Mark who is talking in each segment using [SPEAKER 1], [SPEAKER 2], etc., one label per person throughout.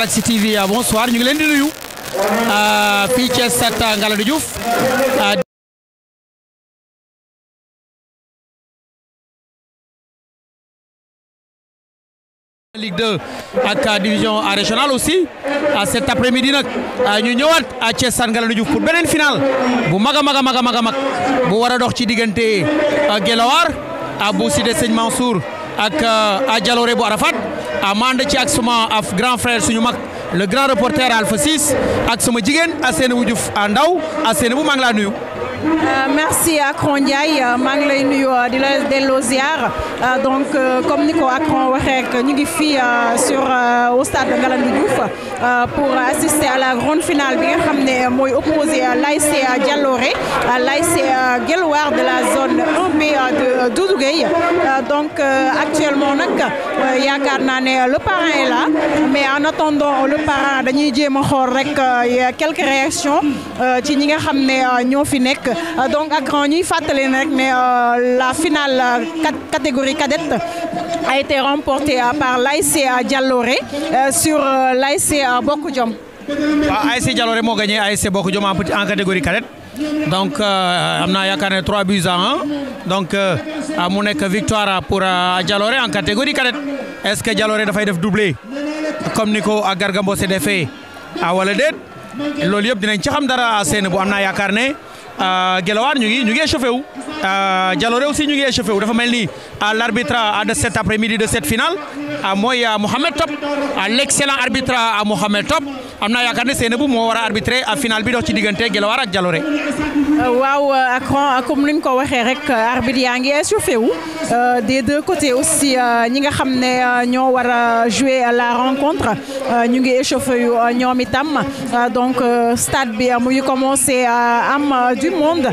[SPEAKER 1] Galaxy
[SPEAKER 2] TV ya. bonsoir ñu ngi leen di nuyu ah, fii Thiès set Ngalandou Diouf ah, Ligue 2 ak division régionale aussi
[SPEAKER 1] ah, cet après-midi nak. ñu ñëwaat à Thiès Stade Ngalandou Diouf pour benen final bu maga maga maga maga. mag a bu wara a dox ci diggante Guelwaar bu Cité Seigne Mansour ak Jalooré bu Arafat Amande ci ak suma af grand frère suñu le grand reporter Alpha 6 ak suma jigen Asseynou wujuf à ndaw bu mang
[SPEAKER 3] euh, merci à Ndiaye euh, maa ngi lay nuyu euh, di donc comme nous avons Akron nous rek sommes ngi sur au stade de Diouf pour assister à la grande finale bi nga xam opposé à l'ICA l'ASC Dialoré à l'ica Guelwaar de la zone 1B de Doudou donc actuellement nag. Euh, euh, le parrain est là mais en attendant euh, le parrain dañuy y a y a quelques réactions ci ñi nga xamné donc ak ñuy la finale catégorie cadette a été remportée par à Dialoré sur l'ICA à Bokujom waaw à
[SPEAKER 1] Dialoré a gagné l'ICA à en catégorie cadette donc il y a 3 buts à 1 donc. Ah, mu nekk victoire pour ah, Jalooré en catégorie cadette est-ce que Jalooré dafay def doublé comme ni a ah, Garga Mbossé defee ah wala déet loolu dinañ ci xam dara seen bu am naa yaakaar ne Guelwaar ñu ngi ñu ngi échauffé wu Jalooré aussi ñu ngi échauffé wu dafa mel ni l'arbitre de cet après-midi de cette finale mooy Mohamed Top l'excellent arbitre Mohamed Top. amna naa yaakaar ne mo wara arbitrer a arbitré final bi dox ci diggante Guelwaar ak Jalooré.
[SPEAKER 3] Euh, waaw euh, Akran euh, comme niñ ko waxé rek arbitre yaa ngi échauffé wu des deux côtés aussi ñi nga xamné ño wara war a jouer la rencontre ñu ngi échauffé yu ñoom itam donc stade bi mu ngi commencé am du monde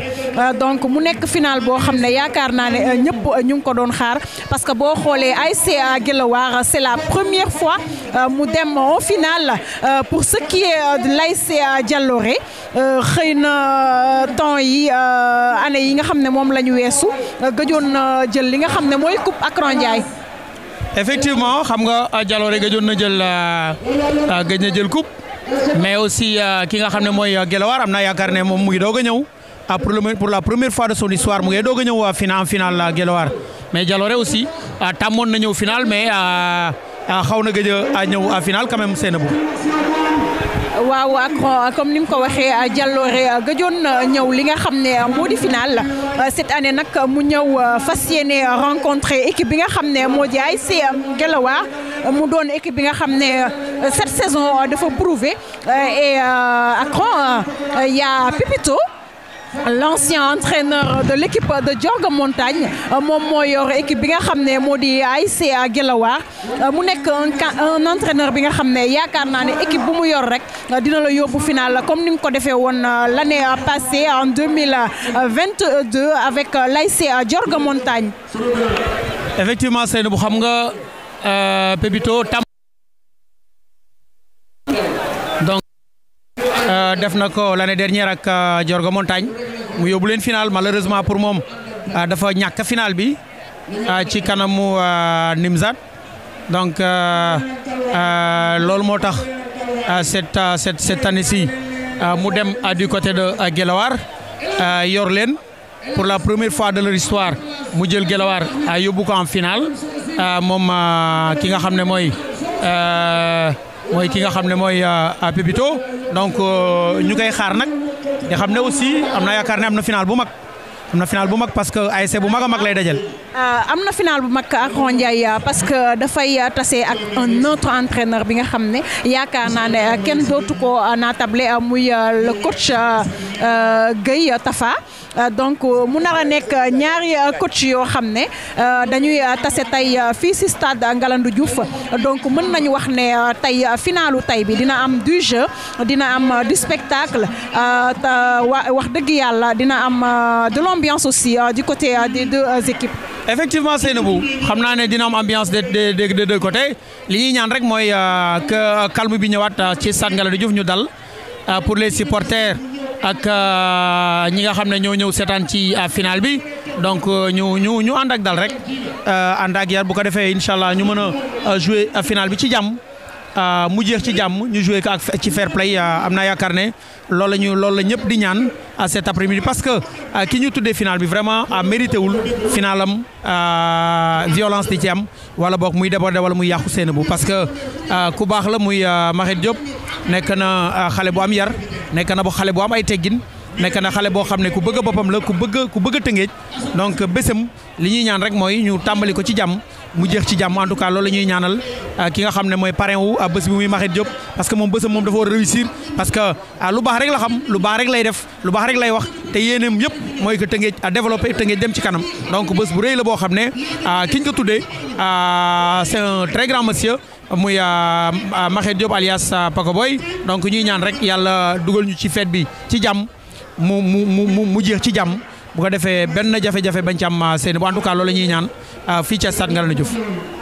[SPEAKER 3] donc mu nekk final bo xamné ne yaakaar naa ñëpp ñu ko doon xaar parce que boo xoolee ASC Guelwaar c'est la première fois. Euh, mu au final euh, pour ce qui est euh, de l'ICA Jalloré xëy na temps yi année yi nga xamné ne lañu la ñu gëjoon na jël li nga xamné ne coupe Accran Ndiaye
[SPEAKER 1] effectivement xam nga Dialoré gëjoon na jël gëj na jël coupe mais aussi ki nga xamné ne mooy amna am naa yaakaar ne moom mu a pour pour la première fois de son histoire mu ngi doog a ñëw final en finale Guelwaar mais Dialoré aussi tàmmoon na ñëw final mais. Ah, xaw na gëj a ñëw à final quand même Seynabou
[SPEAKER 3] waaw ak comme ni mu ko waxee Jalooré euh, gëjoon ñëw li nga xam ne moo di final euh, cette année nag mu ñëw euh, fas yéene rencontré équipe bi nga xam ne moo di ASC Guelwaar mu doon équipe bi nga xam ne cette saison dafa prouvé et ak il y a Pipito l'ancien entraîneur de l'équipe de Diogo Montagne mon euh, moo équipe bi nga xam ne moo di est euh, un entraîneur bi nga été Yakarna, yaakaar naa équipe bu yor euh, final comme nous l'avons fait l'année passée en 2022 avec l'ICA Diogo Montagne
[SPEAKER 1] effectivement c'est xam nga def ko l'année dernière ak euh, Diorgo Montagne mu yóbbu final malheureusement pour mom, euh, dafa ñàkk final bi euh, ci kanamu Nimzat donc loolu moo cette cette cette année-ci mu dem du côté de Gelawar, yor len pour la première fois de leur histoire mu jël a yóbbu ko en final mom ki nga xam moy euh moy ki nga xamné moy mooy euh, Pépito donc euh, ñu koy xaar nak nga xamné aussi amna yakarne amna final bu mak amna final bu mag parce que ASC bu mag a mag lay dajal.
[SPEAKER 3] euh amna final bu mag ak Ndiaye euh, parce que fay euh, tase ak un autre entraîneur bi nga xamné ne né ken dotu ko euh, na tablé amuy le coach Gueye Tafa donc mu nar nek ñaar ñaari coach yo xamné dañuy tase tay fi ci stade Ngalandou Diouf donc mën nañ wax né tay finalu tay bi dina am du jeu dina am du spectacle wax deug yalla dina am de ambiance aussi euh, du côté euh, des deux euh, équipes. effectivement c'est xam
[SPEAKER 1] naa ne dina am ambiance des deux côtés li ñuy ñaan rek que calme bi ñëwaat ci stade Ngalandou Diouf ñu dal pour les supporters ak ñi nga xam ne ñoo ñëw seetaan ci finale bi donc ñu ñu ñu ànd ak dal rek ànd ak yar bu ko defee incha allah ñu mën a jouer finale bi ci Euh, mu jeex ci jàmm ñu joué ak ci fair play euh, am na yaakaar ne lool la ñu loolu la ñëpp di ñaan a cet après midi parce que euh, ki ñu tuddee final bi vraiment a mérité wul final am violence di ci am wala boog muy débordé wala muy yàqu seen bu parce que ku baax la muy Maxet Diop nekk na xale bu am yar nekk na bu xale bu am ay teggin. nekk na xale boo xam ne ku bëgg boppam la ku bëgg ku bëgg a tëngeej donc bésam li ñuy ñaan rek mooy ñu tàmbali ko ci jàmm mu jeex ci jamm en tout cas loolu ñuy ñaanal euh, ki nga xamne moy parrain wu euh, bëss bi muy maxit job parce que mom bésam mom dafa war réussir parce que euh, lu baax rek la xam lu baax rek lay def lu baax rek lay wax te yeneem yëpp moy que Tëngéej a développer Tëngéej dem ci kanam donc bëss bu rëy la bo xamne kiñ ko tuddé c'est un très grand monsieur muy Maxet Diop alias boy donc ñuy ñaan rek yàlla dugal ñu ci fête bi ci jàmm mu mu mu mu jeex ci jàmm bu ko defee benn jafe-jafe bañ ci am seen bu en tout cas loolu ñuy ñaan Ah, fii ca stade Ngalandou Diouf.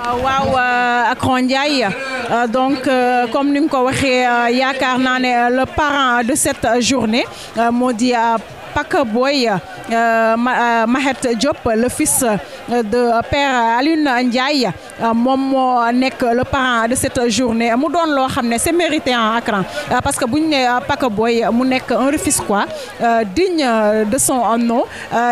[SPEAKER 3] Ah, waaw euh, Accro Ndiaye euh, donc euh, comme nous nga ko il y a le parent de cette journée Maudit. di. Euh, euh, Mahet Diop le fils euh, de père Alioune Ndiaye euh, moom nek le parent de cette journée mu donne loo xam c'est mérité en Accra parce que bu né nee Pakeboy mu nek un quoi, digne de son nom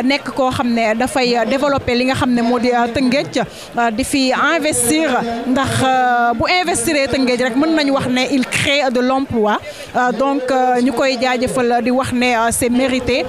[SPEAKER 3] nek ko xamné da fay développer li nga xamné modi moo di fi investir ndax bu investir Tëngéej rek mën nañ wax né il crée de l'emploi donc ñukoy koy jaajëfal di wax né c'est mérité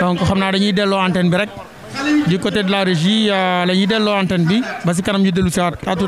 [SPEAKER 1] donc xam naa dañuy delloo antenne bi rek du côté de la régie euh, la ñuy delloo antenne bi ba si kanam ñu dellu si à tout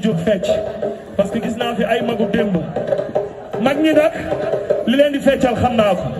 [SPEAKER 4] Sidi Diop fecc parce que gis naa fi ay magu démb mag ñi nag li leen di feccal xam naa ko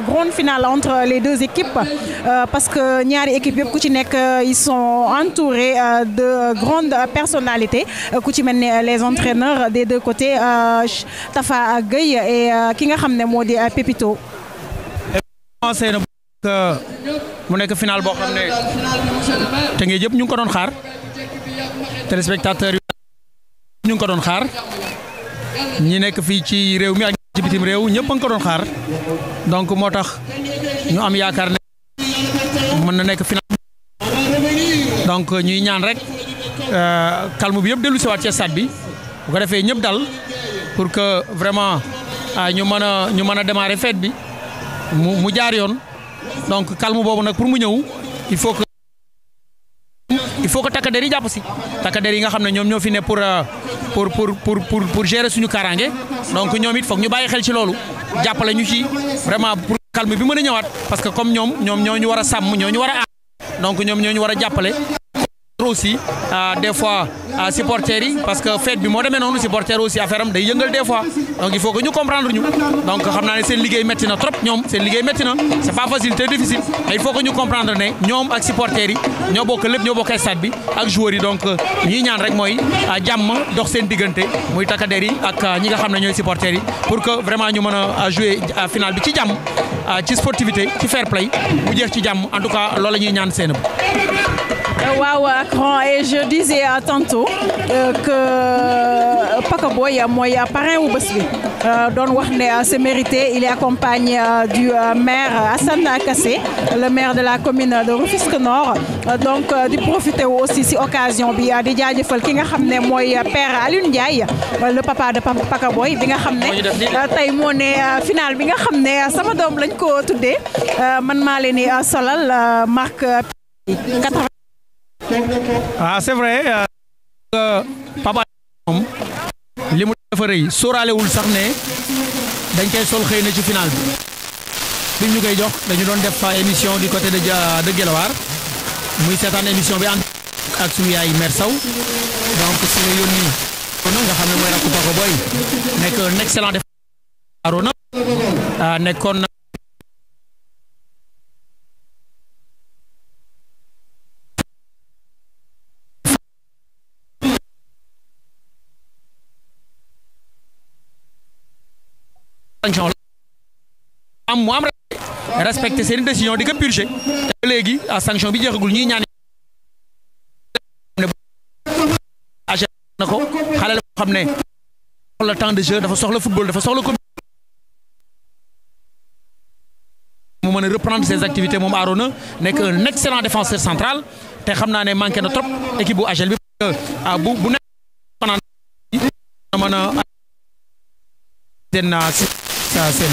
[SPEAKER 3] grande finale entre les deux équipes euh, parce que ñaari équipe yëpp ku euh, ils sont entourés euh, de grandes personnalités ku ci les entraîneurs des deux côtés Tafa Gueye et ki nga xam ne Pepito.
[SPEAKER 1] Pépito. mu nek final bo xamné té ngey ngi ñu ko doon xaar téléspectateurs yi ñu ko doon xaar ñi nek fi ci réew bitim réew ñëpp a doon xaar donc moo tax ñu am yaakaar ne mën na nekk final donc ñuy ñaan rek euh, calme bi yëpp dellu siwaat ci stade bi bu ko defee ñëpp dal pour que vraiment euh, ñu mën a ñu mën a démarrer fête bi mu jaar yoon donc calme boobu nag pour mu ñëw il faut que der yi jàpp si takk der nga xam ne ñoom ñoo fi ne euh, pour pour pour pour pour gérer suñu kaaraange donc ñoom it foog ñu bàyyi xel ci loolu jàppale ñu ci vraiment pour calme bi mën a ñëwaat parce que comme ñoom ñoom ñoo ñu war a sàmm ñoo ñu war a aar donc ñoom ñoo ñu war jàppale aussi ah, des fois ah, supporters yi parce que fête bi mo demee noonu supporter aussi affaire am day yëngal des fois donc il faut que nous comprendre ñu donc xamna naa ne seen na trop ñom sen liguey metti na c'est pas facile très difficile il faut que nous comprendre né ñom ak supporters yi ñoo bokk lepp ñoo bokk stade bi ak joueurs yi donc ñi ñaan rek à ah, jamm dox sen diggante muy takkadeer yi ak ñi nga xam ñoy ñooy supporters yi pour que vraiment ñu mën a à finale bi ci jamm ci sportivité ci fair play bu jeex ci jamm en tout cas loolu la ñaan seen
[SPEAKER 3] euh, et je disais tantôt euh, que euh, Pacaboy a un parrain ou mérité il est accompagné du maire Hassan Kassé le maire de la commune de Rufisque Nord donc du profiter aussi si occasion bi di père le papa de Pakaboy Boy bi nga final
[SPEAKER 1] ah c'est vrai euh, euh, Papa moom li mu dafa sax ne dañ koy sol xëy na ci final bi bi ñu koy jox dañu doon def émission du côté de de Guelwaar muy seetaan émission bi ànd ak suñu yaay Mère Sow donc su la yónni nga xam ne mooy rakku Papa Boy nekk un excellent def aaroona euh, nekkoon
[SPEAKER 5] sanction la am mu am respecté seen décision di ko
[SPEAKER 1] à sanction bi jeexagul ñi ñaan na ko xalé la xamné ne temps de jeu dafa soxla football dafa soxla ko mu mën reprendre ses activités mom Arona nek un excellent défenseur central té xamna né manqué na trop équipe bu AGEL bi ah bu bu nekk Chào xin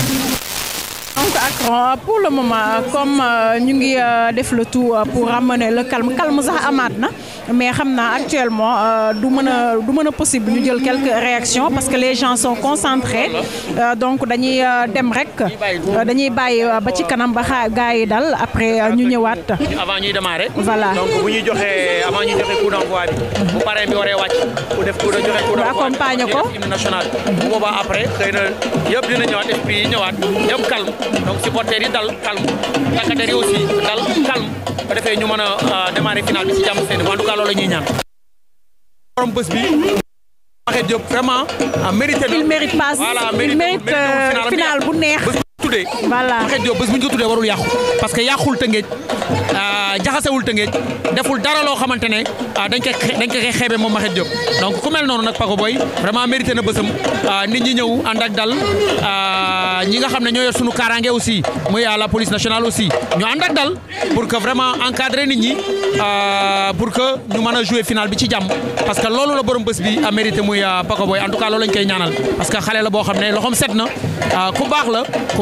[SPEAKER 3] Donc Accra pour le moment comme euh, ñu ngi euh, def le tout euh, pour ramener le calme calme sax amaat mais xam actuellement du mën a du mën possible ñu jël quelques réactions parce que les gens sont concentrés donc dañuy dem rek dañuy bàyyi ba ci kanam ba xaa gars yi dal après ñu ñëwaat.
[SPEAKER 1] avant ñuy démarrer. voilà donc bu ñu joxee avant ñu joxe coup d'envoi bi. bu parrain bi waree wàcc ku def coup de joxe coup d'envoi accompagner ko national bu boobaa après xëy na yëpp dina ñëwaat et puis ñëwaat ñëpp calme. donc supporters yi dal calme takk der yi aussi dal calme ba defee ñu mën a euh, démarrer final bi ci jàmm seen en tout cas ñaan. borom bés bi. waxee Diop vraiment mérite. il mérite pas il
[SPEAKER 3] mérite euh, final bu neex.
[SPEAKER 1] tuddee voilà Maxet Diop bés bu ñu ko tuddee warul yàqu parce que yàqul tëngéej euh, jaxasewul tëngéej deful dara loo xamante ne euh, dañ koy dañ koy xeebe moom Maxet Diop donc ku mel noonu nag Paco Boy vraiment mérité na bésam euh, nit ñi ñëw ànd ak dal ñi nga xam ne ñoo yor sunu kaaraange aussi muy à la police nationale aussi ñu ànd ak dal pour que vraiment encadrer nit ñi pour que ñu mën a jouer final bi ci jàmm parce que loolu la borom bés bi a mérité muy Paco Boy loolu lañ koy ñaanal parce que boo xam ne loxoom set na ku baax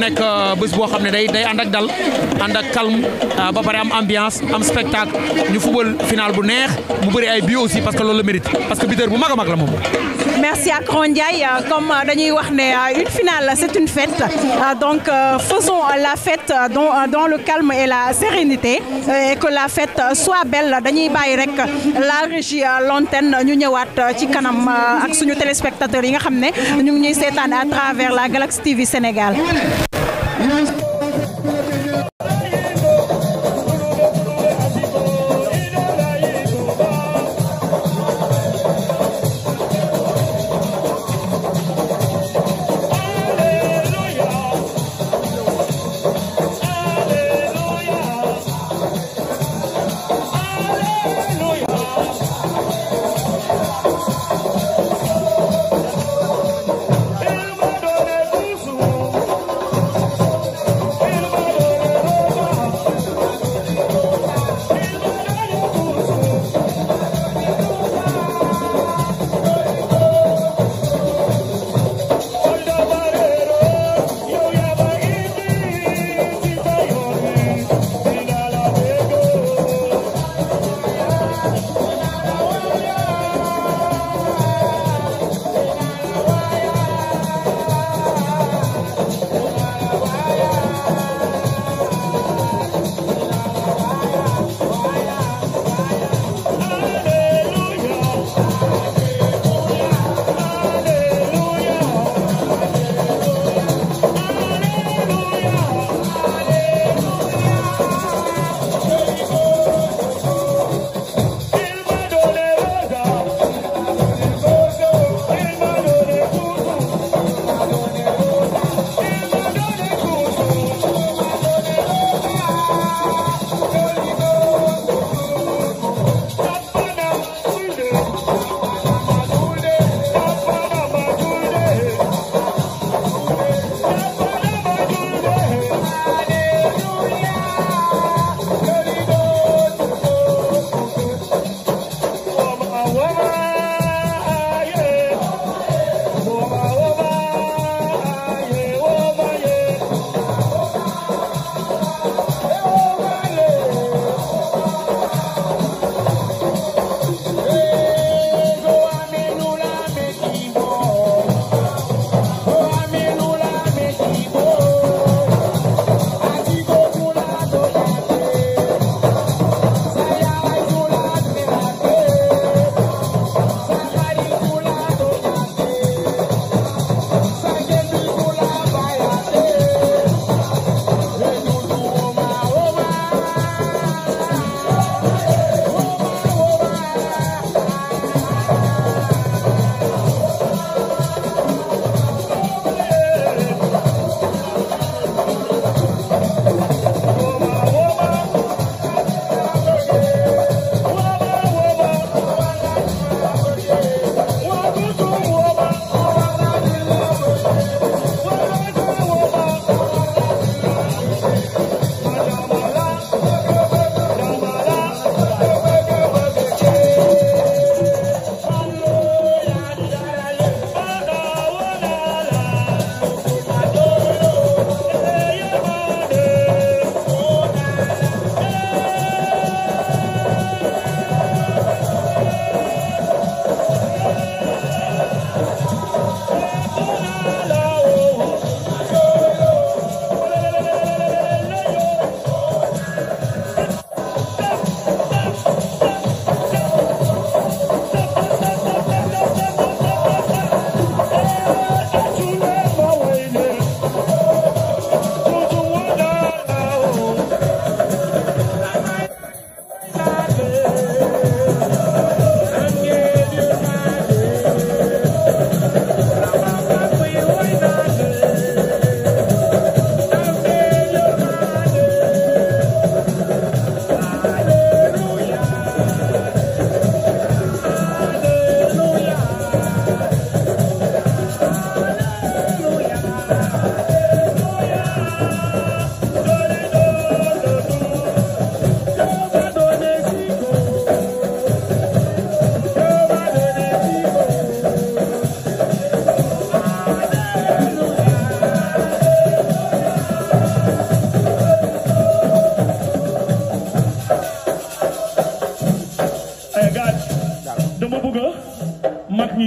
[SPEAKER 1] nek euh, bëss bo xamné day day ak dal and ak calme euh, ba pare am ambiance am spectacle ñu football final bu neex mu bëri ay buts aussi parce que loolu le mérite parce que biter bu mag mag la mom
[SPEAKER 3] merci à Grand euh, comme dañuy wax une finale c'est une fête donc faisons la fête dans dans le calme et la sérénité et que la fête soit belle dañuy bàyyi rek la régie l'antenne ñu ñëwaat ci kanam ak suñu téléspectateurs yi nga xam ñu ñuy à travers la Galaxy TV Sénégal. hands.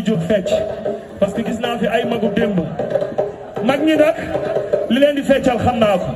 [SPEAKER 4] ñuy jóg parce que gis naa fi ay magu démb mag ñi nag li leen di feccal xam naa ko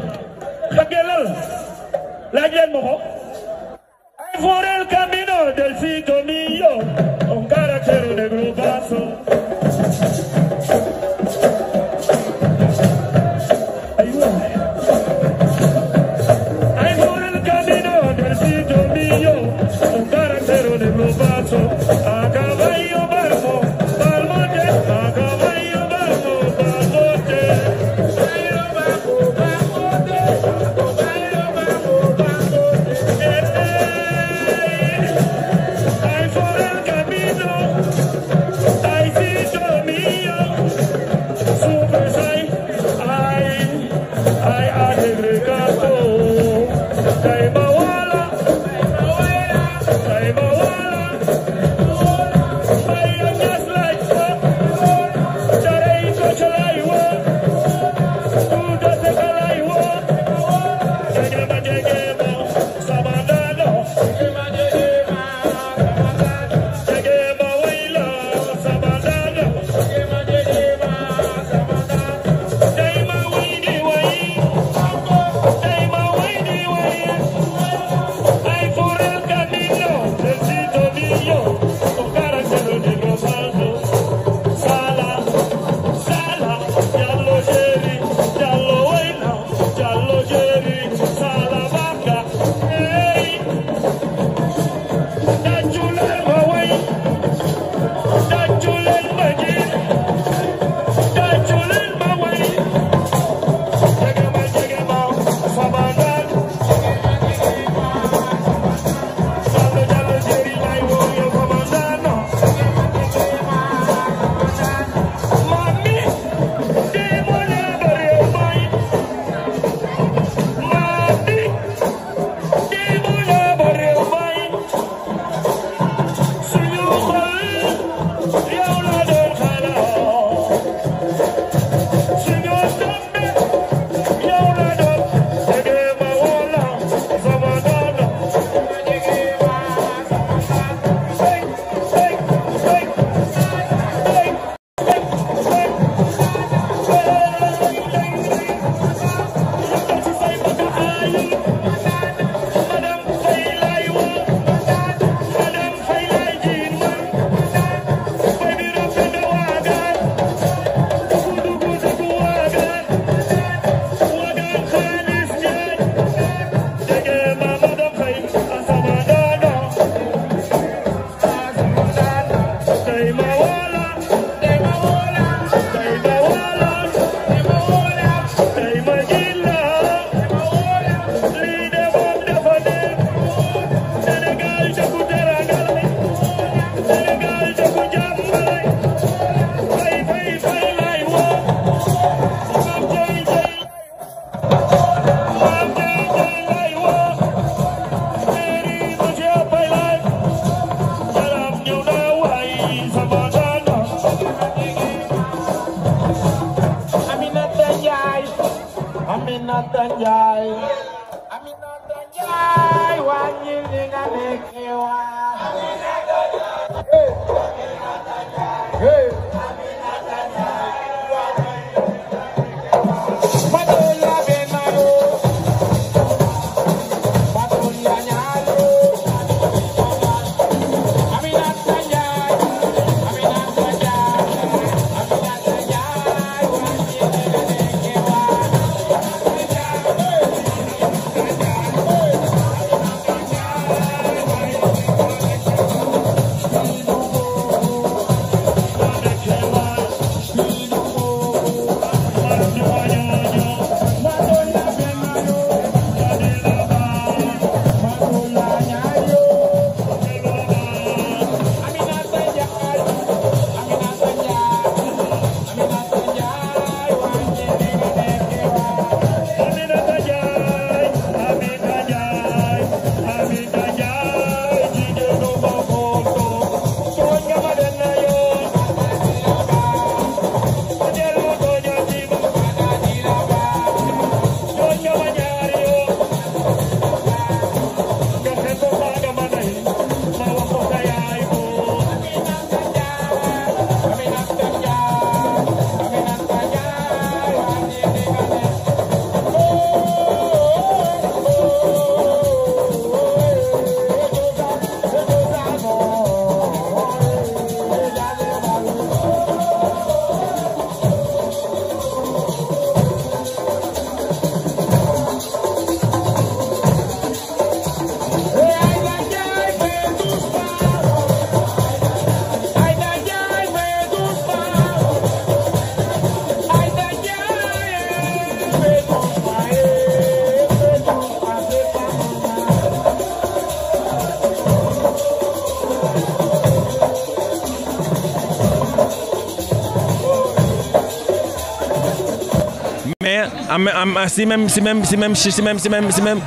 [SPEAKER 6] am ah, am ah, ah, si même si même si même si même si même si même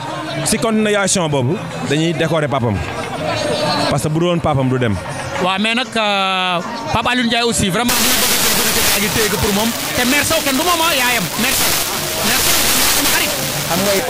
[SPEAKER 6] si continuation boobu dañuy décorer papam parce que bu doon papam du dem.
[SPEAKER 1] waa mais nag euh, Pape Alioune Ndiaye aussi vraiment bu ñu bëgg a jël pour moom te mère Sow kenn du moom yaayam
[SPEAKER 7] mère Sow mère Sow xarit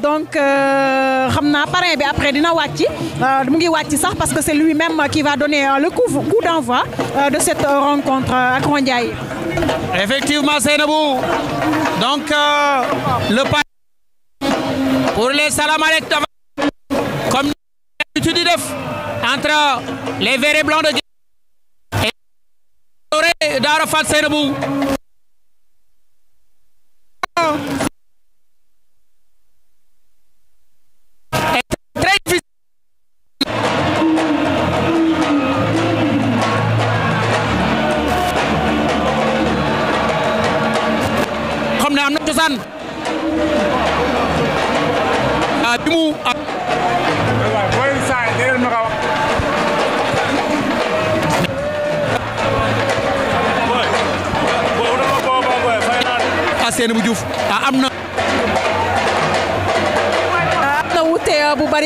[SPEAKER 3] donc Ramna euh, parrain bi après dina Wati euh, parce que c'est lui-même qui va donner euh, le coup d'envoi de cette rencontre à Kwandiaï.
[SPEAKER 1] Effectivement, Seinebou. Donc, le pour les Salamalek comme tu dis, entre les verts et blancs de Dieu et d'Arafat Seinebou.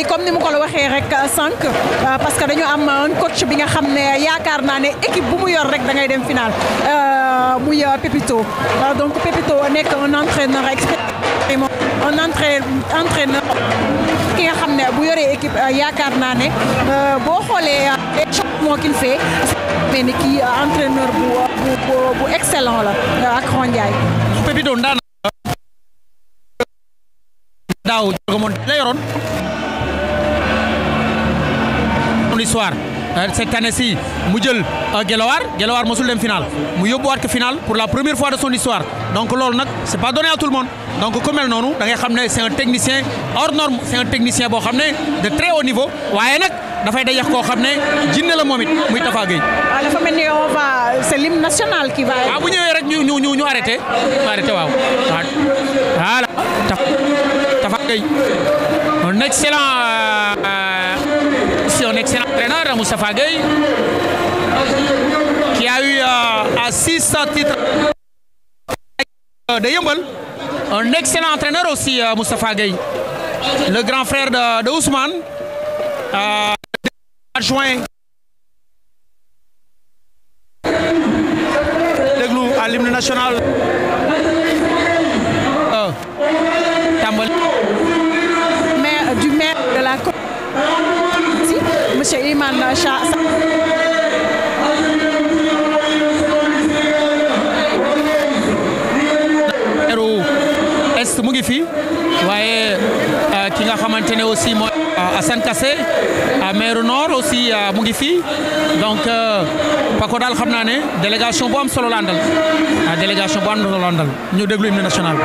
[SPEAKER 3] yi comme ni mu ko la waxee rek euh, sànq euh, parce que dañu am euh, un coach bi nga xam ne yaakaar naa ne équipe bu mu yor rek da ngay dem final muy Pepito donc Pepito nekk un entraîneur expérimenté ki nga xam ne bu yoree équipe yaakaar naa ne boo xoolee les changements qu'il fait mais ni kii entraîneur bu bu bu excellent la ak Ron Ndiaye.
[SPEAKER 1] Pepito daaw lay yoroon. victoire cette année-ci mu jël euh, Guelwaar Guelwaar final mu yóbbuwaat final pour la première fois de son histoire donc loolu c'est c'est pas donné à tout le monde donc comme mel noonu da ngay un technicien hors norme c'est un technicien boo xam de très haut niveau waaye nag dafay dajeex koo ne jinne la momit muy Tafa Gueye. la ah, fa melni on
[SPEAKER 3] va c'est est national qui va. ah
[SPEAKER 1] bu ñëwee rek ñu ñu ñu ñu arrêté arrêté waaw voilà Tafa un excellent. Euh, Moustapha Gueye, qui a eu euh, à 600 titres de Yumbel. Un excellent entraîneur aussi, euh, Moustapha Le grand frère de, de Ousmane, euh, adjoint de à l'hymne national.
[SPEAKER 3] Euh, Mais du maire de la Monsieur Iman Shah.
[SPEAKER 1] Heru Est mu fi ki nga aussi Kassé Nord aussi eh, eh, am solo ah, délégation am solo ñu déglu national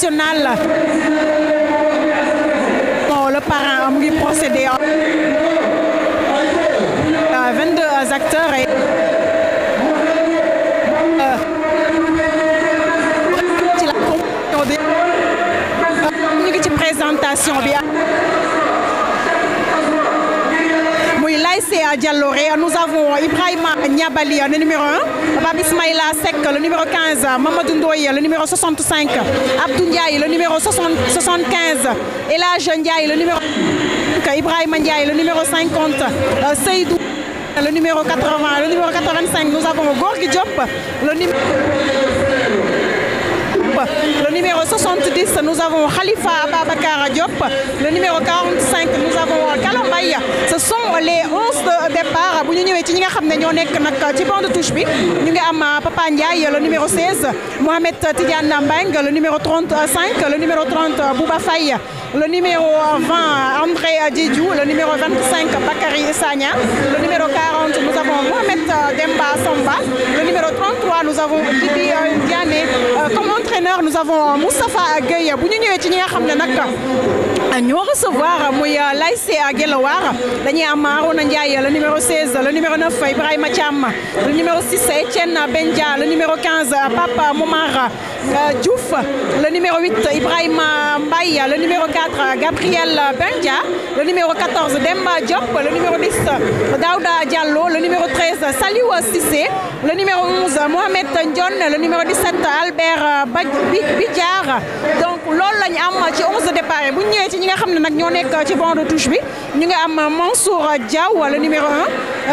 [SPEAKER 3] Nacional. 80, le numéro 85, nous avons Gorgi Diop, le numéro... 70, nous avons Khalifa Ababakar Diop. Le numéro 45, nous avons Kalambay. Ce sont les 11 de départ. Nous avons de touche. Nous avons Papa Ndiaye, le numéro 16. Mohamed Tidiane Nambang, le numéro 35. Le numéro 30, Bouba Faye. Le numéro 20, André Didjou. Le numéro 25, Bakari Sanya. Le numéro nous avons Mohamed euh, Demba Samba, le numéro 33, nous avons Djibi euh, Diané. Euh, comme entraîneur, nous avons Moustapha Gueye. bu et ñëwee ci Nous recevoir le numéro 16 le numéro 9 Ibrahim Thiam le numéro 6 Etienne Bendia le numéro 15 Papa Moumar Djouf, le numéro 8 Ibrahima le numéro 4 Gabriel Bendia, le numéro 14 Demba Diop, le numéro 10 Daouda Diallo, le numéro 13 Saliou Sissé, le numéro 11 Mohamed Ndion, le numéro 17 Albert Bidjar. Donc l'on a 11 départ nous avons Mansour Diaw le numéro 1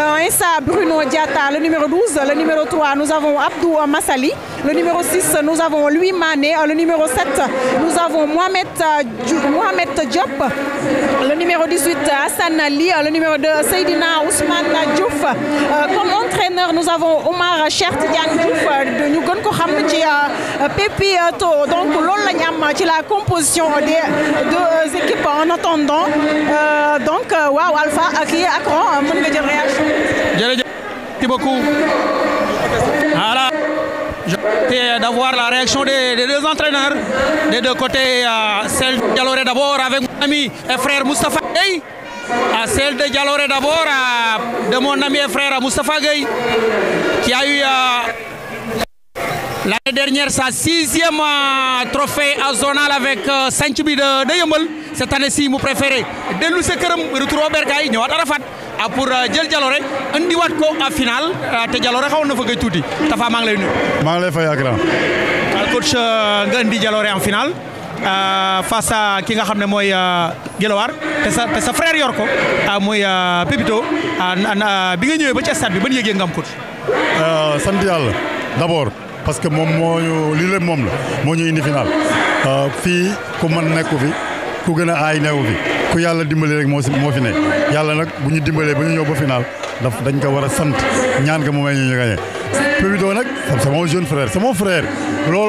[SPEAKER 3] euh, Issa Bruno Diata, le numéro 12 le numéro 3 nous avons Abdou Massali le numéro 6, nous avons Louis Mané. Euh, le numéro 7, nous avons euh, Mohamed, Diop. Le numéro 18, Hassan Ali. Euh, le numéro 2, Seydina Ousmane Diouf. Comme entraîneur, nous avons Omar Chert Diouf. Nous Koham, Pépi To. Donc, c'est la composition des deux équipes en attendant. Donc, waouh, Alpha, qui est accro, dire réaction.
[SPEAKER 1] Merci beaucoup. Voilà. Euh, d'avoir la réaction des, deux entraîneurs des deux côtés. à euh, celle de Dialoré d'abord avec mon ami et frère Moustapha Gueye. à celle de Dialoré d'abord de mon ami et frère Moustapha Gueye qui a eu euh, l'année dernière sa sixième trophée à zonal avec saint chibi de, de Cette année-ci, vous préféré, de nous retour au Bergaï, ah pour euh, jël Jaloore andiwaat ko à final euh, te Jaloore xawoon na fa gëj tuuti Tafa maa ngi lay nuyu. maa ngi lay fay ak coach euh, nga indi Jaloore en final face ki nga xam ne mooy Guelwaar te sa te sa frère yor ko mooy Pépito bi nga ñëwee ba ci stade bi ban yëg-yëg nga am coach.
[SPEAKER 8] sant yàlla d'abord parce que moom moo ñu lii moom la moo ñu indi final fii ku mën nekku fi ku gën a aay newu fi. yàlla dimbali rek moo si moo fi ne yàlla nag bu ñu dimbalee ba ñu ñëw ba final daf dañ ko war a sant ñaan ko mu may ñu ñu gagné Pépito nag c'est mon jeune frère c'est mon frère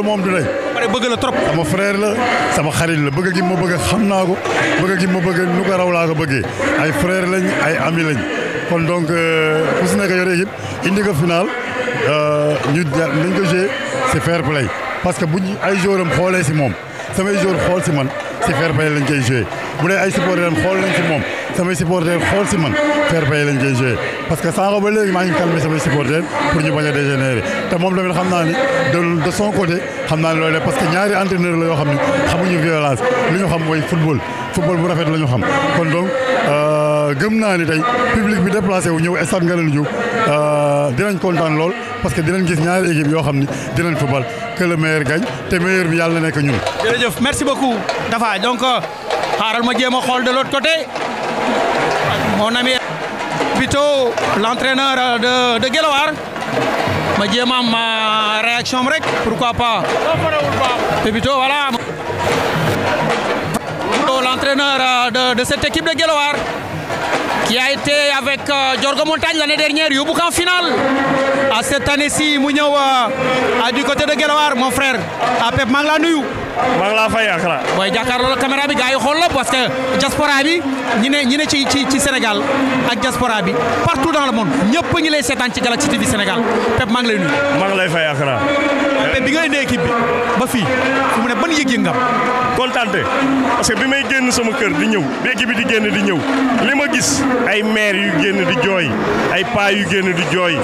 [SPEAKER 8] moom du lay bëgg la trop sama frère la xarit la bëgg gi ma bëgg xam naa ko bëgg gi ma bëgg nu ko raw laa ko bëggee ay ay ami lañ kon donc euh, ku si nekk yore équipe indi ko final euh, ñu nañ ko jouer parce que bu ñu ay joueuram xoolee si moom samay joueur xool si man si fair play lañ koy joué bu dee ay supporteram xool nañ si moom samay supporter xool si man fair play lañ koy joué parce que sànq ba léegi maa ngi calmé samay supporter pour ñu bañ a dégénérer te moom tamit xam naa ni de de son xam naa ne loolu parce que ñaari entraîneur la xam ne xamuñu violence li ñu xam mooy football football bu rafet la xam kon donc euh, gëm naa ni tey public bi déplacé wu ñëw stade Ngalandou Diouf euh, waaw kontaan lool parce que dinañ gis ñaari équipe yoo xam ni dinañ football que le meilleur gagne te meilleur bi yàlla nekk ñun.
[SPEAKER 1] jërëjëf merci beaucoup Dafa donc euh, xaaral ma jéem xool de l'autre côté mon ami plutôt l'entraîneur euh, de de ma jéem am euh, réaction rek pourquoi pas Pépito voilà l'entraîneur de de cette équipe de Guelewar qui a été avec euh, Giorgo Montagne l'année dernière, Yo en finale. À cette année-ci, a du côté de Gelawar, mon frère, à Pep Manglanou. maa ngi laa fay Accra. booy jàkkaarloo la caméra bi gars yi xool la parce que bi ñi ne ñi ci ci ci Sénégal ak diaspora bi partout dans le monde ñëpp a lay seetaan ci Galaxy TV Sénégal Pep maa ngi lay nuyu.
[SPEAKER 9] maa ngi lay fay Accra. Pep bi nga indee équipe bi ba fii fu mu ne ban yëg-yëg nga am. kontaante parce que bi may génn sama kër di ñëw bi équipe bi di génn di ñëw li ma gis ay maire yu génn di jooy ay paa yu génn di jooy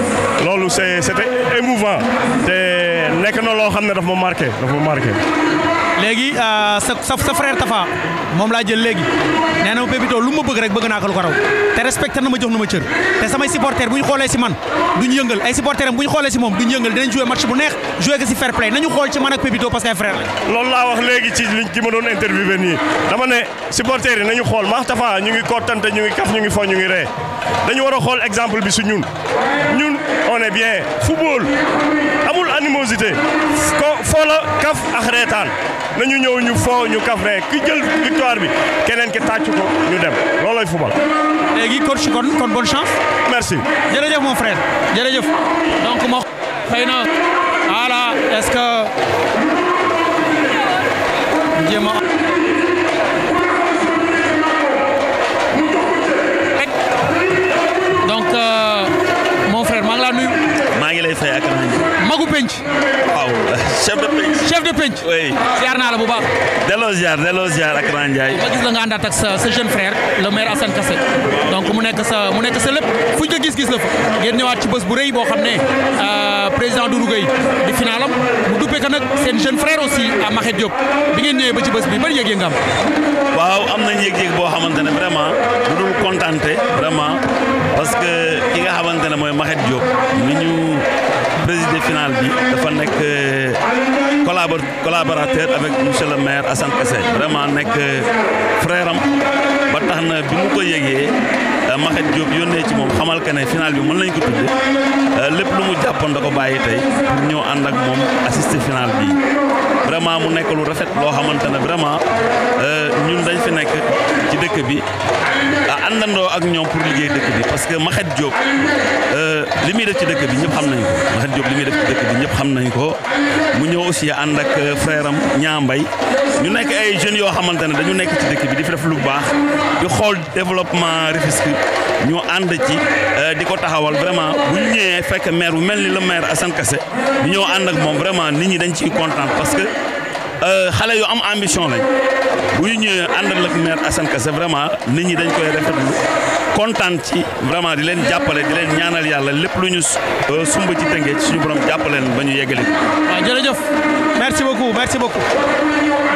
[SPEAKER 9] loolu c'est c'était émouvant te nekk na loo xam ne daf ma marqué ma marqué.
[SPEAKER 1] léegi euh, sa sa frère moom laa jël léegi nee na ma Pépito lu ma bëgg rek bëgg naa ko lu ko raw te respecté na ma jox na ma cër te samay supporters bu ñu xoolee si man duñ yëngal ay supporters am bu ñu xoolee si moom duñ yëngal dinañ joué match bu neex joué ko si fair play nañu xool ci man ak Pépito parce que ay frère la. loolu laa wax léegi ci liñ ki ma doon interviewé nii dama ne supporters
[SPEAKER 9] yi nañu xool maax Tafa ñu ngi kottante ñu ngi kaf ñu ngi ñu war a xool exemple bi su ñun ñun on est bien football amul animosité ko foo la kaf ak reetaan nañu ñëw ñu fo ñu kafré ki jël victoire bi keneen
[SPEAKER 1] ki tàcc ko ñu dem loolooy football. léegi coach kon kon bonne chance. merci. jërëjëf mon frère jërëjëf donc mo xëy na voilà est-ce que jéem a donc euh, mon frère maa ngi laa nuyu. maa ngi lay fay ak magu penc waaw chef de penc chef de penc oui ziar naa la bu baax delloo ziar delloo ziar ak Grand Ndiaye gis la nga àndaat ak sa sa jeune frère le maire Assane Kassé donc mu nekk sa mu nekk sa lépp fuñ ko gis-gis na fa ngeen ñëwaat ci bés bu rëy boo xam ne euh, président Doudou Gueye di finalam mu duppee ko nag seen jeune frère aussi à Makhète Diop bi ngeen ñëwee ba ci bés bi ban yëg-yëg nga am waaw am nañ
[SPEAKER 6] yëg-yëg boo xamante ne vraiment du dul contenté vraiment parce que ki nga xamante ne mooy Makhète Diop présider final bi dafa nekk euh, collabo collaborateur avec monsieur le maire Assane Kassé vraiment nekk euh, frère am ba tax na bi mu ko yëgee euh, Maxet Diop yónnee ci moom xamal que ne finale bi mën nañ ko tudde lépp lu mu jàppoon da ko bàyyi tey pour ñëw ànd ak moom assister finale bi vraiment mu nekk lu rafet loo xamante ne vraiment ñun dañ fi nekk ci dëkk bi. Ah, àndandoo ak ñoom pour liggéey dëkk bi parce que Maxet Diop euh, li muy def ci dëkk bi ñëpp xam nañ ko Maxet Diop li muy def ci dëkk ñëpp xam nañ ko mu ñëw aussi ànd ak euh, frère am mbay ñu nekk ay jeunes yoo xamante ne dañu nekk ci dëkk bi di fi def lu baax di xool développement Rufisque ñu ànd ci euh, di ko taxawal vraiment bu ñu ñëwee fekk maire bu mel ni le maire Assane Kassé ñu ñëw ànd ak moom vraiment nit ñi dañ ci kontaan parce Euh, xale yu am ambition lañ bu ñu ñëwee àndal ak maire Assane Kassé vraiment nit ñi dañ koy rafetlu kontaan ci vraiment di leen jappalé di leen ñaanal yalla lepp lu ñu euh, sumb ci ci suñu borom jappalé ba ñu yeggali.
[SPEAKER 1] waaw jërëjëf merci beaucoup merci beaucoup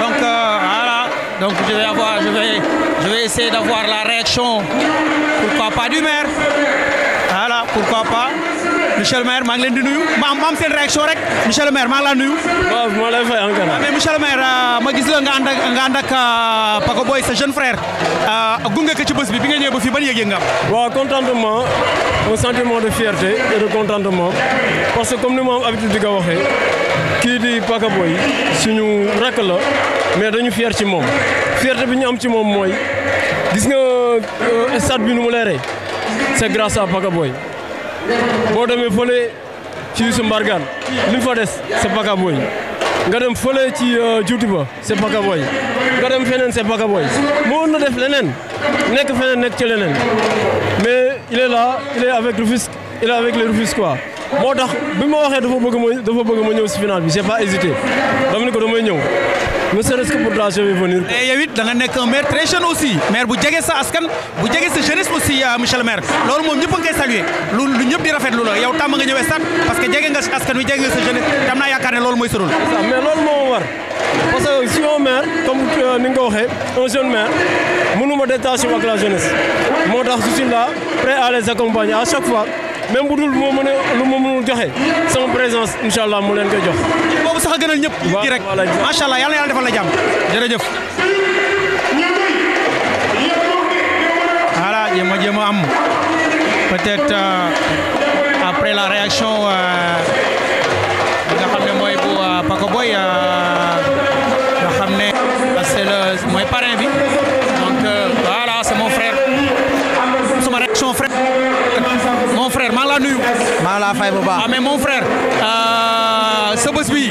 [SPEAKER 1] donc euh, voilà donc je vais avoir je vais je vais essayer d'avoir la réaction pourquoi pas du maire voilà pourquoi pas. monsieur le maa ngi leen di nuyu ma am seen réaction rek monsieur le maire maa ngi laa nuyu. maa lay fay encore. mais monsieur le euh, ma gis la nga ànd ak nga ànd ak euh, Boy sa jeune frère euh, gunge ko ci bés bi bi nga ñëwee ba fii ban yëg-yëg nga am. waaw contentement un sentiment
[SPEAKER 10] de fierté et de contentement parce que comme ni ma am habitude di ko waxee kii di Paco Boy suñu rakk la mais dañu fier ci moom fierté bi ñu am ci moom mooy gis nga stade bi nu mu leeree c'est grâce à Paco boo demee fële ci Youssou Mbargane li fa dess c'est Paka Boy nga dem fële ci juuti euh, ba c'est Paka Boy nga dem fenen c'est Paka Boy mo na def lenen nek fenen nek ci lenen mais il est là il est avec fisc, il est avec le fisc quoi motax bima waxé dafa bëgg ma dafa bëgg ma ñëw ci final bi j'ai pas hésité
[SPEAKER 1] dama ne ko dama ñëw ne serait-ce que pour la venir. mais yow it da nga nek un maire très jeune aussi maire bu jege sa askan bu jege sa jeunesse aussi euh, monsieur le maire loolu moom ñëpp a ngi saluer lu lu ñëpp di rafetlu la yow tam nga ñëwee sax parce que jege nga askan wi jege nga sa jeunesse te am naa yaakaar ne loolu mooy sorol
[SPEAKER 10] mais loolu mo war parce que si un maire comme euh, ni nga waxé un jeune maire mënuma détaché avec la jeunesse motax tax je suis là prêt à les accompagner à chaque fois. même bu dul moo mën a lu ma mënul joxe sama présence incha allah mu leen koy jox. boobu sax a gënal ñëpp.
[SPEAKER 1] waaw rek macha allah yàlla na yàlla defal la jàmm jërëjëf. voilà jéem a jéem a am peut euh, après la réaction. Euh, maa laa fay bu baax. waaw mais mon frère sa bés bi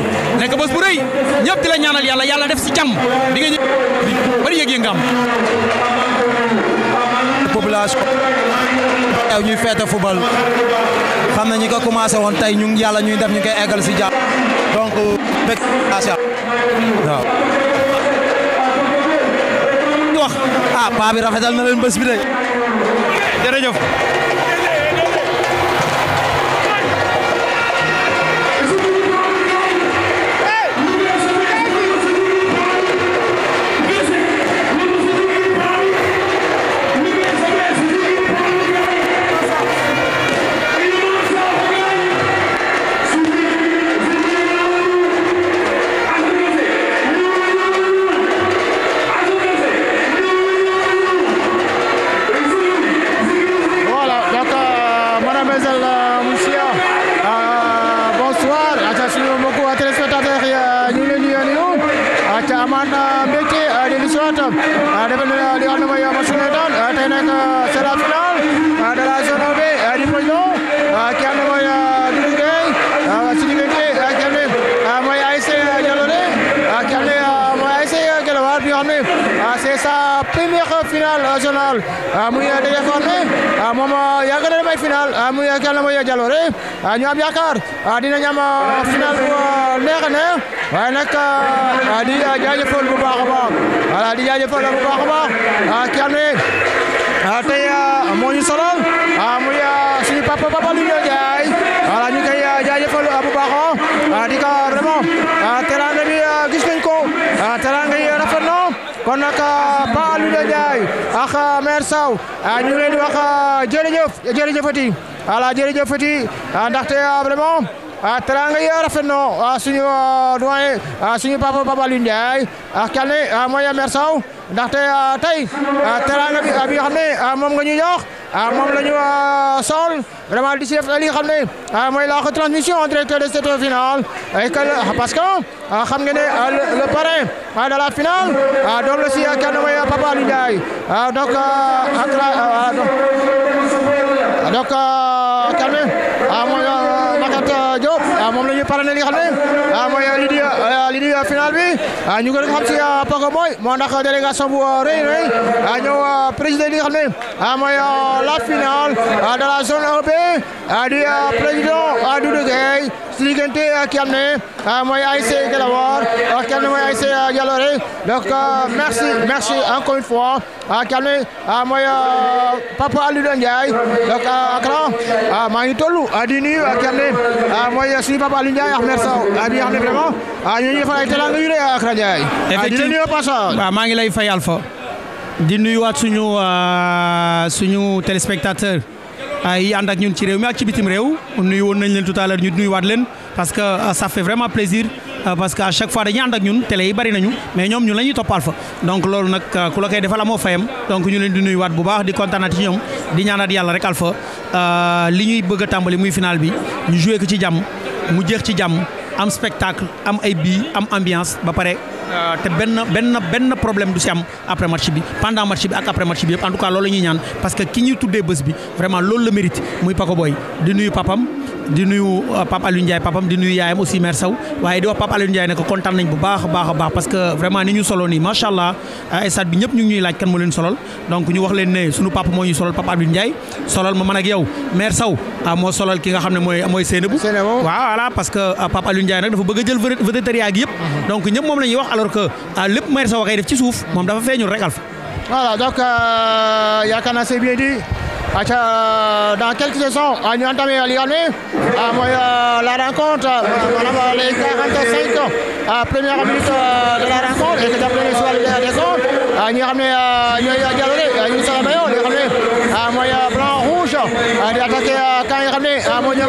[SPEAKER 1] nekk bés bu rëy ñëpp di la ñaanal yàlla yàlla def si jàmm di nga ñëw bari yëg-yëg population ñuy feete football xam na ñi ko commencé woon tey ñu yàlla ñuy def ñu koy eggal si jàmm donc bëgg waaw. wax
[SPEAKER 10] ah paa bi rafetal na leen bés bi de jërëjëf.
[SPEAKER 11] final ah, muy kenn la mooy jaloore ñu am yaakaar ah, dinañ am ah, final bu neex a neex waaye nag di jaajëfal bu baax a baax
[SPEAKER 2] voilà di a baax
[SPEAKER 11] kenn tey moo ñu solal muy papa papa lu ñu Sow ah, ñu ngi leen di wax ah, jërëjëf jërëjëfati voilà jërëjëfati ah, ndaxte vraiment teranga yi rafet na suñu doyen suñu papa Papa Alioune Ndiaye Kane mooy maire Sow ndaxte tey teranga bi nga xam ne moom nga ñu jox ah mon euh, vraiment di li euh, la retransmission entre de cette finale que ah, parce que euh, xam le parrain de la finale donc le si kenn mooy Papa donc ah donc calme la final bi ah, ñu gën a xam si ah, Paga Boy mo ndax délégation bu euh, rëy rëy ah, ñëw euh, président li xamné xam ne euh, la finale de la zone 1B di président Doudou de si diggante ak xam ne mooy ASC Guelewar ki xam ne mooy ASC Jalooré donc merci merci encore une fois ki xam ne mooy Papa Alioune ndjay donc akran ma ngi tollu di nuyu ki xam moy mooy suñu Papa Alioune ndjay Ahmed Sow bi nga xam ne vraiment ñu ñu defal teraanga yu rëy
[SPEAKER 1] ak ah, Akra Ndiaye. effectivement ah, di nuyu passage. waaw ngi lay fay Alpha. di wat suñu ah, suñu téléspectateur ay ànd ak ñun ci rew mi ak ci bitim rew nuyu won nañ leen tout à l'heure ñu nuyuwaat leen parce que ça fait vraiment plaisir. parce que à chaque fois dañuy ànd ak ñun télé yi bari nañu mais ñoom ñu lañuy top Alpha donc loolu nag ku la koy defal amoo fayam donc ñu leen di wat bu baax di kontaanaat ci ñoom di ñaanaat yàlla rek Alpha li ñuy bëgg a tàmbali muy final bi ñu joué ko ci jàmm mu jeex ci jàmm am spectacle am ay bi am ambiance ba paré euh, té ben ben ben problème du si am après match bi pendant match bi ak après match bi en tout cas loolu ñuy ñaan parce que ki ñuy tuddee bëss bi vraiment loolu le mérite muy Paco Boy di nuyu papam di nuyu euh, Pape Alioune Ndiaye papam di nuyu yaayam aussi mère waaye di wax Pape Alioune Ndiaye ne ko kontaan bu baax a baax a baax parce vraiment ni ñu soloo nii macha allah euh, stade bi ñëpp ñu ñuy laaj kan moo solol donc ñu wax ne sunu papa moo ñu solol Pape Alioune Ndiaye solol ma man ak yow mère Sow ah, solol ki nga xam ne mooy mooy Seynabou waaw voilà parce que euh, Pape Alioune nag dafa bëgg a jël végétariat gi yëpp mhm. donc ñëpp moom la wax alors que lépp mère Sow
[SPEAKER 11] dans quelques saisons, on a entamé euh, euh, la rencontre, euh, les 45 première minutes de la rencontre, et que les de on a ramené à on a ramené à moyen blanc-rouge, à attaqué quand il à moyen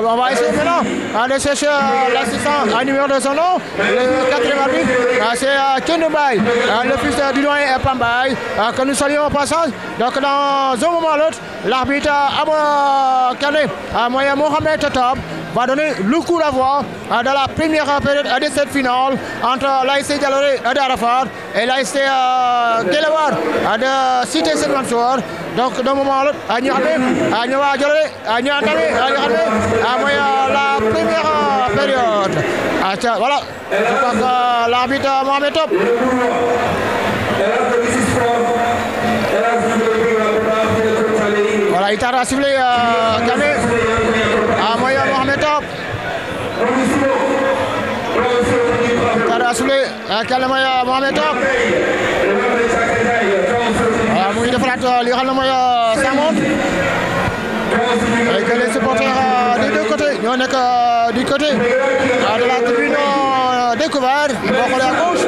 [SPEAKER 11] Ah, on va essayer maintenant de chercher euh, l'assistant à numéro de son nom. Le quatrième arbitre, euh, c'est euh, Kenobay, le fils du doyen Pambay, que nous saluons au passage. Donc dans un moment ou l'autre, l'arbitre Abou Kane, moyen Mohamed Totop va donner le coup d'avoir euh, dans la première période de cette finale entre l'AIC Dialoré d'Arafat et l'AIC Delaware euh, euh, de Cité Servansoir. Donc, d'un moment à l'autre, à Nyawa Dialoré, à la première euh, période. Ah, voilà, je l'arbitre Mohamed Top. Voilà, il t'a rassuré, euh, Soule ah, kel mooy ah, moo amee toog ah, mu ngi defaraat li xam ne mooy Samoon avec les supporters deux côtés ñoo nekk du côté de la tribune découvert boo xoolee à gauche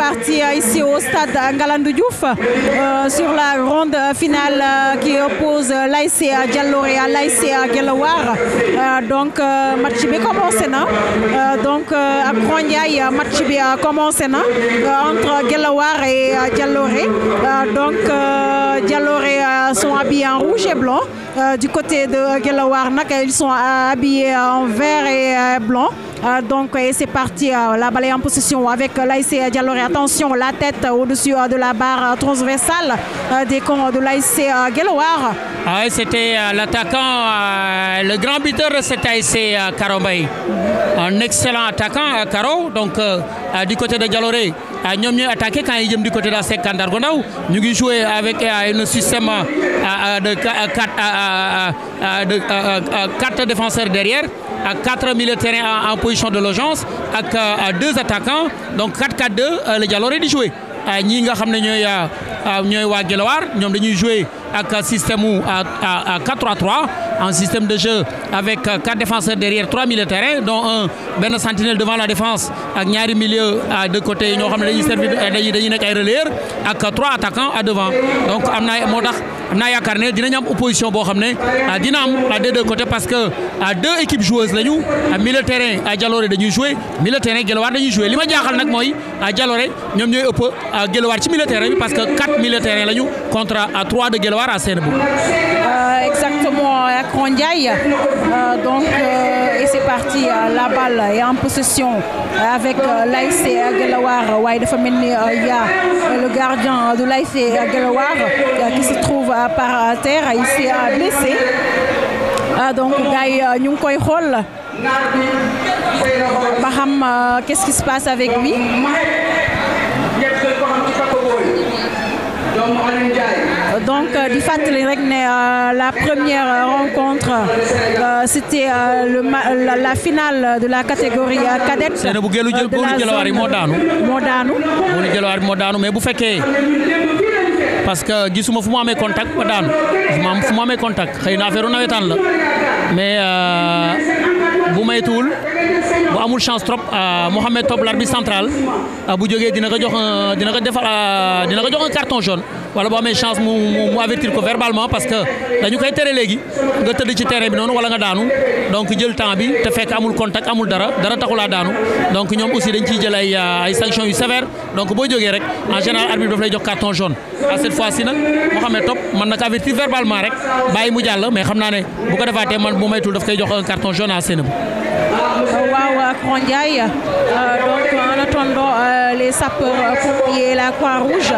[SPEAKER 3] partie euh, ici au stade Ngalandou Diouf euh, sur la ronde finale euh, qui oppose l'ICA Dialoré à l'ICA Gelawar. donc, match B commence. donc, à Kronyaï, match B commence entre Gelawar et Dialoré donc, Dialoré sont habillés en rouge et blanc. Euh, du côté de Gelawar ils sont euh, habillés en vert et euh, blanc. donc, c'est parti, la balle en possession avec l'AIC Dialoré. Attention, la tête au-dessus de la barre transversale des camps de l'AIC Gelawar.
[SPEAKER 1] Ah c'était l'attaquant, le grand buteur de cet AIC Un excellent attaquant, Caro, donc du côté de Dialoré. Ah, ñom ñoy attaqué quand ils jëm du côté de la SEC Ndargondaw ñu ngi jouer avec euh, un système de 4 défenseurs derrière 4 quatre milieux de terrain en position de l'urgence avec euh, deux attaquants donc 4-4-2 euh, le Jalooré di jouer ah, ñi nga xamné ñoy ñooy dañuy jouer système à 4-3-3. Un système de jeu avec euh, quatre défenseurs derrière, trois milieux de terrain, dont un Ben Sentinel devant la défense un ñaari milieu à deux côtés et xam ne servir euh, trois attaquants à devant donc on a am naa yaakaar ne dinañ am opposition boo xam ne ah, dina am des deux côtés parce que à ah, deux équipes joueuses lañu ah, milieu terrain Dialoré, dañuy jouer milieu terrain Guelwaar dañuy jouer li ma jaaxal nag Dialoré, Jalooré ñoom ñooy à Guelwaar ci milieu terrain parce que quatre milieu terrain lañu contre trois de Guelwaar à Sénébou.
[SPEAKER 3] Euh, exactement à Euh, donc euh, et c'est parti euh, la balle est en possession avec l'ASC Guelwaar waaye dafa mel ni y a le gardien de l'ASC Guelwaar qui se trouve euh, par terre ici euh, blessé euh, donc il y qu'est-ce qui se passe avec lui donc du fait, la première rencontre c'était le la finale de la catégorie cadette
[SPEAKER 1] parce que gisuma ma mu amee contact ba daanu gisuma fu mu amee contact xëy na affaire la mais euh, bu maytuwul bu amul chance trop euh, Mohamed Top l'arbitre central euh, bu jógee dina ko jox dina ko defar dina ko jox un carton jaune wala boo amee chance mu mu avertir ko verbalement parce que dañu koy téré légui nga tëdd ci terrain bi noonu wala nga daanu donc jël temps bi te fekk amul contact amul dara dara taxulaa daanu donc ñom aussi dañ ci jël ay euh, ay sanctions yu sévères donc bo joggé rek en général arbitre daf lay jox carton jaune à cette fois ci nak mo xamé top man nak ko avertir verbalement rek bàyyi mu jàll mais xamna né bu ko defaté man bu maytul daf koy jox un carton jaune à Sénégal.
[SPEAKER 3] waaw Kron Ndiaye euh, donc en attendant euh, les sapeurs pompiers la Croix-Rouge.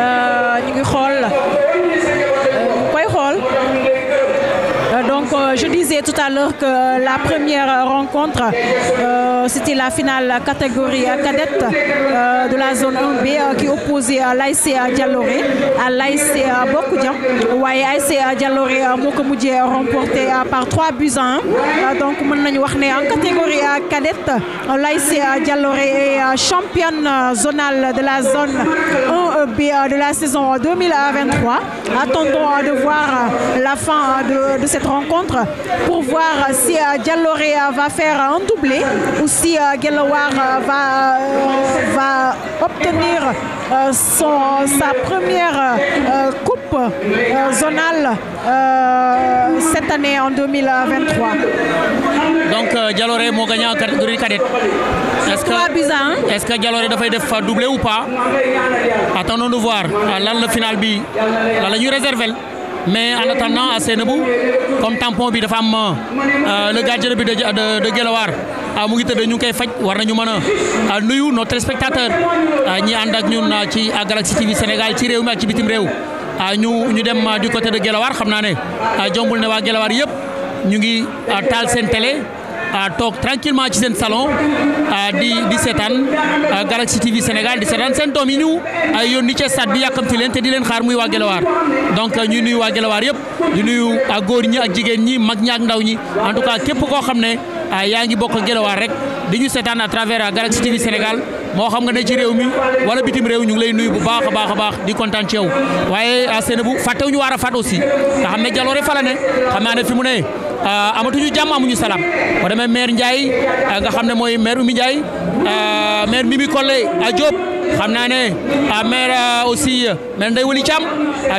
[SPEAKER 3] euh, ñu ngi xool la euh, koy xool euh, Euh, je disais tout à l'heure que la première rencontre, euh, c'était la finale catégorie cadette euh, de la zone 1B qui opposait l'ICA Dialoré à l'ICA Bokoudian. Oui, l'AIC Dialoré a remporté par 3 buts à 1. Donc, en catégorie cadette, l'ICA Dialoré est championne zonale de la zone 1B de la saison 2023. Attendons de voir la fin de cette rencontre pour voir si euh, Dialoré euh, va faire un doublé ou si euh, Gelowar va, va obtenir son, sa première coupe zonale cette année en 2023.
[SPEAKER 1] Donc Dialoré mon gagnant en catégorie cadette. Est-ce que, hein? est-ce que Dialoré va faire doublé ou pas Attendons de voir. Là, le final, là, la mais en attendant à Sénébou comme tampon bi dafa am euh, le gardien bi da de a ah, mu ngi tëdd ñu ngi koy faj war ñu mën a ah, nuyu nos téléspectateurs ah, ñi ànd ak ñun ci Galaxy TV Sénégal ci réew mi ak ci bitim réew ñu ñu dem du côté de Guelwaar xam naa ne jombul ne waa Guelwaar yëpp ñu ngi taal seen télé. Euh, toog tranquillement ci seen salon euh, di di seetaan euh, Galaxy TV Sénégal di seetaan seen doom yi ñu yónni ca stade bi yàkkamti leen te di leen xaar muy waa Gelawaar donc ñuy nuyu waa Gelawaar yëpp di nuyu góor ñi ak jigéen ñi mag ñi ndaw ñi en tout cas képp koo xam ne yaa ngi bokk Gelawaar rek di ñu seetaan à travers Galaxy TV Sénégal. moo xam nga ne ci réew mi wala bitim réew ñu ngi lay nuyu bu baax a baax a baax di kontaan ci yow waaye euh, Seynabou fàttewuñu ñu waara fat aussi nga xam ne jaloor fa la ne xam naa ne fi mu ne euh, amatuñu jàmm amuñu salaam boo demee maire Ndiaye euh, nga xam ne mooy maire Oumy Ndiaye maire Mimi Collé a Diop xam naa ne maire aussi maire Ndeye Wali Thiam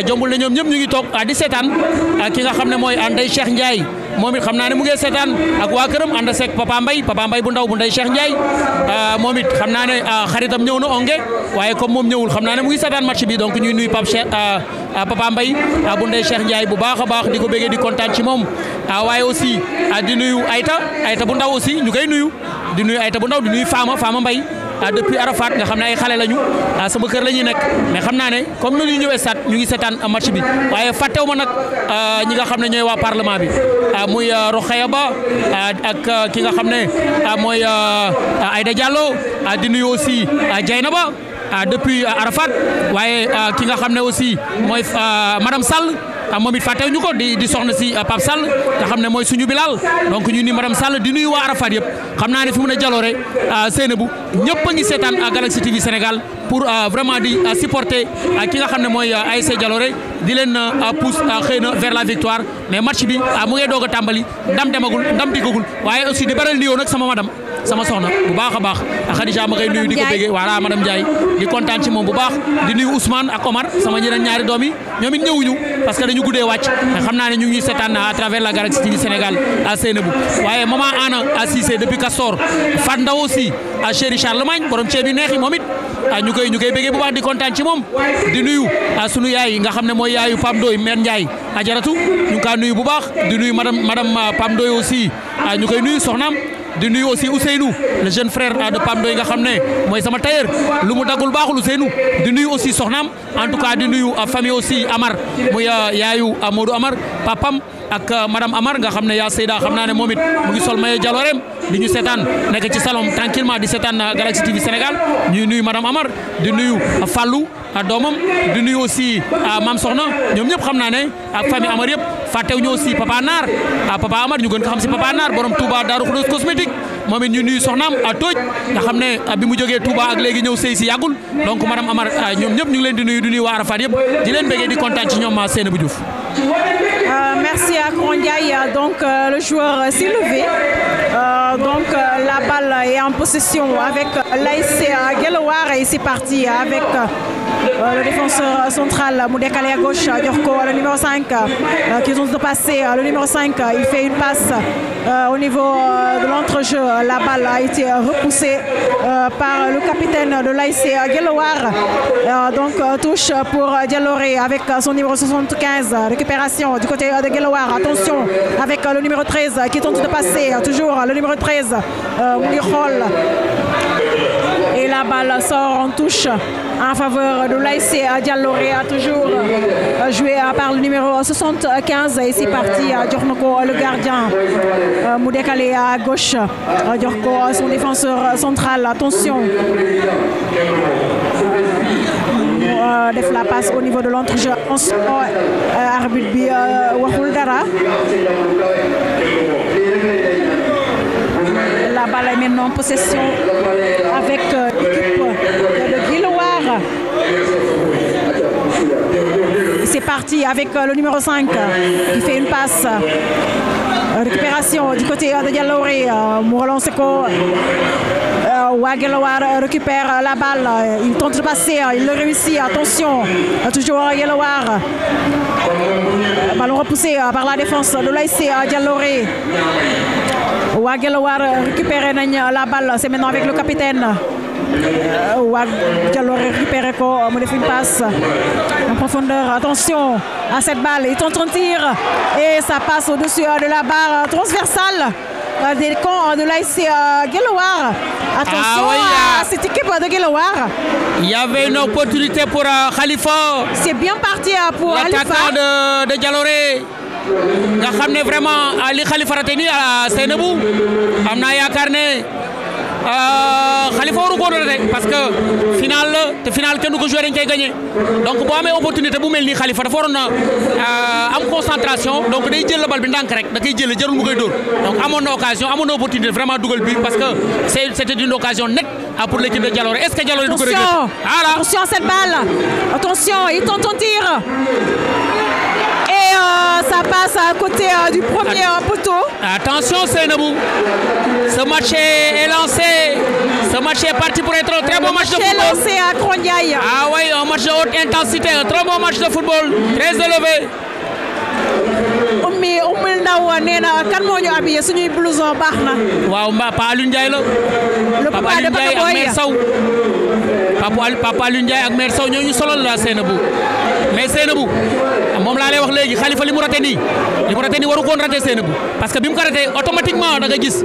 [SPEAKER 1] jombul ne ñoom ñëpp ñu ngi toog di seetaan ki nga xam ne mooy Ndeye Cheikh Ndiaye moom xam naa ne mu ngi seetaan ak waa këram ànd seeg papa Mbaye papa bu ndaw bu ndey Cheikh Ndiaye ah, moom it xam naa ne ah, xaritam ñëw na onge waaye comme moom ñëwul xam naa ne mu ngi seetaan match bi donc ñuy nuy Pape Cheikh ah, papa mbay bu ndey Cheikh Ndiaye bu baax a baax di ko bëggee di kontaan ci moom waaye aussi ah di nuyu Ayta Ayta bu ndaw aussi ñu koy nuyu di nuyu Ayta bu ndaw di nuyu faama Fama mbay Ah, depuis Arafat nga xam ne ay xale lañu ah, sama kër la ñuy nekk mais xam naa ne comme ni ñu ñëwee stade ñu ngi seetaan match bi waaye fàttewu ma nag ah, ñi nga xam ne ñooy waa parlement bi muy Rokhaya Ba ak ki nga xam ne mooy Aïda Diallo di nuyu aussi ba depuis Arafat waaye ki nga xam ne aussi mooy madame Sall. ah moom it fàttewu ñu ko di di soxna si euh, Pape Sall nga xam ne mooy suñu bilaal donc ñu ni madame Sall di nuyu waa Arafat yëpp xam naa ne fi mu ne jaloore euh, Seynabou ñëpp a ngi seetaan Galaxy TV Sénégal pour euh, vraiment di supporter ki nga xam ne mooy ay ASC Jaloore di leen pousse xëy na vers la victoire mais match bi mu ngi doog a tàmbali ndam demagul ndam diggagul waaye aussi di baral nuyoo nag sama madame. sama soxna bu baax a baax Khadija ma ngay nuyu di ko wara voilà madame Ndiaye di kontaan ci moom bu baax di nuyu Ousmane ak Omar sama ñeneen ñaari domi yi ñoom it ñëwuñu parce que dañu guddee wàcc xam naa ne ñu ngi seetaan à travers la galaxie ci Sénégal à Seynabou waaye maman Anna à Cissé depuis Castor Fat Ndaw aussi à Chéri Charlemagne borom ceeb yu neex yi moom it ah, ñu koy ñu koy bu baax di kontaan ci moom di nuyu ah, sunu yaay nga xam ne mooy yaayu Pam Doy Mère Ndiaye ajaratu ñu ngi kaa nuyu bu baax di nuyu madame madame ah, Pam Doy aussi ñu koy nuyu soxnaam di nuyu aussi Ousseynou le jeune frère de Pam Doy nga xam ne mooy sama tailleur lu mu daggul baaxul Ousseynou di nuyu aussi soxnaam en tout cas di nuyu famille aussi Amar muy euh, yaayu euh, Modou Amar papam ak eh, madame Amar nga xamne ya yaa Seyda xam ne momit mu ngi sol maye jaloorem di ñu sétane nek ci salon tranquillement di sétane eh, Galaxy TV senegal ñuy nuyu madame Amar di nuyu eh, a domam di nuyu aussi mam Soxna ñom ñep xamna ne ak famille Amar yëpp fàttewu ñu aussi Papa a Papa Amar ñu gën ko xam si Papa nar borom Touba daru khodous cosmétique momit ñu nuyu soxnam a toj nga xamne ne bi mu joggé Touba ak légui ñew sey si yagul donc madame Amar ñom ñep ñu ngi leen di nuyu di nuyu wa Arafat yep di leen bëggé di ci bu Diouf
[SPEAKER 3] merci à Kondiaï. Euh, donc, euh, le joueur euh, s'est levé. donc, la balle est en possession avec l'AIC Gelowar et c'est parti avec. Euh, le défenseur euh, central mu à gauche jox euh, le numéro 5 qui tente de passer le numéro 5 il fait une passe au niveau de l'entrejeu la balle a été repoussée par le capitaine de l'AIC Gelowar donc touche pour Dialoré avec son numéro 75 récupération du côté de Gelowar attention avec le numéro 13 qui tente de passer toujours le numéro 13 et la balle sort en touche en faveur de l'AIC Dialloré a toujours euh, joué à euh, part le numéro 75 et c'est parti Djornoko euh, le gardien Moudekale à gauche Djorko son défenseur central attention la passe au niveau de l'entrée oh, arbitre bi la balle est maintenant en possession avec l'équipe c'est parti avec euh, le numéro 5 euh, qui fait une passe. Euh, récupération du côté de Dialoré. Mourlon Seco. Wagelowar récupère la balle. Il tente de passer. Il le réussit. Attention. Toujours Wagelowar. Ballon repoussé par la défense de l'AIC Dialoré. Wagelowar récupère la balle. C'est maintenant avec le capitaine. Wad Diallo récupère ko une passe en profondeur attention à cette balle il tente un tir et ça passe au-dessus euh, de la barre transversale euh, des camps de l'AIC euh, Guélowar. Attention ah, à cette équipe de Guélowar. Il y avait une opportunité pour Khalifa. C'est bien parti pour Khalifa. L'attaquant de, de Dialoré.
[SPEAKER 1] nga vraiment Ali Khalifa a tenu à Seynabou Amna Yakarne. Euh, Khalifa waru koo parce que final la te final nous que ko joué qui a gagné donc boo amee opportunité bu mel Khalifa Khalifa dafa waroon euh, am concentration donc day jël le bal bi Donc rek da koy jël jarul mu donc amoon occasion amoon opportunité vraiment double bi parce que c'est c'était une occasion nette ah, pour l'équipe de Diallo est-ce que Diallo du ko
[SPEAKER 3] attention ah cette balle attention il tente un tir euh, ça passe à côté euh, du premier euh, poteau. Attention Seynabou, ce match est
[SPEAKER 1] lancé, ce match est parti pour être un très bon match, de football. lancé à Kroniaï. Ah oui, un match de
[SPEAKER 3] haute intensité, un très bon match de football, très élevé. mais Oumoul Ndaw nee na kan moo ñu habillé suñuy blouson baax le papa de Papa Papa Al Papa Alioune ak maire saw ñooñu
[SPEAKER 1] solo la senabu mais senabu mom la lay wax léegi Khalifa limu raté ni Ils mu raté ni waru koon raté Seynabou parce que bimu ko raté automatiquement da nga gis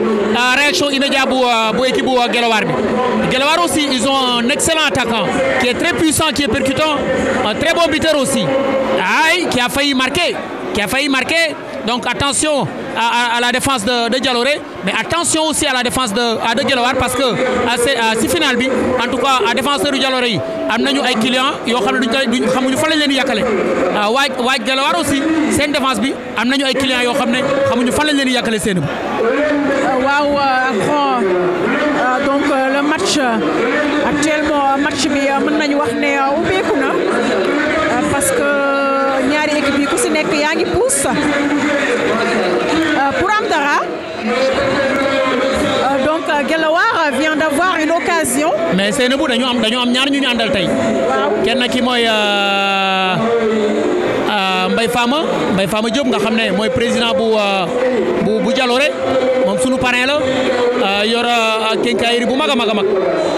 [SPEAKER 1] réaction immédiate bu euh, bu équipe bu euh, Guelwaar bi aussi ils ont un excellent attaquant qui est très puissant qui est percutant un très bon buteur aussi qui a failli marquer qui a failli marquer donc attention à, la défense de, de Dialoré, mais attention aussi à la défense de, à de parce que à, si final en tout cas à défense de Dialoré il y a ay clients qui xam ne duñ xamuñu fan lañ leen di ah, waaj aussi défense bi am nañu ay clients qui xam ne xamuñu Waouh, lañ leen di yàkkale euh,
[SPEAKER 3] euh, euh, donc le match actuellement match bi un nañu wax important ubbeeku parce que ñaari équipe nek yaa ngi puus euh, pour amdara. Euh, donc euh, Guelewar vient d'avoir une occasion.
[SPEAKER 1] mais Seynabou dañu am dañu am ñaar ñu ñu andal tay. waaw kenn ki mooy. mbay Fama mbay Fama Diop nga xam ne mooy président bu euh, bu bu Jaloore moom sunu parrain la euh, yor euh, kénkaayiri bu mag a mag a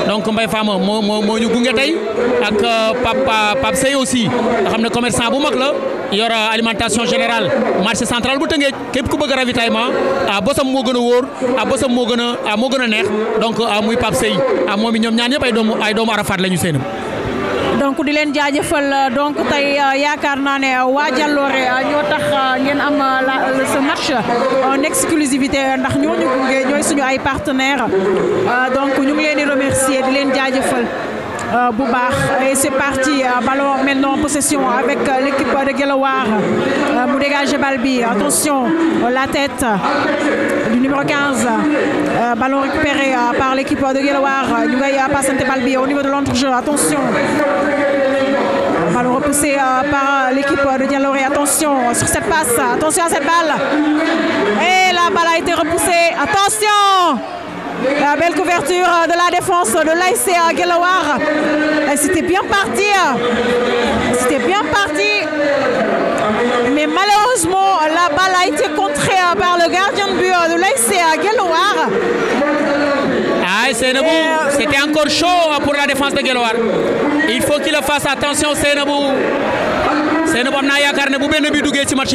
[SPEAKER 1] donc mbay Fama moo moo moo ñu gunge tey ak Pape Pape Seye aussi nga xam ne commerçant bu mag la yor alimentation générale marché central bu Tëngéej képp ku bëgg a ravitaillement ah bosam moo gën a wóor ah bosam moo gën a moo gën a neex donc muy Pape Seye ah moom it ñoom ñaan ñëpp ay doomu ay doomu Arafat la ñu seenam
[SPEAKER 3] donc di leen jaajëfal donc tey euh, yaakaar naa ne euh, waa Jàlloore euh, ñoo tax ngeen am la ce match en exclusivité ndax ñoo ñu gunge ñooy suñu ay partenaires donc ñu ngi remercier di leen jaajëfal. Euh, Boubar. Et c'est parti. Euh, ballon maintenant en possession avec euh, l'équipe de Guéloir. Moudéga Balbi. Attention, la tête du numéro 15. ballon récupéré par l'équipe de Guéloir. passe Passante Balbi au niveau de l'entrejeu. Attention. Ballon repoussé par l'équipe de Dialoré. Attention sur cette passe. Attention à cette balle. Et la balle a été repoussée. Attention la belle couverture euh, de la défense de l'ICA Guelawar. C'était bien parti. Hein. C'était bien parti. Mais malheureusement, la balle a été contrée hein, par le gardien de but euh, de l'ICA Guelawar.
[SPEAKER 1] Ah, euh, c'était encore chaud hein, pour la défense de Guelawar. Il faut qu'il fasse attention, c'est match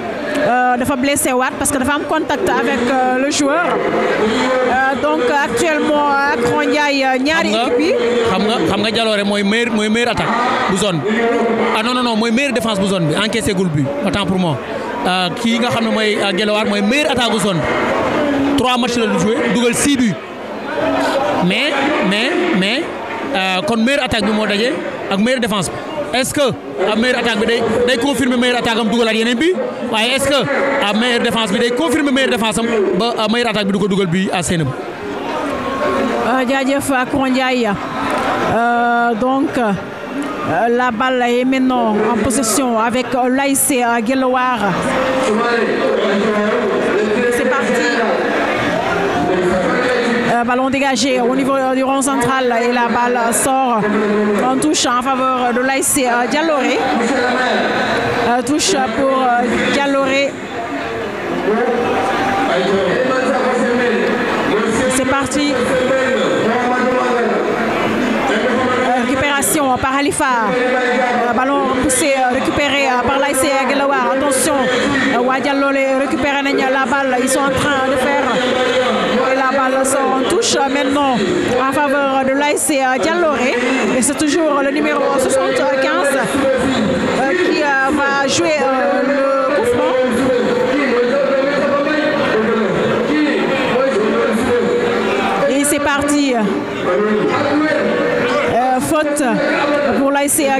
[SPEAKER 3] Euh, dafa blesser Watt parce que dafa am contact avec euh, le joueur euh, donc actuellement ak Ndiaye ñaari équipe yi xam nga xam nga
[SPEAKER 1] Jalooré mooy meilleur moy meilleur attaque bu zone ah non non non mooy meilleure défense bu zone bi encaissé gul but Attends pour moi Qui nga xam ne mooy Guelwaar mooy meilleur attaque bu zone 3 trois matchs la joué dugal six buts mais mais mais kon meilleur attaque bi mo dajé ak meilleure défense est-ce que la meilleure attaque bi day day la meilleure attaque am dugalaat est-ce que la meilleure défense bi day confirmer meilleure défense am ba euh, meilleure attaque bi Dougal à Sénégal.
[SPEAKER 3] Euh, euh, donc la balle est maintenant en possession avec à Guelwaar. Euh, ballon dégagé au niveau euh, du rond central et la balle sort en touche en faveur de l'AIC euh, Dialoré. touche pour Dialoré. C'est parti. Récupération par Alifa. Ballon poussé, récupéré par l'AIC Gelawa. Attention, Wadialoré récupère la balle. Ils sont en train de faire on touche euh, maintenant en faveur de l'AIC euh, Dialoré. Et c'est toujours le numéro 75 euh, qui va jouer le coup Et c'est parti pour l'ICA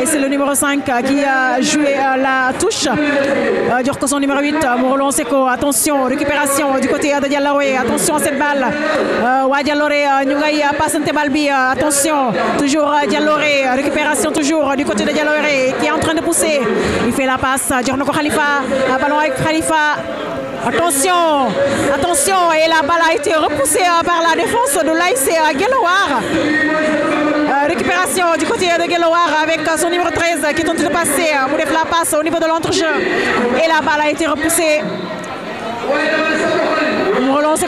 [SPEAKER 3] et c'est le numéro 5 qui a joué euh, la touche. Euh, son numéro 8, euh, Mourlon Seco, attention, récupération du côté de Dialawé attention à cette balle. Balbi, attention, toujours Dialloré, récupération toujours du côté de Dialawé qui est en train de pousser. Il fait la passe, djernoko Khalifa, ballon avec Khalifa. Attention, attention, et la balle a été repoussée par la défense de l'AIC à récupération du côté de Guéloir avec son numéro 13 qui tente de passer. les la passe au niveau de l'entrejeu. Et la balle a été repoussée. Relance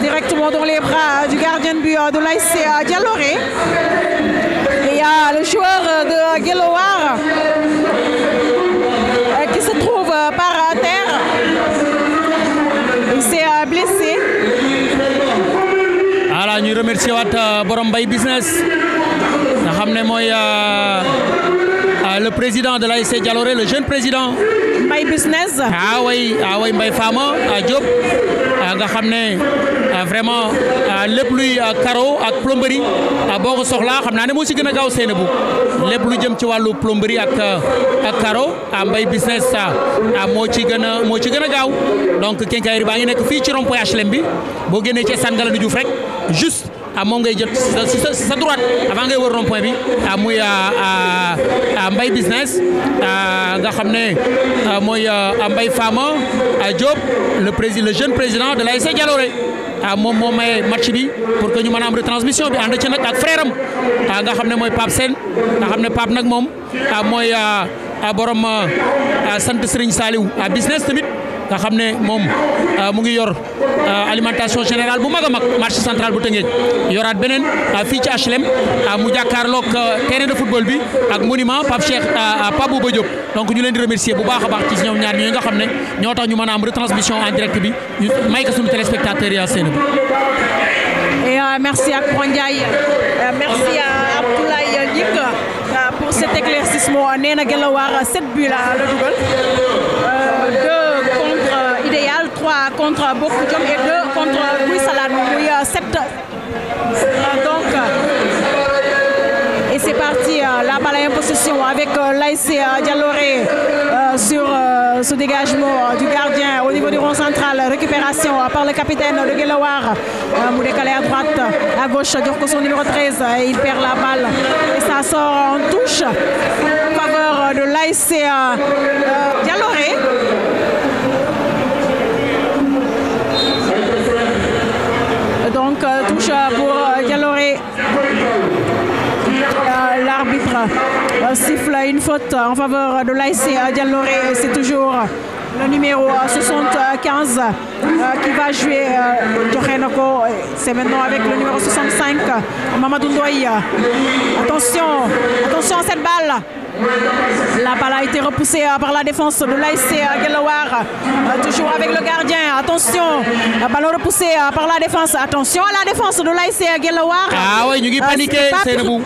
[SPEAKER 3] directement dans les bras du gardien de but de l'AIC Dialoré. Il y a le joueur de Guéloir qui se trouve par terre. Il s'est blessé.
[SPEAKER 1] Alors, nous remercions votre euh, Business xamné moy euh, euh, le président de la SC Dialoré le jeune président. My business. ah oui ah oui Mbaye Fama job. Ah, ah, nga xamné ah, vraiment lepp luy carreau ak plomberie boo ko soxlaa xam mo ci gëna si gën a gaaw Seynabou lépp lu jëm ci walu plomberie ak ak carreau my business à ci gëna mo ci gëna gaaw donc kenkaayri baa ngi nekk fi ci rond-point HLM bi boo génnee ci sangala Galandou rek juste à ah, mon sa droite avant ngay point bi à ah, à ah, business à moi à mooy femme, Fama job le président le jeune président de la Jalooré à à mon moment match pour que nous mën de transmission, retransmission bi ànd ci frère à nga xam ne Pape nga à borom Saliou à business tamit nga xamné mom moom euh, mu ngi yor euh, alimentation générale bu maga mag marché central bu Tëngéej yorat benen euh, fi ci HLM mu jàkkaarloog terrain de football bi ak monument Pape Cheikh Pape Bouba Diop donc ñu leen di remercier bu baaxa baax ci ñoom ñaar ñi nga xamné ñoo tax ñu mëna am retransmission en direct bi ñu may ko suñu téléspectateurs ya à seen
[SPEAKER 3] Et merci à Krondiaï, merci à Abdoulaye Nik pour cet éclaircissement. Néna Gelawar, 7 buts à le double contre beaucoup et deux contre Louis Salam Louis 7. Donc, euh, et c'est parti, euh, la balle est en possession avec euh, l'AIC Dialoré sur ce dégagement du gardien au niveau du rond central. Récupération par le capitaine de Guélawar. Kalé à droite, à gauche, donc son numéro 13. Et il perd la balle et ça sort en touche en faveur de l'AICA Dialoré. donc euh, touche pour Dialoré. Euh, euh, l'arbitre siffle une faute en faveur de l'AIC Dialoré. C'est toujours le numéro 75 euh, euh, qui va jouer euh, C'est maintenant avec le numéro 65, Mamadou Ndoye. Attention, attention à cette balle. La balle a été repoussée par la défense de l'ASC Gelawar. Toujours avec le gardien. Attention. La balle repoussée par la défense. Attention à la défense de l'ASC Gelawar. Ah oui, Nugui paniqué.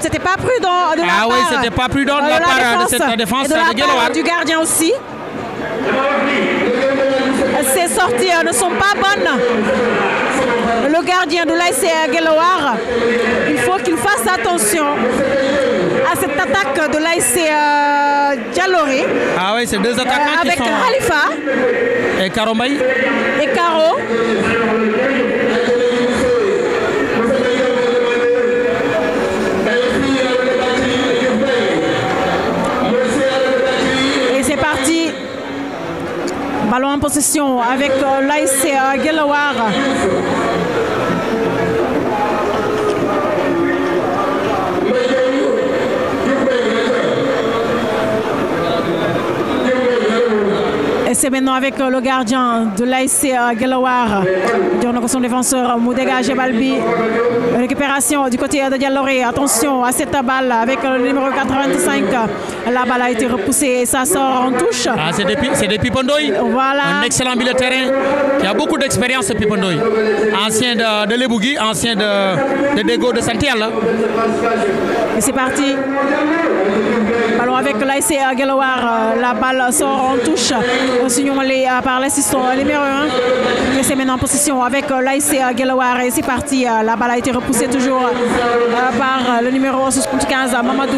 [SPEAKER 3] C'était pas, prudent de la Ah oui, c'était pas prudent de la part de cette défense de, la part du gardien aussi. Ces sorties euh, ne sont pas bonnes. Le gardien de l'ICA Gelowar, il faut qu'il fasse attention à cette attaque de l'ICA euh, Djalori
[SPEAKER 1] Ah oui, c'est deux attaquants euh,
[SPEAKER 3] avec qui sont... Khalifa et Karombaï. Et Caro. Allons en possession avec euh, l'ICA euh, Gelawar c'est maintenant avec euh, le gardien de l'AIC euh, son défenseur euh, Moudega Balbi. Récupération du côté de Dialoré. Attention à cette balle avec le numéro 85. La balle a été repoussée et ça sort en touche. Ah, c'est depuis, depuis Pondoy. Voilà. Un excellent milieu de terrain qui a beaucoup d'expérience, Pipondoy.
[SPEAKER 1] Ancien de, de Lebougui, ancien de, de Dego de Santiago.
[SPEAKER 3] Et c'est parti. Ballon avec l'AS Galawar. La balle sort en touche. Union par l'assistant numéro 1. C'est maintenant en position avec euh, l'AIC euh, Gelawar et c'est parti. Euh, la balle a été repoussée toujours par le numéro 75, Mamadou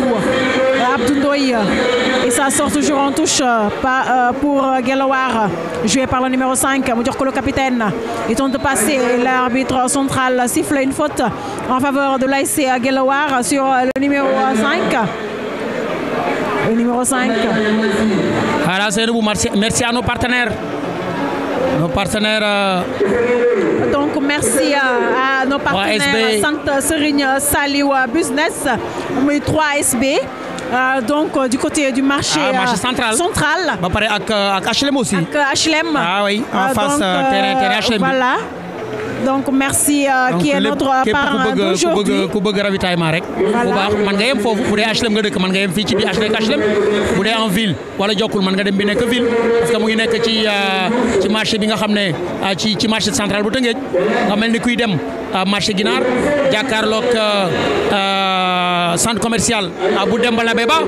[SPEAKER 3] Abdoundoy. Et ça sort toujours en touche pour Gelawar, joué par le numéro 5, que le capitaine. Il tente de passer l'arbitre central siffle une faute en faveur de l'AIC Gelawar sur le numéro 5. Le numéro 5. Hara nous,
[SPEAKER 1] merci à nos partenaires. Nos partenaires. Euh,
[SPEAKER 3] donc, merci à, nos partenaires Sainte sérigne Saliwa Business, 3SB. Euh, donc euh, du côté du marché, ah, central. Euh, central. Bah, pareil, avec, avec, HLM aussi. Avec HLM. Ah oui, en face donc, terrain, terrain HLM. Voilà donc merci. Euh, donc qui est notre parent d'aujourd'hui donc lépp képp ku bëgg
[SPEAKER 1] ku bëgg ravitaillement rek. bu baax man nga yem foofu bu HLM nga dëkk man nga yem fii ci biir HLM bu dee en ville wala jokkul man nga dem bi nek ville parce que mu ngi nekk ci euh, ci marché bi nga xamné euh, ci ci marché central bu Tëngéej nga melni kuy dem marché ginaar euh centre commercial bu dem Labé Ba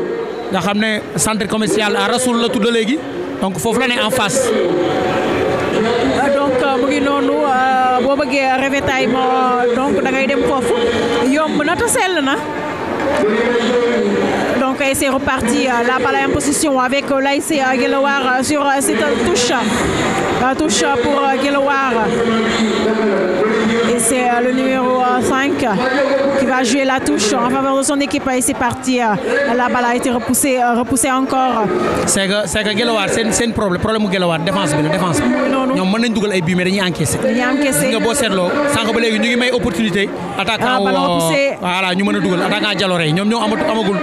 [SPEAKER 1] nga xamné centre commercial Rasoul la tudd léegi donc fofu la ne en face.
[SPEAKER 3] donc mu ngi noonu bo bëggee revêtaay donc da ngay dem fofu yomb na te sel na donc et c'est reparti là euh, par la imposition avec euh, l'ASC euh, Guelewar sur cette touche la touche pour euh, Guéloir. Et c'est euh, le numéro 5 euh, qui va jouer la touche en faveur de son équipe. Et c'est parti. La balle a été repoussée, repoussée encore.
[SPEAKER 1] C'est que, c'est que c'est un problème. problème mu Guéloir, défense bi la défense bi. ñoom mën nañ dugal ay buts mais dañuy encaissé. dañuy encaissé nga boo seetloo sànq ba léegi ñu ngi may opportunité. Ah, attaquant voilà ñu mën a dugal attaquant Jalore ñoom ñoo amagul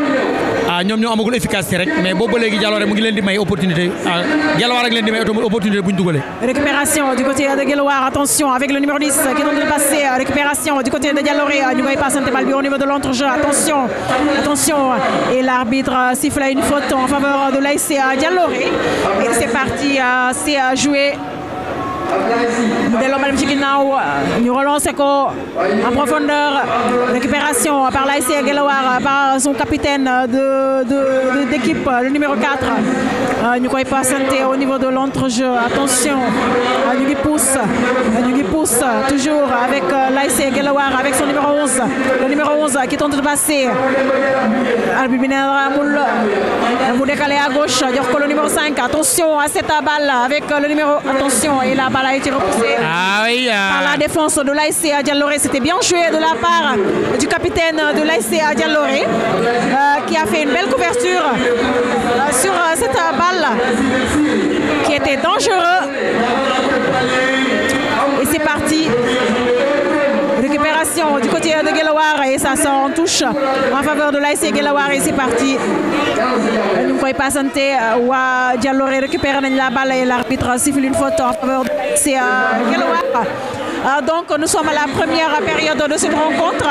[SPEAKER 1] ah ñoom ñoo amagul efficacité rek mais bo ba légui dialoré mu ngi leen di may opportunité ah, dialoré rek leen di may opportunité buñ
[SPEAKER 3] récupération du côté de Guelwaar attention avec le numéro 10 qui est en train de passer récupération du côté de Dialoré ñu koy passante un bi au niveau de l'entrejeu attention attention et l'arbitre siffle une faute en faveur de l'ICA Dialoré et c'est parti euh, c'est jouer. Nous delloo en profondeur récupération par laissez Guelwaar par son capitaine de d'équipe le numéro 4 euh, croyons pas santé au niveau de l'entrejeu attention nous euh, lui pousse lui euh, pousse toujours avec laissez Guelwaar avec son numéro 11 le numéro 11 qui tente de passer arbitre bi vous décalez à gauche le numéro 5 attention à cette balle avec le numéro attention il a été ah euh. par la défense de l'ACA Dialloré. C'était bien joué de la part du capitaine de l'ICA Dialloré euh, qui a fait une belle couverture euh, sur euh, cette balle qui était dangereuse. Et c'est parti Opération du côté de Gelawar et ça s'en touche en faveur de l'AS Gelawar et c'est parti. Nous ne pouvons pas santé. Euh, Wa Diallo récupère la balle et l'arbitre siffle une faute en faveur de l'ASC euh, Gelawar. Euh, donc nous sommes à la première période de cette rencontre.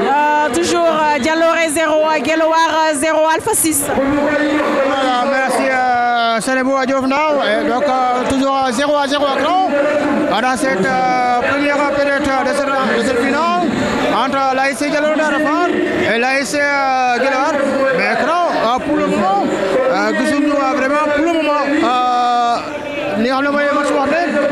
[SPEAKER 3] Euh, toujours Dialoré 0, Geloar 0, Alpha 6. Voilà, ah, merci euh, à Sénébou donc
[SPEAKER 11] euh, toujours 0 à 0 à Cran. Ah, dans cette première période de cette, de cette finale entre l'AIC Dialoré d'Arafat et l'AIC euh, Mais pour le moment, nous vraiment pour le moment, nous un le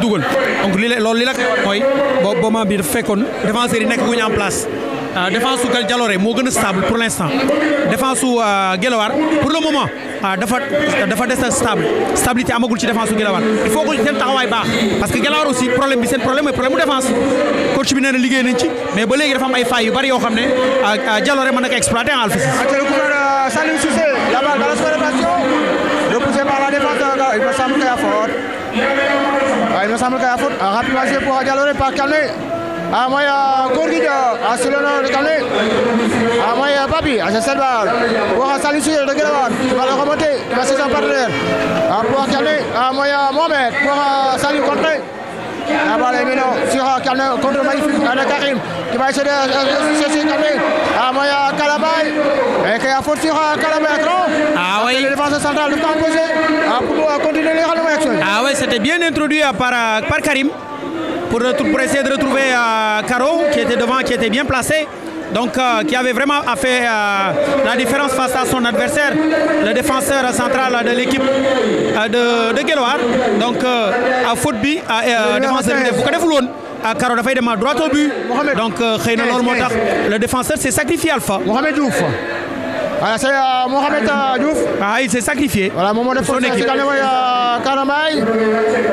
[SPEAKER 1] pour dugal donc li la loolu li la mooy bo boma bi dafa fekkoon défenseurs yi nekk guñu en place euh, défense su Jalooré moo gën a stable pour l'instant défense su euh, Guelwaar pour le moment euh, dafa dafa des stable stabilité amagul ci défense su Guelwaar il faut que seen taxawaay baax parce que Guelwaar aussi problème bi seen problème problème mu défense coach bi nee na liggéey nañ ci mais ba léegi dafa am ay failles yu bari yoo xam ne Jalooré mën na ko exploiter en Alpha Cissé.
[SPEAKER 11] Repoussé par la défense, il me semble qu'il fort il me semble qu'à la faute, rapidement joué pour Diallo par Calné. Ah, moi, Gourgui à Solano de Calné. Ah, moi, ya, gitu. ah, ya, Papi, à Jessel balle. Pour Salut de Guélawan, qui va le remonter, qui va saisir un partenaire. Pour Calné, ah, moi, ya, ah, ah, Mohamed, pour Salut contre. La balle est maintenant sur Carnet contre Magnifique. Anna Karim qui va essayer de chercher euh, Carnet. Ah, Maya Kalabay. Et qui a faute sur euh, Kalabay grand. Ah oui. Le défenseur central, ah, le temps posé pour continuer
[SPEAKER 1] les renovations. Ah oui, c'était bien introduit euh, par, par Karim pour, pour essayer de retrouver Caro qui était devant, qui était bien placé donc euh, qui avait vraiment fait euh, la différence face à son adversaire, le défenseur central de l'équipe euh, de, de Guéloir, donc à
[SPEAKER 4] Footby, à défenseur
[SPEAKER 1] de à de demaat droit au but donc xëy na le défenseur s'est sacrifié Alpha. Mohamed Diouf voilà ah, c'est Mohamed Diouf. ah il s'est sacrifié. voilà moment de def foofu si kan
[SPEAKER 11] mooy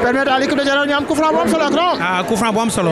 [SPEAKER 11] permettre à l'équipe de Gérard ñu Koufran coup solo
[SPEAKER 1] ah Koufran solo.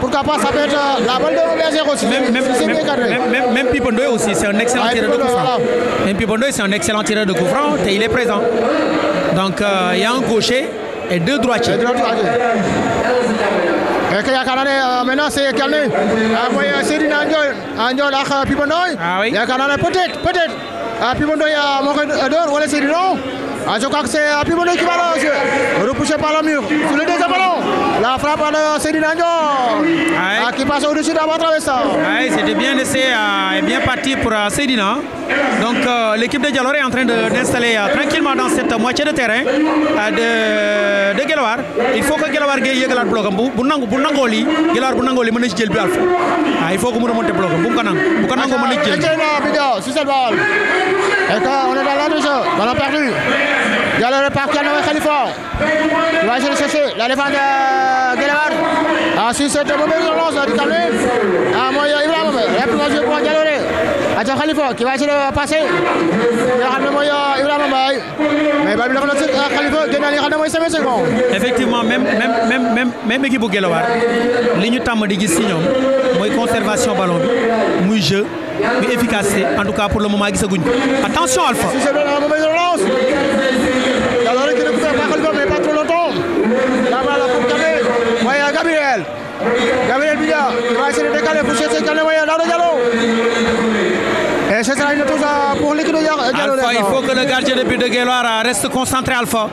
[SPEAKER 11] pourquoi pas ça peut être euh, la balle de OBS aussi. Même, même, même, même
[SPEAKER 1] Pipondoy aussi, c'est un excellent ah, tireur de coup franc. Voilà. Même Pipondoy, c'est un excellent tireur de coup franc et il est présent. Donc euh, il y a un gaucher et deux droitiers. Et deux droitiers.
[SPEAKER 11] a un ne maintenant c'est calmé ah, mooy Seydina Ndiol Ndiol Pipon euh, Pipondoy. ah oui a un ne peut-être peut-être ah, Pipondoy euh, moo koy c'est du nom. je crois que c'est Pipondoy qui va là, repousser par le mur sur le deuxième ballon. La frappe de Cédina ah, qui passe au-dessus d'avant traversant.
[SPEAKER 1] C'était bien laissé euh, et bien parti pour euh, Seydina. Donc euh, l'équipe de Dialor est en train d'installer tranquillement dans cette moitié de terrain de, de Il faut que Guéloir gagne Gelawar bloc. Bunango Bunangoli, Gelawar Bunangoli manage ah, Il faut que vous remontez bloc. Bunkanang, Bunkanang manage C'est
[SPEAKER 11] le ball. Et on est dans la jeu, on a perdu a repart Kanaway Khalifa. Il va essayer chercher de ah, si c'est un mauvais Khalifa ah, qui va de passer.
[SPEAKER 1] Effectivement, même, même, même, même, même équipe conservation ballon bi jeu en tout cas pour le moment attention Alpha.
[SPEAKER 11] Alors Jaloore qui le Bakaliba mais pas trop longtemps. La balle pour Gabriel. Voyez Gabriel. Gabriel Bidia Il va essayer de décaler pour chercher Kane dans le Diallo. Et c'est sera une chose euh, pour l'équipe de Diallo. Alpha, il faut que le gardien de but de Guéloire euh,
[SPEAKER 1] reste concentré Alpha.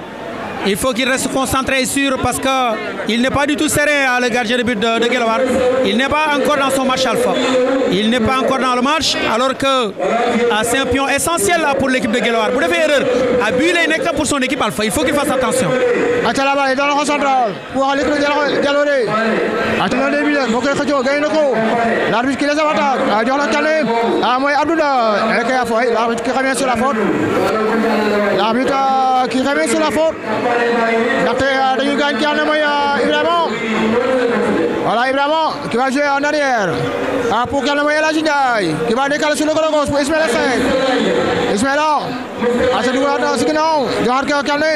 [SPEAKER 1] Il faut qu'il reste concentré sur parce qu'il n'est pas du tout serré à le gardien de but de, de Il n'est pas encore dans son match alpha. Il n'est pas encore dans le match alors que c'est un pion essentiel là, pour l'équipe de Guelwar. Vous devez erreur. Abulé n'est pour son équipe alpha. Il faut qu'il fasse attention.
[SPEAKER 11] pour aller Attention qui revient sur la faute. L'arbitre qui revient sur la faute. ndaxte eh, dañuy gaañ ki xam ne mooy ya, Ibrahima voilà Ibrahima qui va jouer en arrière ah, pour qui xam ne mooy El Hadji Ndiaye qui va décaler sur le côté gauche pour Ismaïla Seck Ismaïla asa dugal si ginnaaw joxaat ko xam ne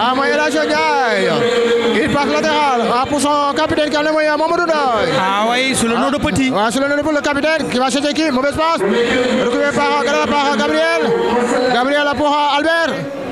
[SPEAKER 11] ah mooy El Hadji Ndiaye il passe latéral ah, pour son capitaine qui xam ne Mamadou ya, Ndoye ah oui sur le nom de Petit ah, sur le nom de le capitaine qui va chercher qui mauvais passe récupéré par, par Gabriel Gabriel pour Albert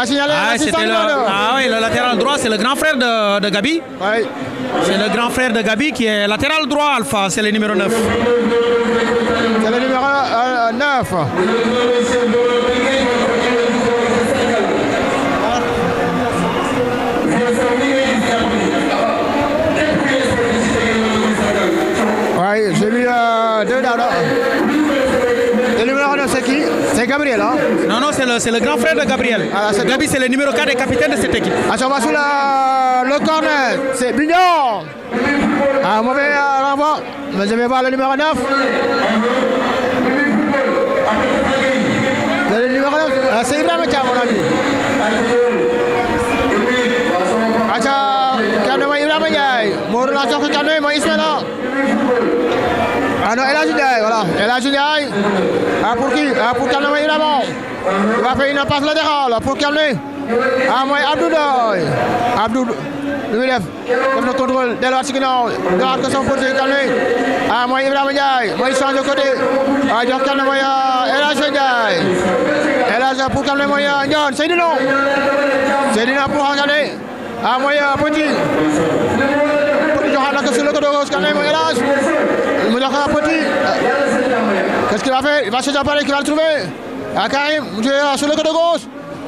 [SPEAKER 11] ah, le, ah oui, le latéral droit, c'est le
[SPEAKER 1] grand frère de, Gabi. C'est le grand frère de Gabi qui est latéral droit, Alpha, c'est le numéro 9.
[SPEAKER 11] C'est le numéro 9. Oui j'ai mis euh, deux dents. Le numéro 9, c'est qui c'est Gabriel, hein?
[SPEAKER 1] Non, non, c'est le, le, grand frère de Gabriel. Ah, Gabi, c'est le numéro 4 et capitaine de cette équipe. Ah, ça va sur
[SPEAKER 11] la, le corner, c'est Bignon. Ah, mauvais euh, renvoi. Mais je vais voir le numéro 9. Le numéro 9, ah, c'est Ibrahim amitié mon ami. je Ibrahim Tcham, mon relation que Tcham, mon ah non, El Hadji Ndiaye, voilà. El Hadji Ndiaye. Ah pour qui Ah pour calmer il avant. Il va faire une passe latérale pour calmer. Ah moi, Abdou Abdou lu muy def def na contrôle delluwaat si ginnaaw delluwaat ko sama porte calmer. Ah moi, mooy moi il change de côté. Ah jox euh, calmer mooy El Hadji Ndiaye. El Hadji pour calmer moi C'est mooy C'est Seydina. Seydina pour calmer. Ah mooy euh, Petit. Petit joxaat na ko sur le côté de calmer mooy El Qu'est-ce qu'il va Il va se qui va le trouver. Ah, le de gauche.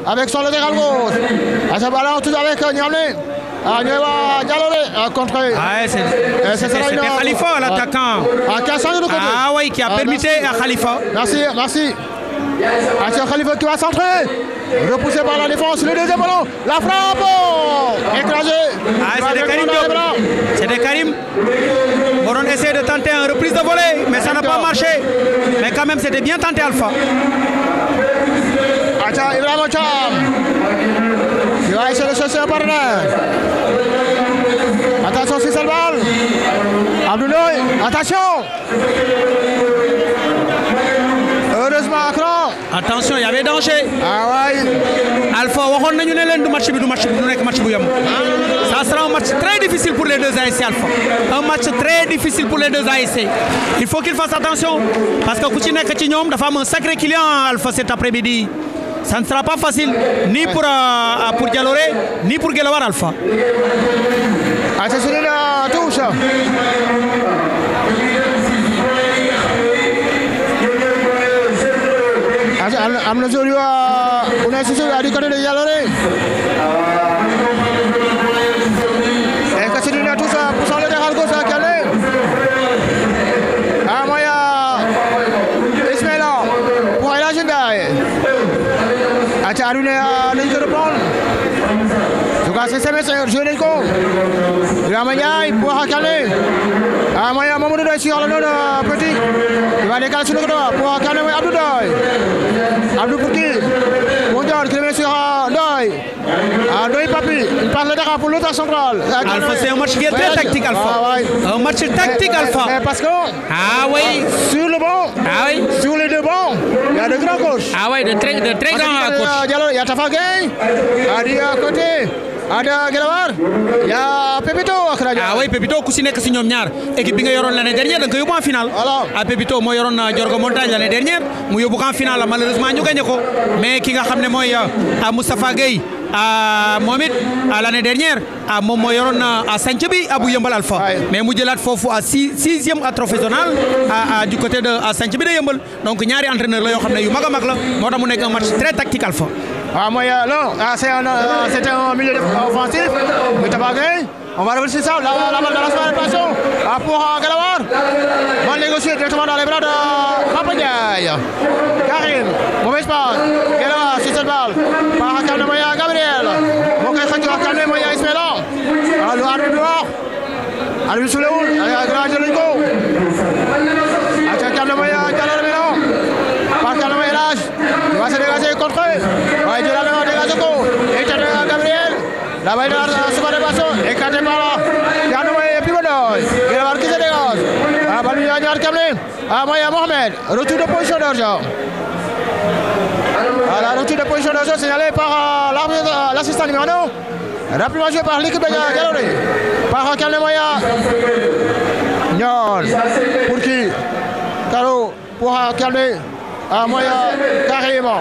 [SPEAKER 11] Avec son gauche. Ah, à euh, Ah, ah, ah c'était Khalifa, l'attaquant. qui a de Ah oui, qui a permis à Khalifa. Merci, merci. Attention Khalifa qui va centrer. Repoussé par la défense. Le deuxième ballon. La frappe. Écrasé. Ah, c'est de Karim C'est de Karim.
[SPEAKER 1] On essaie de tenter une reprise de volée, mais ça n'a pas marché. Mais quand même, c'était bien tenté Alpha. Attention Ibrahim Cham.
[SPEAKER 11] Il va essayer de chercher par partenaire. Attention, c'est le Abdoulaye, attention.
[SPEAKER 1] Heureusement,
[SPEAKER 2] attention il y avait
[SPEAKER 1] danger. Ah Alpha on nañu ne peut du match bi du match bi du match bu ça sera un match très difficile pour les deux ASC Alpha. un match très difficile pour les deux ASC. il faut qu'ils fassent attention parce que ku ci nekk ci dafa un sacré client Alpha cet après-midi. ça ne sera pas facile ni pour euh, pour ni pour Guelewar Alpha.
[SPEAKER 11] Attention à se I'm, not sure you are. Are you going to yell Cari ni ni Jerman. Juga sesi saya urjun itu. Ramai buah kali. Ah, moi, Mamoudou Doy sur le nom de Petit. Il va aller sur le droit pour accueillir Abdou Doy. Abdou Petit. Mondial qui le met sur euh, Doy. Ah, Doy Papi. Il parle de la pour l'autre central. Alpha, c'est un match qui est très tactique, Alpha. Ah, Un match tactique, Alpha. parce
[SPEAKER 1] que. Ah, oui. Sur le banc. Ah, oui. Sur les deux bons. Il y a de grands coachs. Ah, oui, de très, de très grands euh, coachs. Il y a Tafa Gay. à côté. ada gelar y'a Pepito akhirnya. ah oui pepito ku si nek si ñom ñaar équipe bi nga yoron l'année dernière da nga ko final en finale alors ah Pépito moo yoroon Jorgo Montagne l'année dernière mu yóbbu ko en finale malheureusement ñu gagné ko mais ki nga moy a mustapha gay a momit a l'année dernière mo yoron na a Sanche bi à yembal Alpha mais mu jëlaat fofu a 6e a professionnel a du côté de a Sanche bi de yembal donc ñaari entraîneur la yo xamné yu maga mag la motax mu nek un match très
[SPEAKER 11] tactique Alpha Ah, moi, non, euh, ah c'est un, euh, un, milieu offensif, mais t'as pas gagné. On va revenir sur ça, la, la, la, la, passion ah, pour euh, Galawar. Bon négocié directement dans les bras de Papadiaï. Karim, mauvais passe. Galawar, c'est cette balle. Par Akane Moya, Gabriel. Bon, qu'est-ce que tu Akane Moya, Ismaëlan Alors, ah, arbitre noir. Arbitre sous le houle. Allez, Grage Rico. Akane Moya, Galawar Mélan. Par Akane Moya, Lage. Il va se dégager contre eux la luego de la Gabriel,
[SPEAKER 2] la va la ir par de paso,
[SPEAKER 11] la de a Mohamed, retour de position d'argent.
[SPEAKER 2] À la retour de position d'argent
[SPEAKER 11] par l'assistant numéro 1 rapidement par l'équipe de Galerie. par Calme Maya, Nyon, pour qui Caro, pour calmer, à ah, moyen carrément.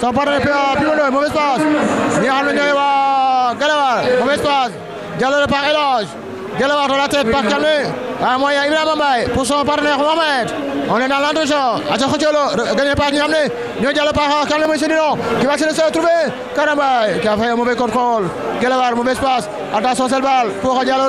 [SPEAKER 11] son partenaire Pimondo mauvaise passe ñi a xam ne ñooy waa Guelwaar mauvaise passe jàllale par El Hadj Guelwaar dans la tête par a à a Ibrahima Mbaye pour son partenaire Mohamed on est dans l'entre-champ aca xëccolo gagné par ne ñooy jàllale par Kalé mooy Sedino qui va essayer de se trouver Karambaye qui a fait un mauvais contrôle Guelwaar mauvaise passe attention c'est le bal pour Diallo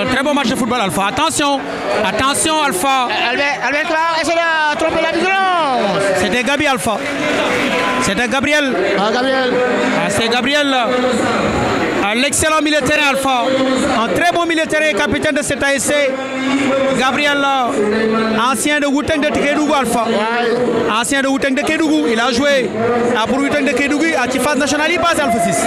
[SPEAKER 1] un très bon match de football, Alpha. Attention, attention, Alpha. Albert, Albert essaie de la C'était Gabi, Alpha. C'était Gabriel. Ah, Gabriel. Ah, c'est Gabriel. Un L'excellent militaire Alpha, un très bon militaire et capitaine de cet ASC, Gabriel, ancien de Wouteng de Kedougou Alpha, ancien de Wouteng de Kedougou. il a joué à pour Wouteng de Kedougou à Tifaz National, il passe Alpha 6.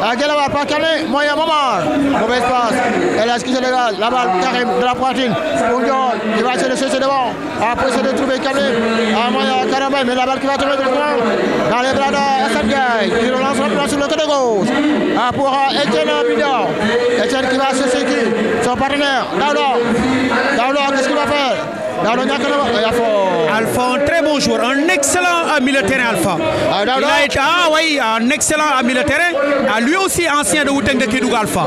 [SPEAKER 11] Ah, balle Pas calé. moyen moment. Mauvaise passe. Elle a esquissé le La balle, Karim, de la poitrine. Pongion, il va essayer de chercher devant. Après, c'est de trouver calé. À ah, moyen, Karambay, mais la balle qui va tomber directement dans les bras d'Assad Gaï. Qui le lance sur le côté gauche. Ah, pour Etienne euh, Bidon. Etienne qui va chercher qui Son partenaire, Daoulo. Daoulo, qu'est-ce qu'il va faire
[SPEAKER 1] Alpha, un très bon joueur, un excellent ami le terrain Alpha. Ah, il a été, ah oui, un excellent ami le terrain. Ah, lui aussi ancien de Wouteng de Kidou Alpha.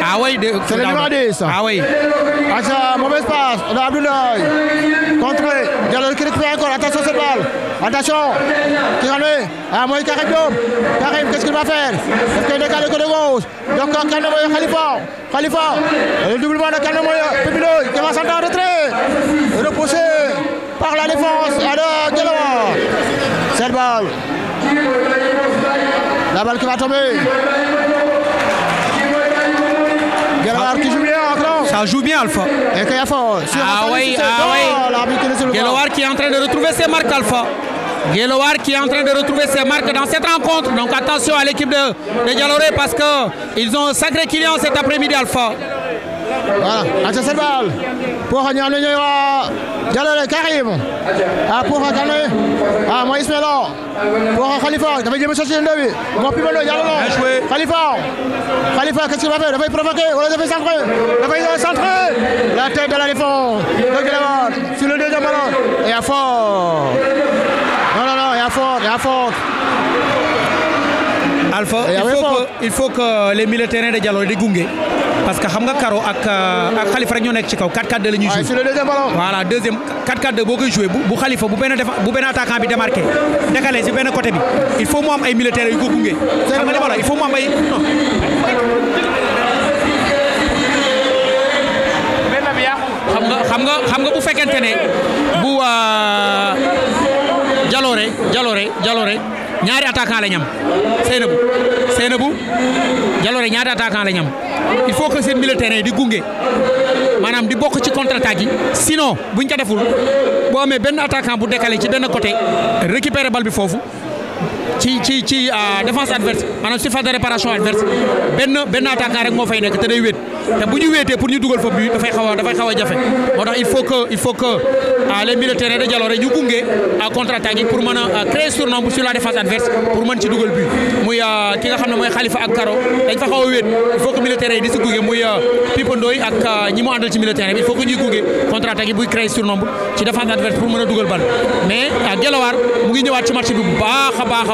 [SPEAKER 1] Ah oui, c'est le numéro 10. Ah oui.
[SPEAKER 11] Ah ça, mauvais passe, Abdoulaye. Contre, il y a le encore, attention cette balle. Attention Qui va le? Ah, Karim qu'est-ce qu'il va faire Est-ce qu'il de gauche Donc, euh, Khalifa. Le doublement de qui va s'entendre retrait. Repoussé par la défense. Alors, C'est le balle. La balle qui va tomber.
[SPEAKER 1] qui joue bien Ça joue bien Alpha. Et Ah oui, ah oui. qui est en train de retrouver ses marques Alpha. Guéloir qui est en train de retrouver ses marques dans cette rencontre. Donc attention à l'équipe de, de Dialoré parce qu'ils ont un sacré client cet après-midi Alpha.
[SPEAKER 11] Voilà, c'est cette balle. Pour Dialoré qui arrive. Ah, pour Dialoré. Ah, Moïse Melo. Pour Khalifa. Il avait dit Monsieur Chindevi. Bon, puis Melo, joué. Khalifa. Khalifa, qu'est-ce qu'il va faire Il va provoquer. On l'a fait centrer. Il va centrer. La tête de la défense. Donc, sur le deuxième ballon. Et à Stafford. Alpha eh, il faut
[SPEAKER 1] que il faut que les militaires de terrain de Diallo parce que xam nga Karo ak euh, ak Khalifa rek ñoo nek ci kaw 4-4-2 la ñuy joué. le deuxième ballon. voilà deuxième 4-4-2 boo koy joué bu Khalifa bu ben benn bu ben attaquant bi démarqué décalé ci ben côté bi il faut mo am ay militaires yu ko gunge. xam nga dama il faut mo am ay non. xam nga xam nga xam nga bu fekkente ne bu. Euh, jaloore jaloore jaloore ñaari attaquant la ñam Seynabou Seynabou jaloore ñaari attaquant la ñam il faut que seen milieu terrain di gunge maanaam di bokk ci contre attaque yi sinon buñ ko deful boo amee benn attaquant bu décalé ci benn côté récupérer bal bi foofu. ci ci ci ah, défense adverse manam ci surface de réparation adverse ben ben attaquant rek mo fay nek té day wéet té buñu ñu pour ñu duggal fa bi da fay xawa da fay xawa jafé motax il faut que il faut que à ah, les militaires de terrain de Jalooré ñu gunge contre attaquer pour mëna a créer surnombre sur la défense adverse pour mën ci dugal but muy ah, ki nga xamné moy Khalifa ak Karo dañ fa xawa a il faut que militaires yi di si gunge muy Pipo Ndoy ak ñi mo andal ci militaire bi il faut que ñu gungé contre attaquer yi buy créer surnombre ci défense adverse pour mëna duggal ball mais mais Gelwaar mu ngi ñëwaat ci match bi bu baaxa a baax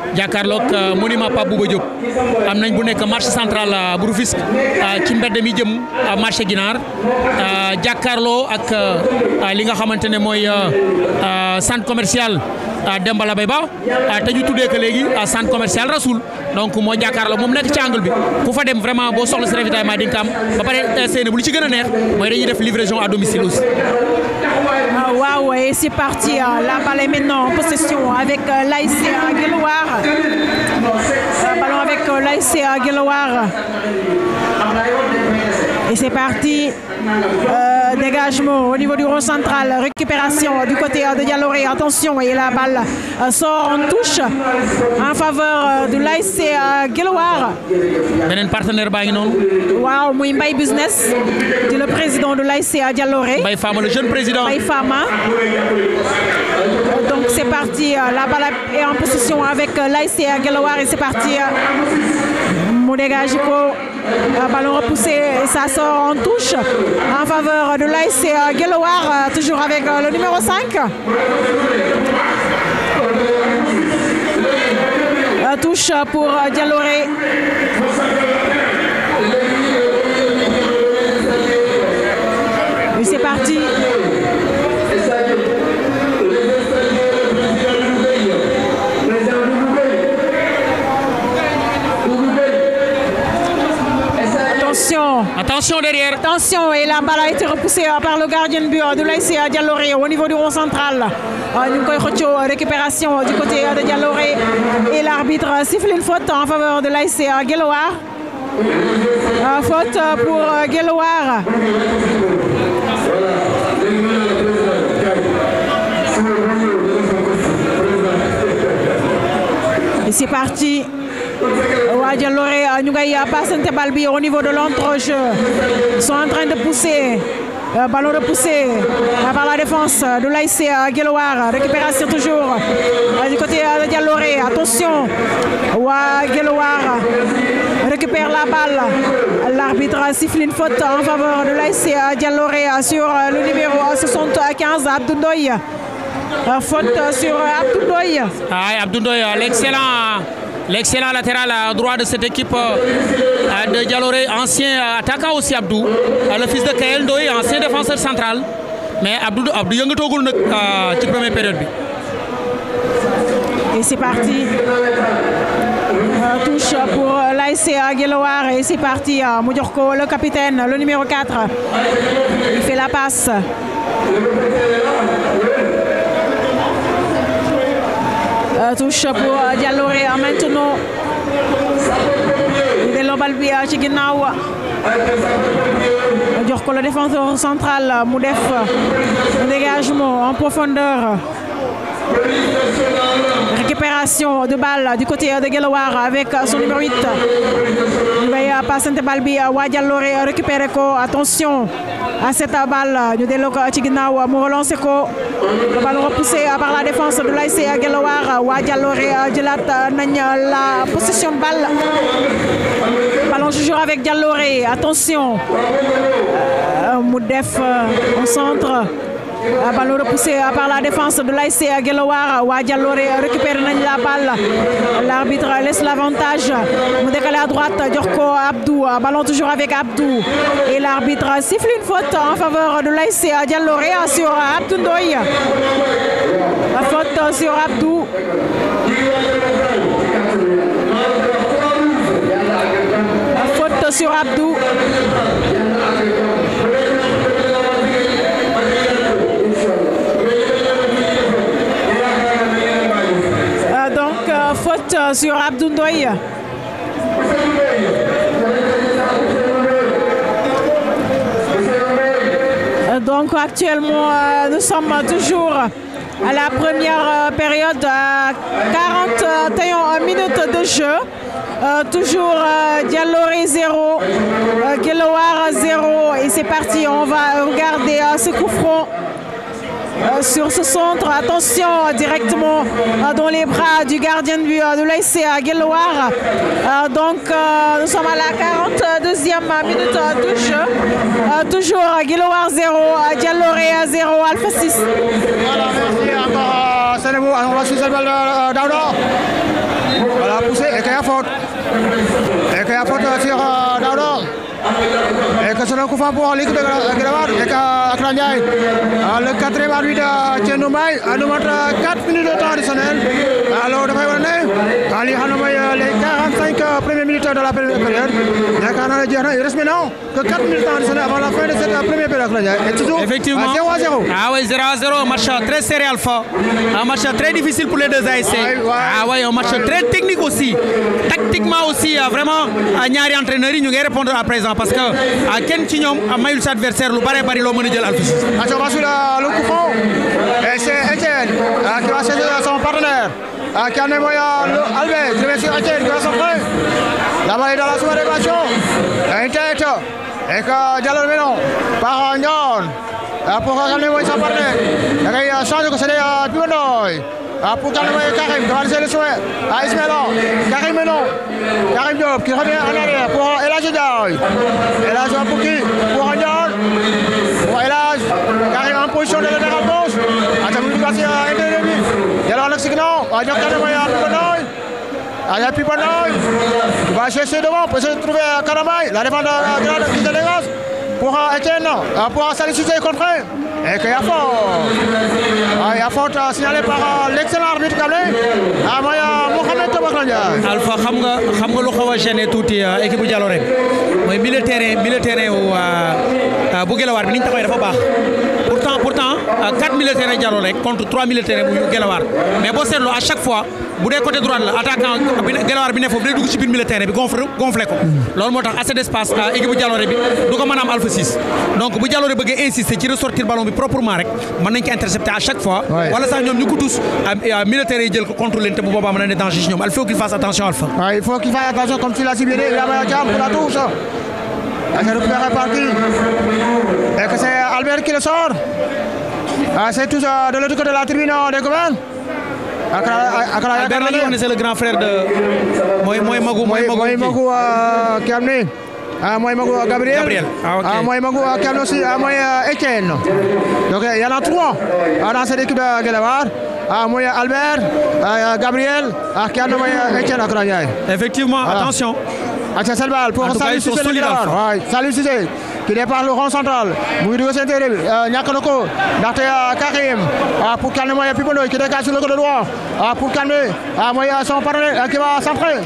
[SPEAKER 1] jàkkaarloog euh, monument Pape Bouba Diop am nañ bu nek marché central euh, burufisk euh, ci mbedd mi jëm marché Ginaar jàkkaarloo ak li nga xamantene moy centre commercial Demba Labay Ba te ñu ko centre commercial Rasoul donc mo jàkkaarloo mom nek ci angle bi ku fa dem vraiment bo soxla si ravitaillement di kam ba paré seen bu li ci gëna a neex moy dañuy def livraison à domicile aussi.
[SPEAKER 3] Ah, Waouh, et c'est parti. La balle est maintenant en possession avec l'AIC Guéloire. Un ballon avec euh, l'ICA Guéloire. Et c'est parti. Euh, dégagement au niveau du rond central. Récupération du côté euh, de Dialoré. Attention, et la balle sort en touche en faveur de l'ICA Guéloire. Benen partenaire baangi non. muy Mbay Business, qui le président de l'ICA Dialoré. Bay Fama, le jeune président. Bay Fama c'est parti. Euh, la balle est en position avec euh, l'ICA Gelawar et c'est parti. Euh, Moudega la ballon repoussé et ça sort en touche en faveur de l'ICA Geloar, toujours avec le numéro 5. Un touche pour Dialoré. c'est parti. Attention. derrière. Attention. Et la balle a été repoussée euh, par le gardien de but euh, de l'ICA euh, Dialoré au niveau du rond central. récupération du côté de Dialoré. Et l'arbitre siffle une faute en faveur de l'ICA Guéloir. Faute pour Guéloir. Et c'est parti ñu a passé un au niveau de l'entre-jeu. Ils sont en train de pousser Ballon euh, ballon repoussé euh, par la défense de l'AIC euh, Guéloir. Récupération toujours du côté de Dialoré. Attention, Guéloir récupère la balle. L'arbitre siffle une faute en faveur de l'AIC Dialoré sur le numéro 75 Abdoundoy. Faute sur Abdoundoy. Ah, Abdoundoy, l'excellent
[SPEAKER 1] L'excellent latéral à droit de cette équipe euh, de Dialoré, ancien euh, attaquant aussi Abdou. Euh, le fils de Kael Ndoye, ancien défenseur central. Mais Abdou, Abdou tu première période.
[SPEAKER 3] Et c'est parti. touche pour l'ASCA Guéloir et c'est parti. Moudurko, le capitaine, le numéro 4. Il fait la passe. Touche touche pour maintenant Délo maintenant. à Chiginawa. ci le défenseur central Moudef. dégagement en profondeur récupération de balle du côté de Geloire avec son numéro 8 y ngi passante de balle à récupéré attention à cette balle nous ko à ginnaaw mu relancé ko bal repoussé par la défense de l'ASC à waa Jalooré à nañ la possession de balle ballon toujours avec dialoré attention euh, Moudef au euh, centre la ah, balle repoussée ah, par la défense de l'AIC Gelowar. Wadialore récupère la balle. L'arbitre laisse l'avantage. On décalé à droite, Diorko Abdou. Ah, ballon toujours avec Abdou. Et l'arbitre siffle une faute en faveur de l'AIC Dialore sur Abdou La faute sur Abdou. La faute sur Abdou. faute euh, sur Abdoundoy. Donc actuellement, euh, nous sommes toujours à la première euh, période, 41 minutes de jeu. toujours euh, 0, euh, 0 et c'est parti, on va regarder ce coup franc euh, sur ce centre. Attention directement euh, dans les bras du gardien de, euh, de à Guéloir. donc nous sommes à la 42e minute de jeu. toujours Guéloir 0, Dialloré 0, Alpha 6.
[SPEAKER 11] merci encore faute. Ah, le quatrième arbitre de à nous montre 4 minutes de temps Alors Ali euh, euh, de la première période il que 4 minutes de temps avant la fin de cette euh, première période effectivement 0 0. Ah
[SPEAKER 7] 0
[SPEAKER 1] à 0 match très serré Alpha. Un match très difficile pour les deux Ah, ah un match très technique aussi. Tactiquement aussi vraiment à présent parce que à ci mayul adversaire lu de bari Attention, va sur
[SPEAKER 11] le coupon. Et c'est Etienne euh, qui va son partenaire. Euh, qui a
[SPEAKER 2] Etienne
[SPEAKER 11] qui va La balle est dans la soirée Et que Diallo par euh, Pour son partenaire. Il que c'est Pour Karim qui va laisser le souhait à Karim Karim Diop qui revient en arrière pour pour qui Pour là, qui arrive en position de la euh, gauche.
[SPEAKER 7] Il y a
[SPEAKER 11] été signal, on y a un Kanamay à Pipanoy. Agnon Pipanoy. Il va chercher devant pour essayer de trouver Caramay. Euh, la défense de euh, la grande de pour Etienne, pour Salut Sujet contre
[SPEAKER 4] et qu'il y a ah, faute.
[SPEAKER 11] Il y a faute signalée par euh, l'excellent arbitre Gablé, Amaya ah, euh, Mohamed
[SPEAKER 1] Tobakranja. Alpha, xam nga xam nga lu xaw a gêné tuuti euh, équipe Diallo rek mooy milieu terrain milieu terrain bu Guelwaar bi ni ñu taxawee dafa baax pourtant 4 000 terrain Diallo rek contre 3 000 terrain bu Gelawar. mais boo seetloo à chaque fois bu dee côté droite là, attaquant Gelawar, Guelwaar bi ne foofu day dugg ci biir terrain bi gonflé gonflé ko assez d'espace euh, équipe bu Jalooré bi du ko mën am alpha 6 donc bu Jalooré bëggee insister ci ressortir ballon bi proprement rek mën nañ ko intercepter à chaque fois wala ça nous ñu ko tous euh, milieu terrain yi jël ko contre leen te bu boobaa mën na ne danger il faut qu'il fasse attention alpha il
[SPEAKER 11] faut qu'il fasse attention comme tu l'as si dit il y a Thiam pour la touche c'est repéré par qui que c'est Albert qui le sort ah, C'est tous de l'autre côté de la tribune des Gouvernes
[SPEAKER 1] Albert Lagnon, c'est le grand frère de Moi Magou. Moi Magou
[SPEAKER 11] qui est euh, amené. Ah, moi, Magou euh, Gabriel. Gabriel. Ah, ah moi, Magou euh, qui aussi. moi, Etienne. Donc, il y en a trois ah, dans cette équipe de Guélévar. Ah, moi, Albert, Gabriel, ah, qui a nommé Etienne
[SPEAKER 1] Effectivement, attention
[SPEAKER 11] le Selbal pour hein. Salut Cissé le ñu Cissé qui dépasse le rond central vous ngi dugg seen téere bi Karim ah, pour calmer mooy Pipo qui dégage sur le côté droit ah, pour calmer ah, mooy son partenaire euh, qui va centrer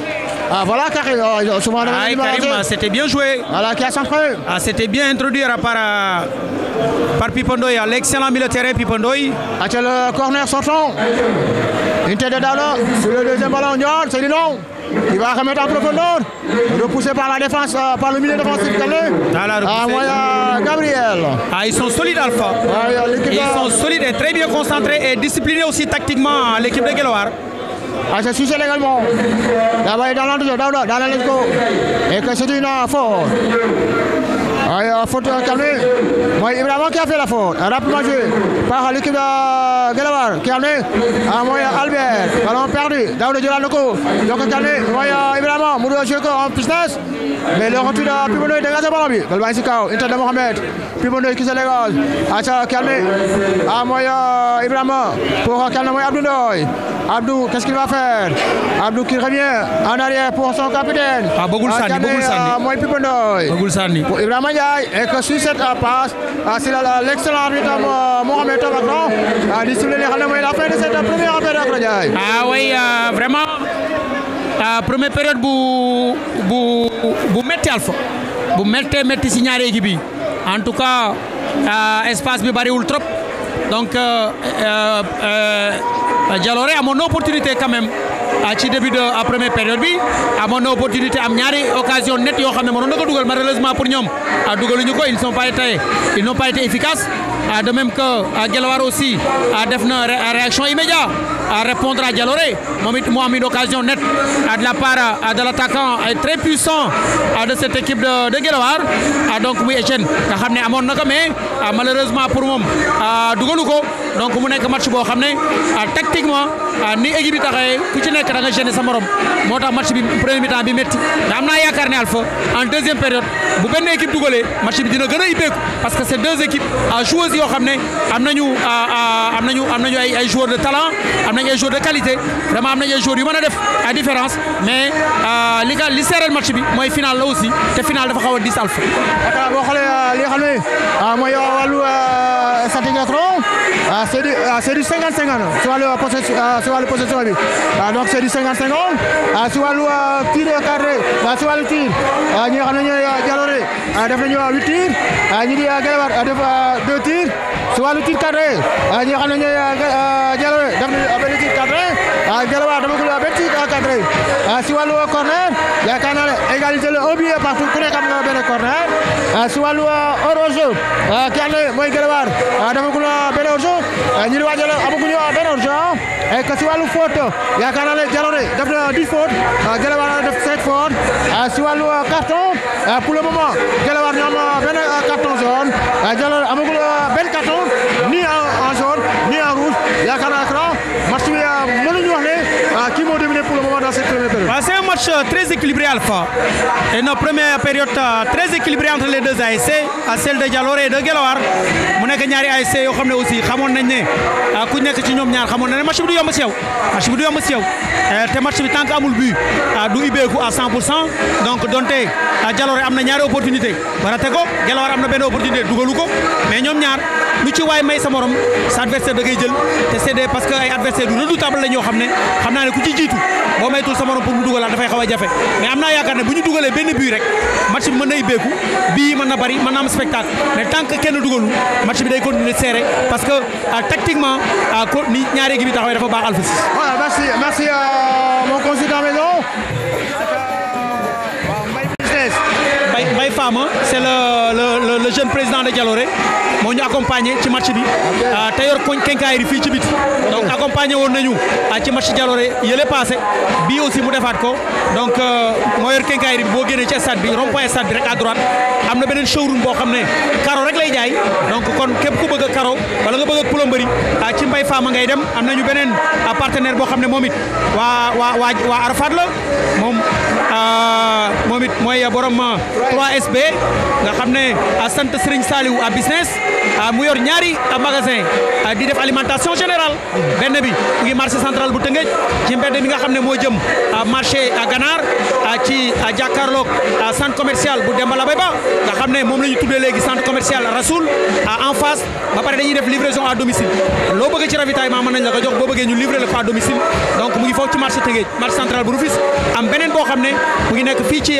[SPEAKER 11] ah voilà Karim oh, souvent c'était
[SPEAKER 1] bien joué voilà qui a centré ah c'était bien introduit euh, par par Pipo l'excellent milieu de terrain corner sortant une tête de Dalo sur le deuxième ballon Ndiol
[SPEAKER 11] c'est du il va remettre en profondeur. Repoussé par la défense, euh, par le milieu défensif calais. Ah, ah a Gabriel.
[SPEAKER 1] Ah, ils sont solides, Alpha. Ah, ils sont solides et très bien concentrés et disciplinés aussi tactiquement, l'équipe de Guéloir.
[SPEAKER 11] Ah, c'est sujet également. Là-bas, il dans l'entrée, dans, dans, dans, Et que c'est une force. Allez, ah, faute calmée. Moi, Ibrahima qui a fait la faute. Rapidement joué par l'équipe de Galabar. Calmé. Ah, moi, Albert. Ballon perdu. le Diola Loco. Donc, calmé. Moi, Ibrahima. Moudou Joko en business.
[SPEAKER 2] Mais le retour de Pibonoy dégage
[SPEAKER 11] ballon. Balba Isikao. Inter de Mohamed. Pibonoy qui se dégage. ça, calmé. Ah, moi, Ibrahima. Pour calmer moi, Abdou Abdou, qu'est-ce qu'il va faire Abdou qui revient en arrière pour son capitaine. Ah, Bogoul Sani. Bogoul Sani. Moi, Pibonoy. Bogoul Sani. Ibrahima et que sur cette passe ah, c'est l'excellent arbitre euh, Mohamed Tabakran ah, di soulever li la fin de cette première période ah oui euh, vraiment
[SPEAKER 1] la euh, première période bu bu bu Alpha vous mettez métti signal ñaari équipe en tout cas espace bi Barry trop donc Jalooré amoon mon opportunité quand même ce début de la première période bi a eu opportunité am ñaari occasion nette. yo xamné ne mënoon malheureusement pour nous. Ah, à ko ils sont ils n'ont pas été efficaces ah, de même que à ah, Guelwaar aussi def na réaction immédiate à répondre à Dialoré Moi, it une occasion nette de la part de l'attaquant très puissant de cette équipe de de donc oui, Etienne nga xamné ne de mais malheureusement pour moi, à ko donc mu nekk match boo xam ne ah, tactiquement ah, ni équipe bi taxawee ku ci nekk da nga gêné sa morom moo tax match bi premier mi-temps bi métti mais am naa yaakaar ne Alpha en deuxième période bu benn équipe dugalee match bi dina gën a ibbeeku parce que c'est deux équipes ah, joueuses yoo xam ne am nañu am nañu am nañu ay ay joueurs de talent am nañu ay joueurs de qualité vraiment am nañu ay joueurs yu mën a def à différence mais li nga li seereel match bi mooy final la aussi te final dafa xaw a diis Alpha.
[SPEAKER 11] boo xoolee li nga xam ne mooy wàllu saint a ah, c'est du 50-50 ah, Suwalu possession ah, Suwalu possession bi donc c'est du a 50 Suwalu tir cadré Suwalu tir a nga xam ne ñooy Jalooré def nañu 8 tir ñi di Guelewar def 2 tir Suwalu tir cadré ñi nga xam ne ñooy Jalooré def nañu benn tir cadré Gallo Wade dama ko la 28 à 4 si walu corner yaakaar naa ne égalité la un but partout ku nekk am nga benn corner si walu hors jeu ki ànd mooy Gallo Wade dama ko la benn hors jeu ñu di waajal amaguñu benn hors jeu et que si walu faute yaakaar naa ne Jaloné def na 10 faute Gallo Wade def 7 faute si walu carton pour le moment Gallo Wade ñoom benn carton jaune a amagul ni en jaune
[SPEAKER 1] ni en rouge yaakaar naa match bi dans cette première période bah, C'est un match euh, très équilibré, Alpha. Et notre première période euh, très équilibrée entre les deux ASC, à celle de Dialore et de Gelawar. Mu nekk ñaari ASC yoo xam aussi xamoon nañ ne euh, ku nekk ci ñoom ñaar xamoon na ne match bi du yomb si yow match bi du yomb si yow match bi tant amul but du ubbeeku à 100 donc donte Dialore am na ñaari opportunité ba raté ko Gelawar une opportunité dugalu mais ñoom ñaar. lu ci way may sa morom sa adversaire da ngay jël té cédé parce que ay adversaire du redoutable la ñoo xamné xamna né ku ci bo may tul sa morom pour mu dugalaat da fay xawa jafé mais amna naa yaakaar ne bu ñu dugalee benn but rek match bi mën na bi bii mën na bari mën na am spectacle mais tant que kenn dugalul match bi day continuer serré parce que ah, tactiquement ah, ni ñaari équipe bi taxaw dafa baax Alpha
[SPEAKER 11] voilà merci merci à euh, mon consultant maison
[SPEAKER 1] Mbaye Fama c'est le, le, le, le jeune président de Dialoré moo ñu accompagné ci match bi euh, te yor koñ kenkaayri fii ci biti donc accompagné woon nañu euh, ci match jaloore yële passé bii aussi mu defaat ko donc euh, mooy yor kenkaayri bi boo génnee ci stade bi rond point stade bi rek à droite am na beneen showroom boo xam ne karo rek lay jaay donc kon képp ku bëgg a karo wala nga bëgg a ci mbay faama ngay dem am nañu beneen partenaire boo xam ne moom it waa waa waa waa Arafat la moom moom it mooy borom 3SB euh, nga xam ne a sant Serigne Saliou a business a mu yor ñaari magasin di def alimentation générale benn bi mu ngi marché central bu Tëngéej ci mbedd mi nga xam ne moo jëm marché à ci jàkkaarloog centre commercial bu Demba Labay Ba nga xam ne moom la ñu léegi centre commercial Rasoul en face ba pare dañuy def livraison a domicile loo bëggee ci ravitaillement mën nañ la ko jox boo bëggee ñu livrer la ko à donc mu ngi foofu ci marché Tëngéej marché central bu Rufis am beneen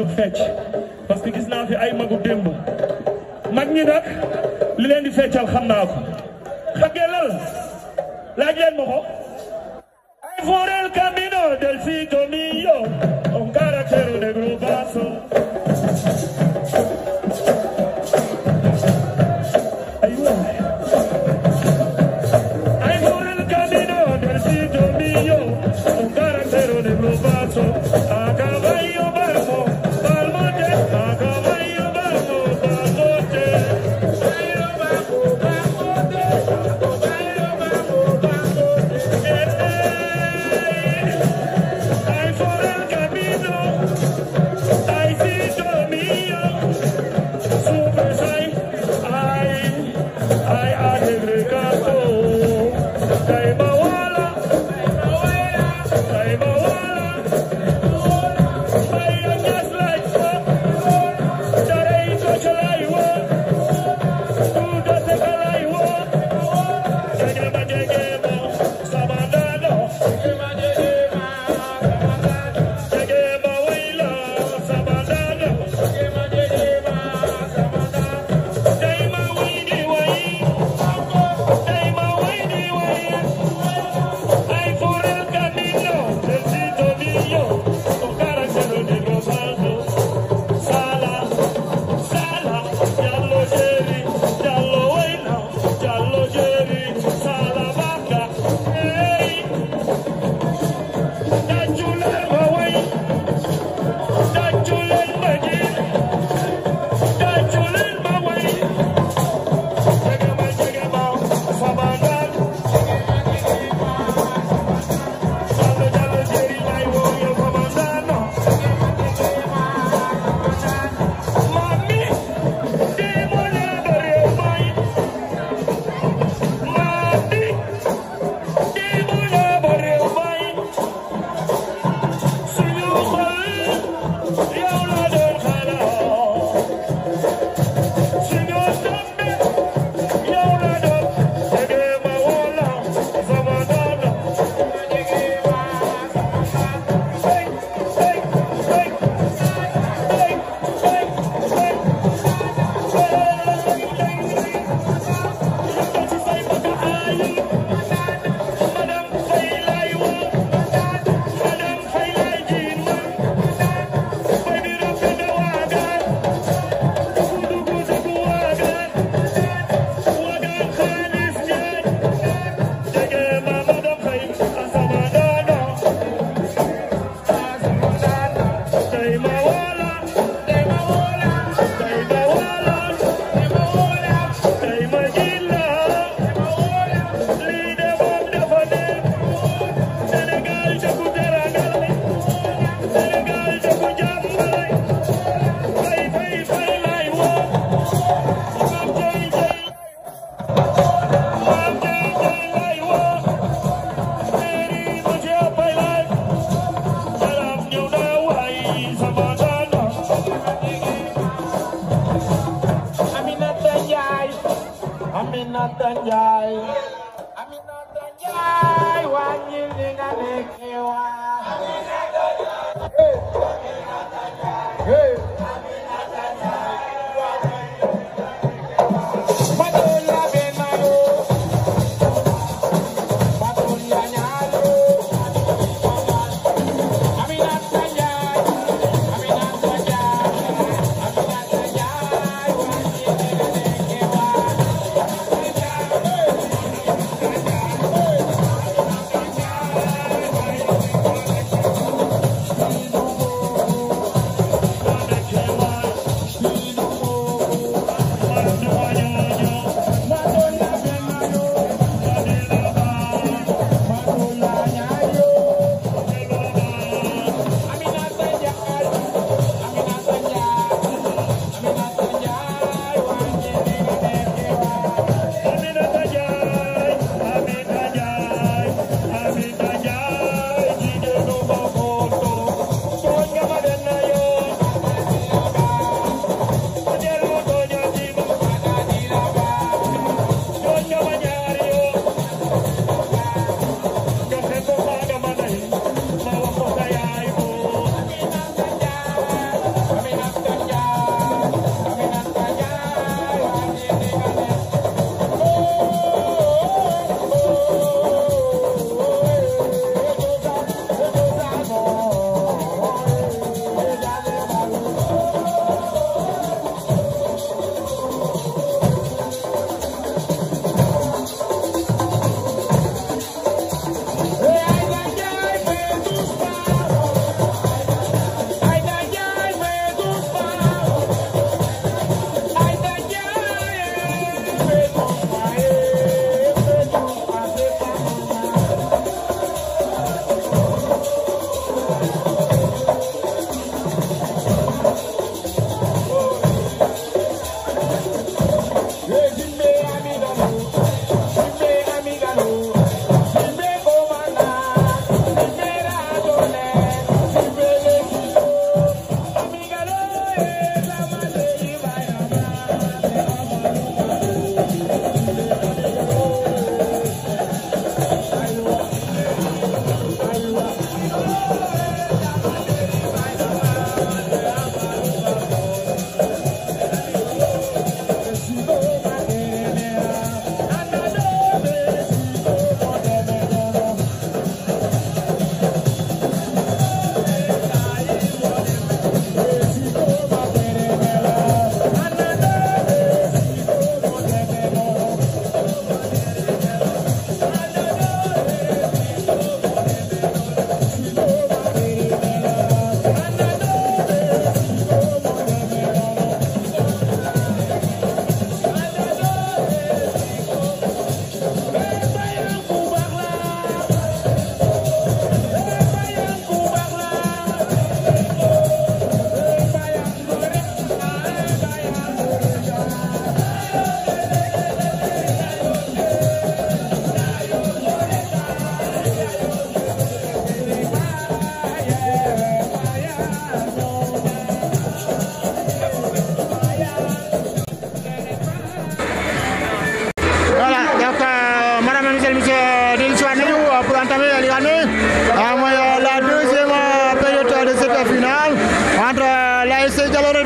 [SPEAKER 4] jug fecc parce que gis naa fi ay magu démb mag ñi nag li leen di feccal xam naa ko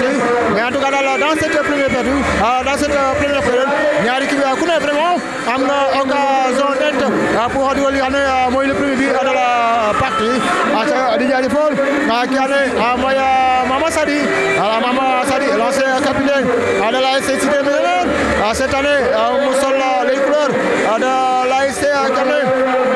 [SPEAKER 11] perdu. Mais en tout cas, dans cette première période, dans cette kita période, ñaari kii ku am na occasion net pour dugal li nga xam premier but ah, oh, ah, ah, Di nah, Mama Sadi, Mama sari l'ancien capitaine ada la SC Cité Millionnaire. Cette année, mu sol les couleurs de la SC Cameroun.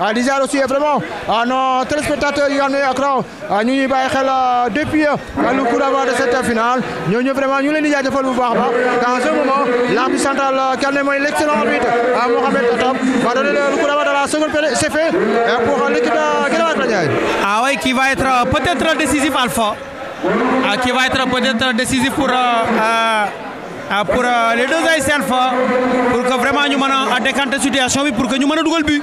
[SPEAKER 11] ah 10 aussi vraiment ah, nos téléspectateurs ah, ah, depuis le de cette finale vraiment ñu ce moment l'arbitre central l'excellent Mohamed va donner le coup la seconde c'est fait pour l'équipe de la
[SPEAKER 1] Ah oui, qui va être euh, peut-être décisif Alpha, qui va être peut-être décisif pour. Euh, euh, pour les deux pour que vraiment nous décanter situation pour que nous mettons le but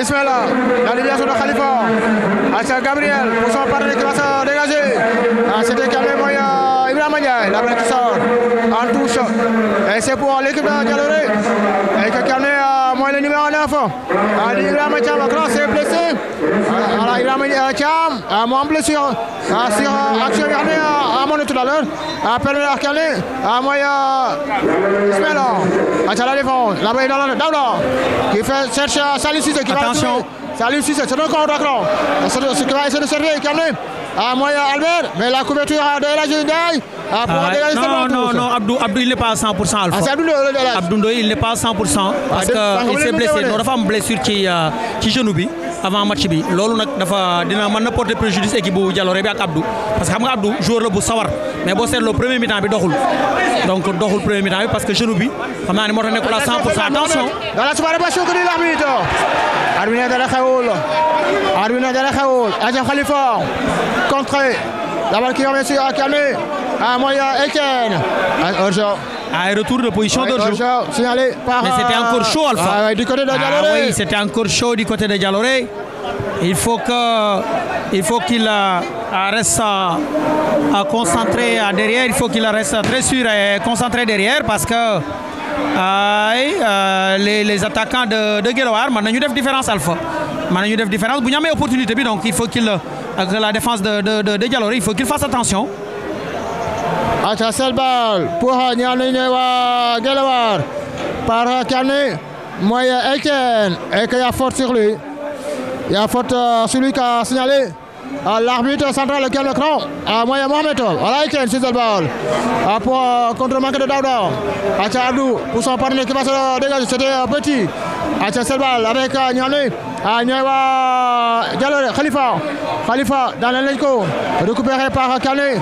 [SPEAKER 11] Ismaila, la déviation de Khalifa. Acha Gabriel, pour son parler qui va se dégager. Ah, C'était calmé moyen. Ibrahim Ndiaye, la balle qui sort en touche. Et c'est pour l'équipe de Dialoré. Et qui a mooy le numéro 9 di Ibrahima le Kros est blessé alors Moi, action tout à l'heure à moyen mooy à la défense la dans la qui fait cherche attention Salut, c'est encore d'accord c'est ce qui va essayer de servir Albert mais la couverture de la ah, ah non, non, non,
[SPEAKER 1] Abdou, Abdou il n'est pas à 100% Alpha. Ah, Abdou, Ndoye, il n'est pas à 100% ah, parce ah, qu'il s'est blessé. Il a une blessure qui, euh, qui genou avant le match. C'est ce qui a porté préjudice à l'équipe de Dialoré avec Abdou. Parce que Abdou, joueur le Sawar, mais c'est le premier mi-temps. Donc, il le premier mi-temps parce que genou, il est à 100%. Attention.
[SPEAKER 11] Dans la soirée, il n'y a l'arbitre. Arbitre de la Khaoul. Arbitre de la Khaoul. Agent Khalifa. contre D'abord qui réussi à calmer. À moyen Etienne. Ah,
[SPEAKER 1] un retour de position oui, d'Orjo. Signalé par. Mais c'était encore euh, chaud, Alpha. Ah, du côté de ah oui, c'était encore chaud du côté de Dialoré. Il faut que, il faut qu'il euh, reste à, à concentré derrière. Il faut qu'il reste très sûr et concentré derrière parce que euh, les les attaquants de de Guelwaar mën nañu def différence Alpha mën nañu def différence bu ñu opportunité donc il faut qu'il euh, avec la défense de de de de il faut qu'il fasse attention.
[SPEAKER 11] aca selbal pour ñaani ñooy waa Guelwaar par kenn mooy Etienne et que y a fort sur lui il y a faute sur lui a euh, signalé. L'arbitre central, le calme cran. Moya Mohamed. tient, c'est le ball. Pour contre-manque de à Tchadou, pour son partenaire qui va se dégager. C'était euh, petit le Ball avec euh, Nyanoui. Euh, Diallo, Khalifa. Khalifa dans l'Elenco. Récupéré par Kane.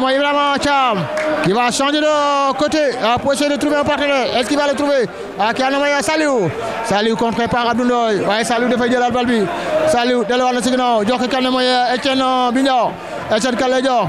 [SPEAKER 11] Moïse Cham. Qui va changer de côté euh, pour essayer de trouver un partenaire. Est-ce qu'il va le trouver Kanamaya ah, salut Salut contre par Abdoundoy. Ouais, salut de Faydial salut Saliou, Delaware le signal. Djok Kanamaya, Etienne Bignard, Etienne Kalédion.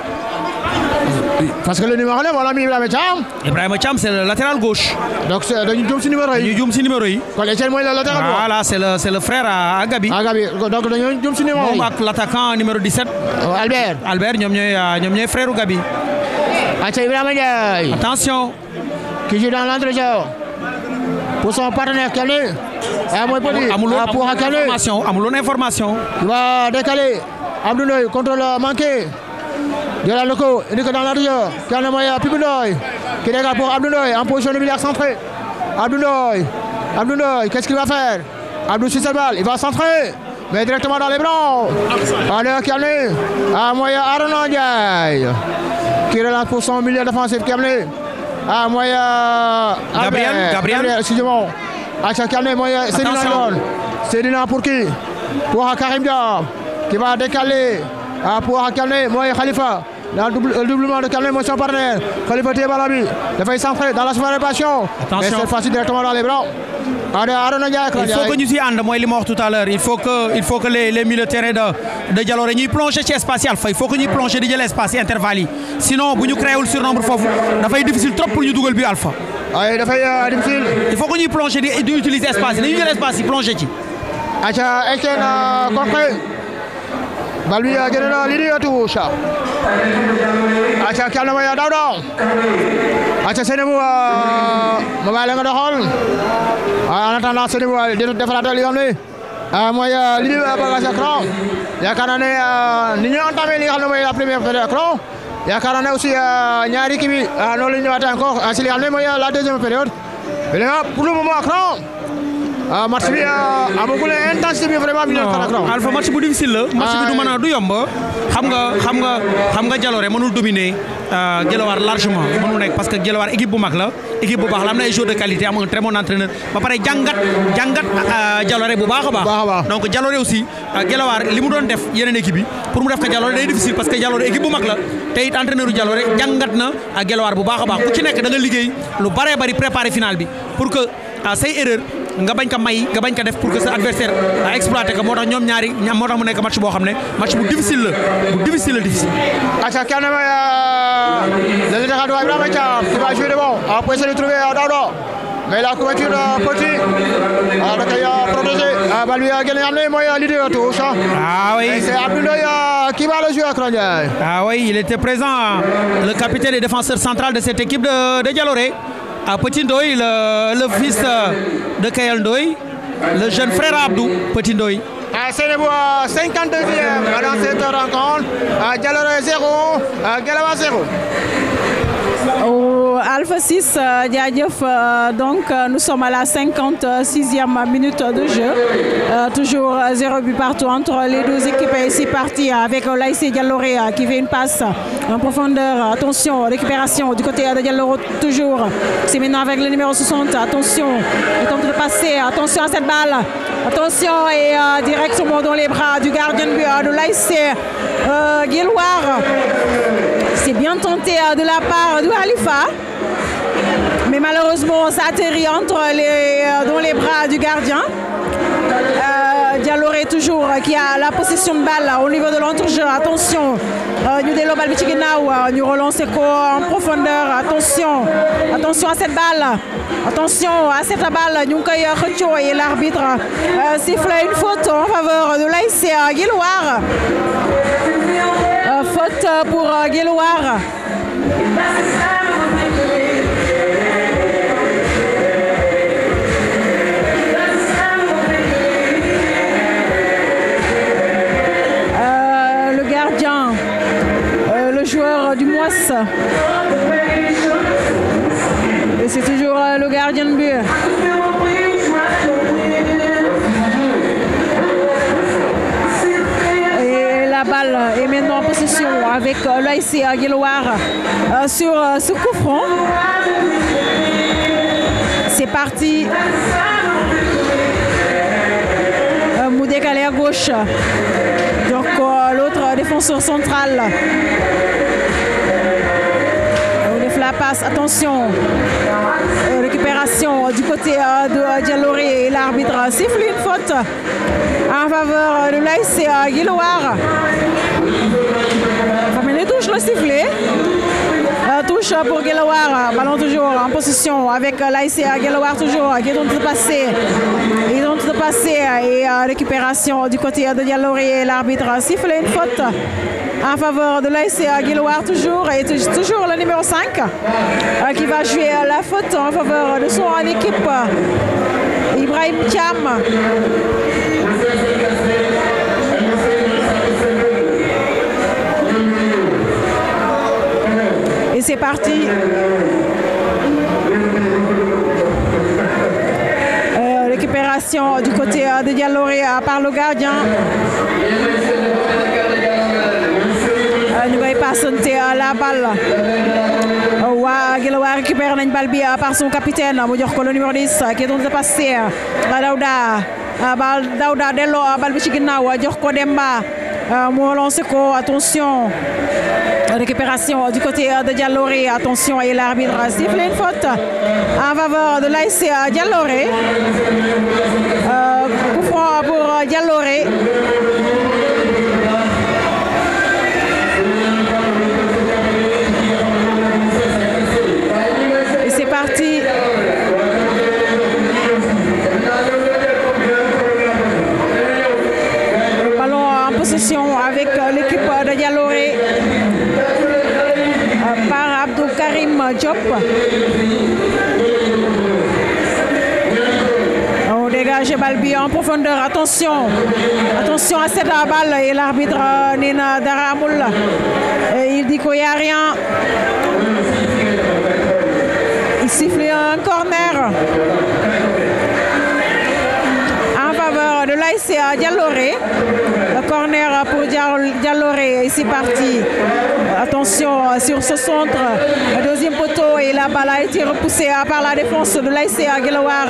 [SPEAKER 11] parce que le numéro 1 voilà, mi
[SPEAKER 1] Ibrahima Thiam. Ibrahima c'est le latéral gauche. donc c'est le numéro yi. dañu jum numéro yi. kon le latéral gauche. voilà c'est le c'est le frère à Gabi. Gabi donc le numéro yi. moom ak l'attaquant numéro 17. Albert Albert ñoom ñooy euh, ñoom ñooy frère Gabi. Acha Ibrahima attention. qui joue dans l'entrejeu. pour son partenaire Kelle. ah mooy petit. amul information amul woon information. il va décaler
[SPEAKER 11] Abdou Ndoye contrôle manqué il est dans l'arrière, qui en envoyé à Piboundoy, qui dégage pour Abdounoy, en position de milieu centré. Abdounoy, Abdounoy, qu'est-ce qu'il va faire Abdou il va centrer, mais directement dans les blancs. Allez, Kamlé, à moyen Arnaud qui relance pour son milieu défensif, Kamlé, à moyen Gabriel, Gabriel, excusez-moi. Acha Kamlé, moyen Cédina Lyon, Cédina pour qui Pour Karim dia qui va décaler à pouvoir calmer et Khalifa dans le doublement de calmer moi son partenaire Khalifa Tébalabi, il faut failli centré dans la surface réparation mais c'est facile directement dans les bras
[SPEAKER 1] il faut que nous y ànd moi il est mort tout à l'heure il faut que il faut que les les de de de chez plonger ci Alpha il faut que nous plonger di l'espace nous intervalle yi sinon bu ñu créewul surnombre foofu être difficile trop pour nous doubler bi Alpha. Euh, difficile. il faut que y plonger di di utiliser l'espace il nañu jël espace yi plonger ci.
[SPEAKER 11] acca Etienne euh, Balbia General iliyotusha, acha kyana maya dauda, acha sene bu mobile nga doxal ana tan na sene bu di defaraat ah, li nga xam ne mooy li di bagage écran yaakaar naa ne ah, ni ñu entamé li nga xam ne mooy la première période écran yaakaar naa ne aussi ah, ñaari kii bi noonu la ñu ñëwaatee encore si li nga xam ne mooy la deuxième période mais pour le moment écran ah match bi amagul ah, ah, bu difficile la. match bi du mën a du
[SPEAKER 1] yomb xam nga xam nga xam nga Jalooré mënul dominer ah, Guelwaar largement mënul nekk parce que Guelwaar équipe bu mag la équipe bu baax la am na ay joueurs de qualité am un très bon ba pare jàngat jàngat bu baax a baax. donc Jalooré aussi Guelwaar li mu doon def yeneen équipe yi pour mu def ko Jalooré day difficile parce que Jalooré équipe bu mag la te it entraîneur u Jalooré a na Guelwaar bu baax a baax ku ci nekk da liggéey lu baree bari préparer final bi pour que nga bañ ko may nga bañ ko def pour que sa adversaire a exploité ko motax ñom ñaari ñam motax mu nek match bo xam match bu difficile la bu difficile la difficile.
[SPEAKER 11] acca kenn may les attaquants de Ibrahima cha tu va jouer de bon après ah, essayer de trouver euh, Daouda mais la couverture de euh, Petit alors da koy protégé ah, bal bi euh, gën a amené moy leader tout ça ah oui c'est Abdoulaye qui va le jouer à ah
[SPEAKER 1] oui il était présent le capitaine et défenseur central de cette équipe de de Dialoré à Petit Ndoy, le, fils euh, de Kayan Ndoy, le jeune frère Abdou Petit Ndoy.
[SPEAKER 11] le 52e dans cette
[SPEAKER 3] rencontre, Galerie 0, Galerie 0. Au oh, Alpha 6, Diadiof, euh, euh, donc euh, nous sommes à la 56e minute de jeu. toujours 0 but partout entre les deux équipes. ici parti avec l'AIC Dialloré qui fait une passe en profondeur. Attention, récupération du côté de Dialloré, toujours. C'est maintenant avec le numéro 60. Attention, il tente de passer. Attention à cette balle. Attention et directement dans les bras du gardien de but de bien tenté hein, de la part de Halifa. Mais malheureusement, ça atterrit entre les, euh, dans les bras du gardien. Euh, Dialoré toujours euh, qui a la possession de balle au niveau de l'entrejeu. Attention, nous Delo nous en profondeur. Attention, attention à cette balle. Attention à cette balle, nous et l'arbitre siffle une faute en faveur de à Guilloire faute euh, pour euh, Guéloir. Euh, le gardien, le joueur du Moisse. Et c'est toujours le gardien de but. session avec euh, Loïc guillois euh, sur euh, ce coup franc. C'est parti. Mou décalé à gauche. Donc l'autre défenseur central. La passe, attention, récupération du côté de Dialoré et l'arbitre siffle une faute en faveur de l'AIC Guillouard les le sifflet. touche pour Gelawar, ballon toujours en position avec l'ICA Gelawar toujours qui ont de passer. Ils de passer et euh, récupération du côté de Et L'arbitre siffle une faute en faveur de l'ICA Guilloire toujours et toujours le numéro 5 euh, qui va jouer la faute en faveur de son équipe Ibrahim Kiam c'est parti. Euh, récupération du côté euh, de Dialoré euh, par le gardien. ñu ngay passante la balle waa Guelwaar récupérer une balle bi par son capitaine mu jox le numéro 10 qui est donc dépassé Daouda Dauda, Dello, balle bi ci ginnaaw jox ko Demba quoi euh, attention. Récupération du côté euh, de Dialoré, attention, et l'arbitre siffle une faute en faveur de l'AIC euh, Dialoré. Euh, pour Dialloré. On dégage Balbi en profondeur. Attention. Attention à cette balle. Et l'arbitre euh, Nina et Il dit qu'il n'y a rien. Il siffle un corner. En faveur de l'AICA dialoré corner pour Dialoré et c'est parti. Attention euh, sur ce centre, deuxième poteau et la balle a été repoussée euh, par la défense de l'ICA Guelawar.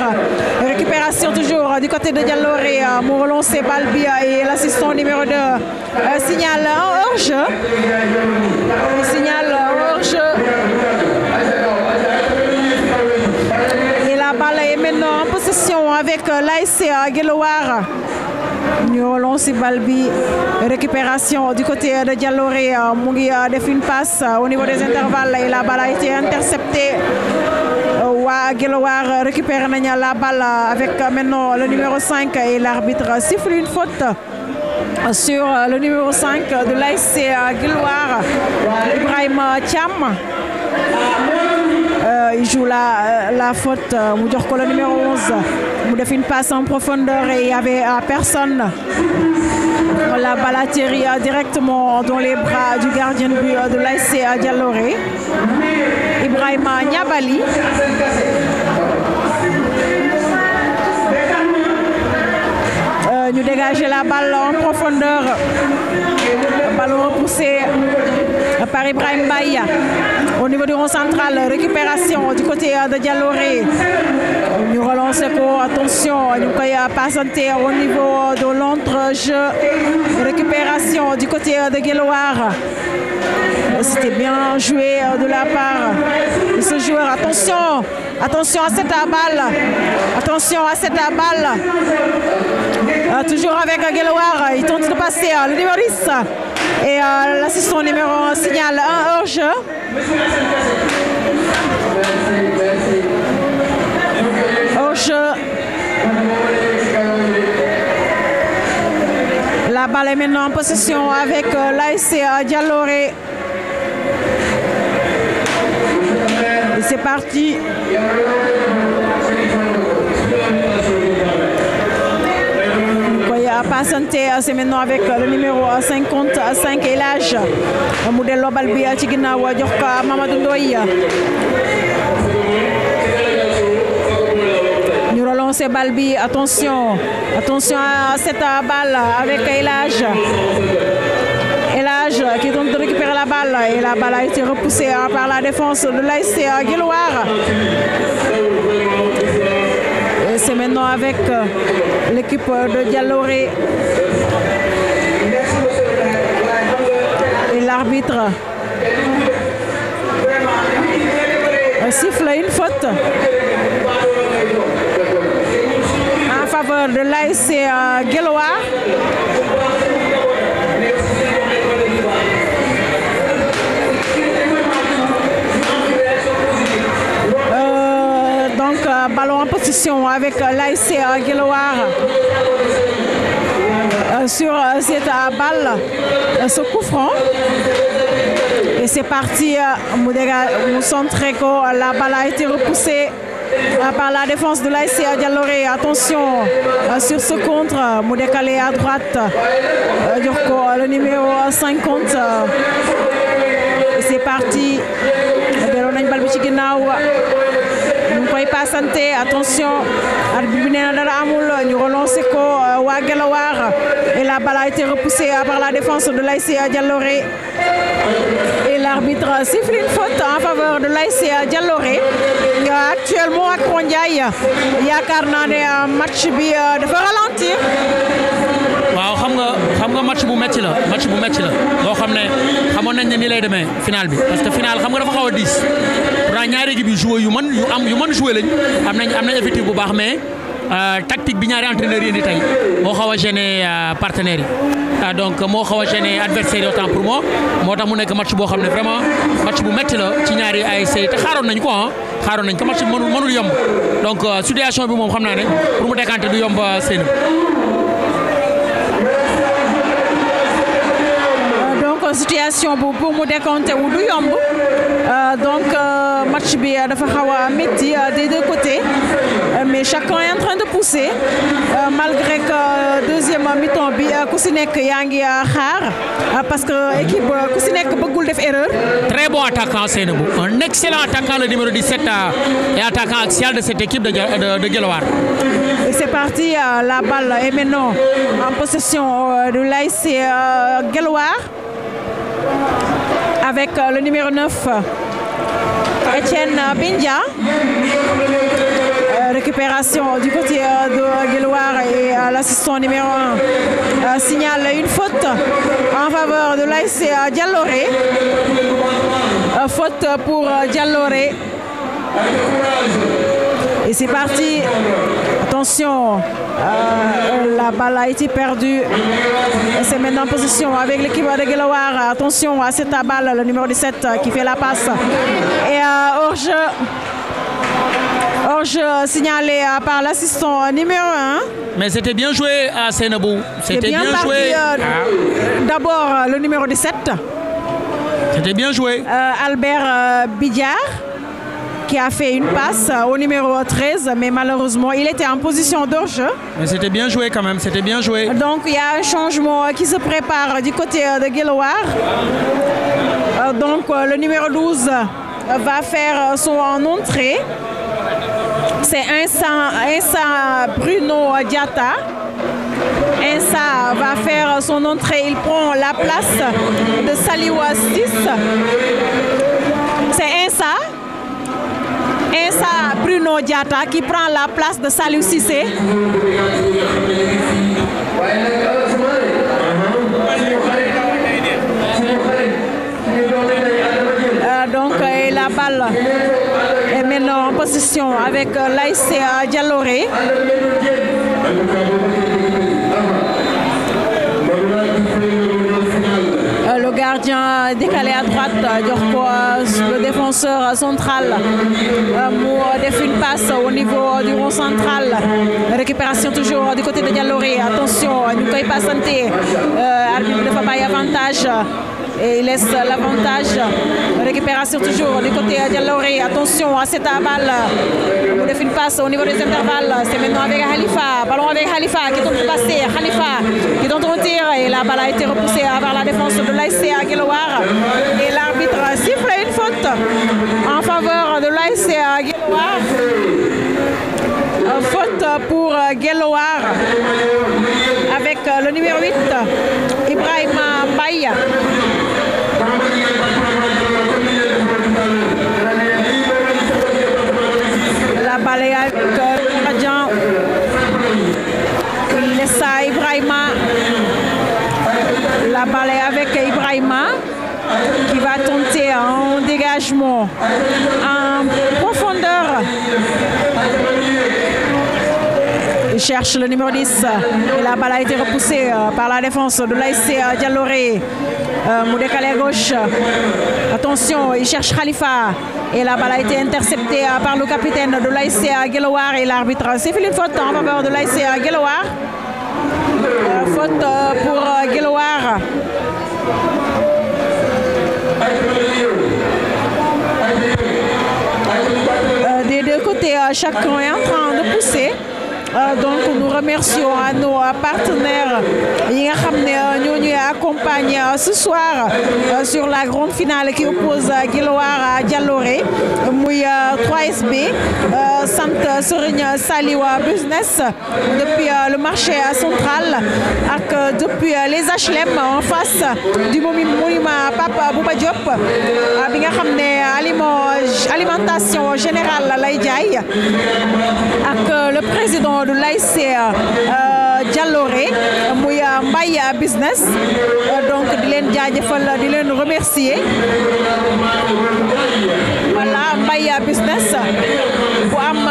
[SPEAKER 3] Récupération toujours euh, du côté de Dialoré. Mon relancer Balbi et l'assistant numéro 2 signal orge jeu Signal Et la balle est maintenant en possession avec l'ICA Guelawar nous Sibalbi récupération du côté de Dialoré euh, Mungia a euh, des une passe euh, au niveau des intervalles et la balle a été interceptée waa récupère la balle avec maintenant le numéro 5 et l'arbitre siffle une faute sur le numéro 5 de l'AC Guelwaar Ibrahim Thiam euh, il joue la, euh, faute, euh, mu le numéro 11 mu fait une passe en profondeur et il n'y avait personne. La balle atterrit directement dans les bras du gardien de but de Dialoré, Ibrahima Niabali. nous dégagez la balle en profondeur. Ballon repoussé par Ibrahim Baïa au niveau du rond central. Récupération du côté euh, de Dialoré. Nous relançons pour attention. Nous pouvons passer au niveau euh, de l'entre-jeu. Récupération du côté euh, de Guéloire. C'était bien joué de la part de ce joueur. Attention, attention à cette balle. Attention à cette balle. toujours avec Guéloire. Il tente de passer le numéro et euh, l'assistant numéro 1 signale 1 hors-jeu. Hors-jeu. La balle est maintenant en possession avec euh, l'ASC euh, Dialoré. Et c'est parti. santé euh, c'est maintenant avec euh, le numéro 55 euh, et l'âge mu modèle global bi ci ginnaaw jox ko Mamadou Ndoye nous relançons bal balbi attention attention à cette balle avec l'âge, l'âge qui tente de récupérer la balle et la balle a été repoussée hein, par la défense de l'ASC Guilloire maintenant avec euh, l'équipe euh, de Dialoré. Et l'arbitre siffle une faute en faveur de l'ASC euh, Guélois. ballon en position avec euh, l'AIC euh, Guéloir euh, sur cette balle, ce coup franc. Et c'est parti, Moudega Moussantreko, la balle a été repoussée par la défense de l'AIC Dialoré. Attention sur ce contre, Moudekale à droite, Durko, le numéro 50. C'est parti, pas santé, attention arbitre bi nee na dara amul ñu relancer ko euh, waa et la balle a été repoussée euh, par la défense de l'ICA Dialoré et l'arbitre siffle une faute en faveur de l'ICA Dialoré euh, actuellement à Kondiaï, il y a un match bi dafa ralentir
[SPEAKER 1] waaw xam nga xam nga match bu metti la match bu metti la loo xam ne xamoon nañ ne lay demee final bi parce que final xam nga dafa xawa a pourtant ñaari équipe yu yu man yu am yu mën joué lañ am nañ am nañ bu baax mais euh, tactique bi ñaari entraîneurs yi di tey moo xaw a gêné euh, partenaires yi euh, donc moo xaw a gêné adversaires yi autant pour moi moo tax mu nekk match boo xam ne vraiment match bu métti la ci ñaari ASC te xaaroon nañ ko ah xaaroon nañ ko match mënul mënul yomb donc situation bi moom xam naa ne pour mu décanter du yomb seen
[SPEAKER 3] bu pour mu décanter wu du yomb. Euh, donc euh, match bi euh, dafa xawa Metti des deux côtés mais chacun est en train de pousser malgré que deuxième mi-temps bi ku si parce que l'équipe ku si erreur.
[SPEAKER 1] très bon attaquant Seynabou un excellent attaquant le numéro 17 et attaquant axial de cette équipe de de
[SPEAKER 3] c'est parti la balle est maintenant en possession de l'IC Geloire avec euh, le numéro 9, Etienne euh, Bindia. Euh, récupération du côté de Guéloire et l'assistant numéro 1 signale une faute en faveur de l'AIC Dialloré. Faute pour Dialloré. Et c'est parti Attention, euh, oh, la balle a été perdue. C'est maintenant en position avec l'équipe de Geloire. Attention à cette balle, le numéro 17 euh, qui fait la passe. Et euh, signalé euh, par l'assistant numéro 1.
[SPEAKER 1] Mais c'était bien joué à Sénabou. C'était bien, joué.
[SPEAKER 3] D'abord le numéro 17.
[SPEAKER 1] C'était bien joué.
[SPEAKER 3] Albert Bidjar qui a fait une passe au numéro 13, mais malheureusement, il était en position de jeu.
[SPEAKER 1] Mais c'était bien joué quand même, c'était bien joué. Donc
[SPEAKER 3] il y a un changement qui se prépare du côté euh, de Guéloir. Euh, donc euh, le numéro 12 va faire son entrée. C'est un Insa Bruno Diata. ça va faire son entrée. Il prend la place de Saliwa 6. C'est Insa et ça, Bruno Diata qui prend la place de Salou Cissé. Euh, donc euh, la balle est maintenant en position avec euh, l'AIC Dialoré. Euh, le gardien décalé à droite euh, le défenseur central mu de une passe au niveau du rond central récupération toujours du côté de Dialoré attention pas santé passante euh, arbitre de pas avantage et il laisse l'avantage. Récupération toujours du côté Dialoré. Attention à cette balle. pour le une passe au niveau des intervalles. C'est maintenant avec Khalifa. Ballon avec Khalifa qui train de passer. Khalifa qui tente de retirer. Et la balle a été repoussée par la défense de l'ASCA Guéloir. Et l'arbitre siffle une faute en faveur de l'ASCA Guéloir. Faute pour Guéloir avec le numéro 8. Léa Radiant Ibrahima. La balle avec Ibrahima qui va tenter un dégagement en profondeur cherche le numéro 10. Et la balle a été repoussée euh, par la défense de l'ASC euh, Dialoré. Euh, Moudekale à gauche. Attention, il cherche Khalifa. Et la balle a été interceptée par le capitaine de l'ASC Gelowar et l'arbitre. C'est Philippe faute en faveur de l'ASC Gelowar. faute pour Guéloir. des deux côtés, chacun est en train de pousser. Euh, donc nous remercions à nos partenaires qui nous euh, accompagnent euh, ce soir sur la grande finale qui oppose Geloire à Dialoré, Mouy 3SB Sainte-Sorigne saliwa Business depuis le marché central depuis les HLM en face du monument Papa Bouba Diop alimentation générale lay avec le président Abdoulaye Seer euh, Jalloré muy euh, Mbaye business euh, donc di leen jaajëfal di leen remercier voilà Mbaye business pour am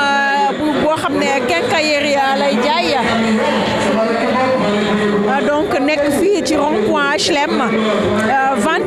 [SPEAKER 3] boo xam ne quincaillerie lay jaay donc neuf filles ci rond point HLM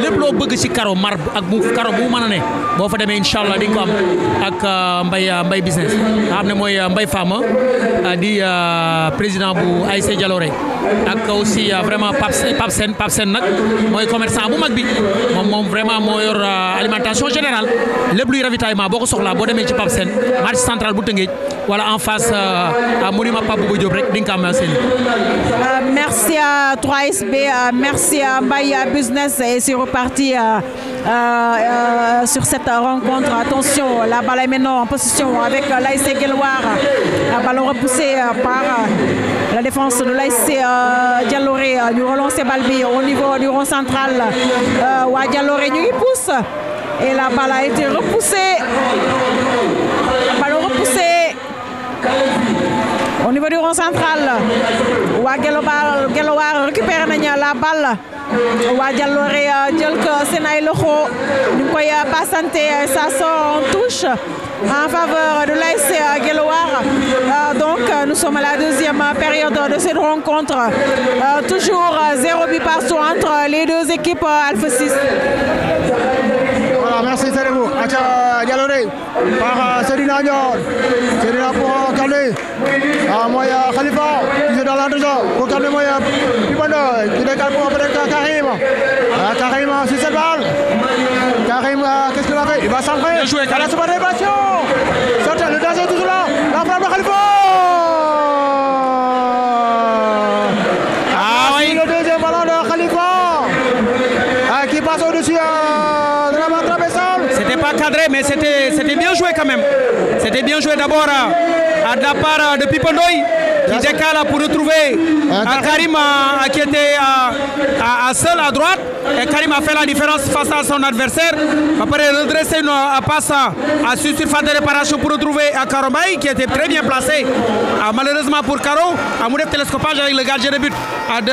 [SPEAKER 1] lepp loo bëgg ci karo mar ak bu karo bu mën a ne boo fa demee incha allah di nga ko am ak mbay euh, mbay euh, business nga xam ne mooy euh, mbay Fama di président bu Aïssé Dialoré ak aussi vraiment Pape Pape Sène Pape sen nag mooy commerçant bu mag bi moom moom vraiment moo yor alimentation générale lépp luy ravitaillement boo ko soxlaa boo demee ci Pape sen marché central bu Tëngéej wala en face à monument Pape Bouba Diop rek di nga ko am seen
[SPEAKER 3] merci à 3SB merci à Mbaye Business parti euh, euh, euh, sur cette rencontre. Attention, la balle est maintenant en position avec l'AIC la Ballon repoussée par la défense de l'AIC Dialoré. Nous relançons Balbi au niveau du rond central. Wa Dialoré nous pousse. Et la balle a été repoussée niveau du rond central récupère la balle Wa Jalooré euh, ko senay loxo euh, euh, ça sort en touche en faveur de l'ASC Geloar. donc nous sommes à la deuxième période de cette rencontre toujours zéro par partout entre les deux équipes Alpha 6 voilà merci vous
[SPEAKER 11] À Kokande. Ah, moi euh, Khalifa, il est dans l'entrejambe. Kokande moya Pibanda, qui décale pour après euh, Karim. Ah, Karim, c'est euh, cette balle. Karim, qu'est-ce qu'il va faire Il va s'entrer. Il à la super Sortez Le danger est toujours là. La frappe de Khalifa. Ah, oui. Le deuxième ballon de Khalifa. Ah, qui passe au-dessus de la main traversante.
[SPEAKER 2] C'était pas
[SPEAKER 1] cadré, mais c'était bien joué quand même. C'était bien joué d'abord à de la part de Pipondoy qui décale pour retrouver ah, Karim euh, qui était euh, à, à seul à droite. Et Karim a fait la différence face à son adversaire. Après redresser a euh, passe à sur de réparation pour retrouver à qui était très bien placé. Ah, malheureusement pour Caro, à télescopage avec le gardien de but à de,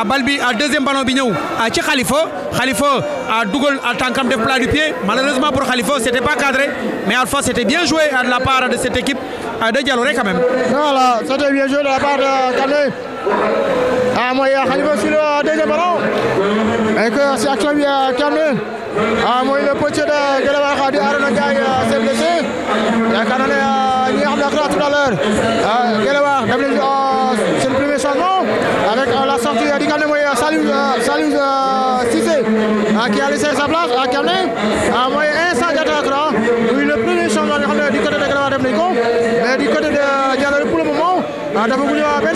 [SPEAKER 1] à Balbi, à deuxième ballon Bignou, à Tchè Khalifa, Khalifa à en à Tankam de du pied. Malheureusement pour Khalifa, c'était pas cadré, mais Alpha c'était bien joué hein, de la part de cette équipe euh, de Dialoré quand même.
[SPEAKER 11] Voilà, c'était bien joué de la part de ah, moi, Khalifa sur le deuxième ballon. Et que c'est à qui à calmé. Ah, moi, le potier de Galava à Arana Gaï s'est blessé. Il a canonné à Niam Dakra tout à l'heure. Galava, c'est le premier changement. Avec euh, la sortie euh, d'Ikane Moya, euh, salut, salut Cissé, qui a laissé sa place à Kamne. Ah, moi, un sang d'Akra. Oui, le premier changement du côté de Galava de Mais du côté de Diallo pour le moment, d'abord, vous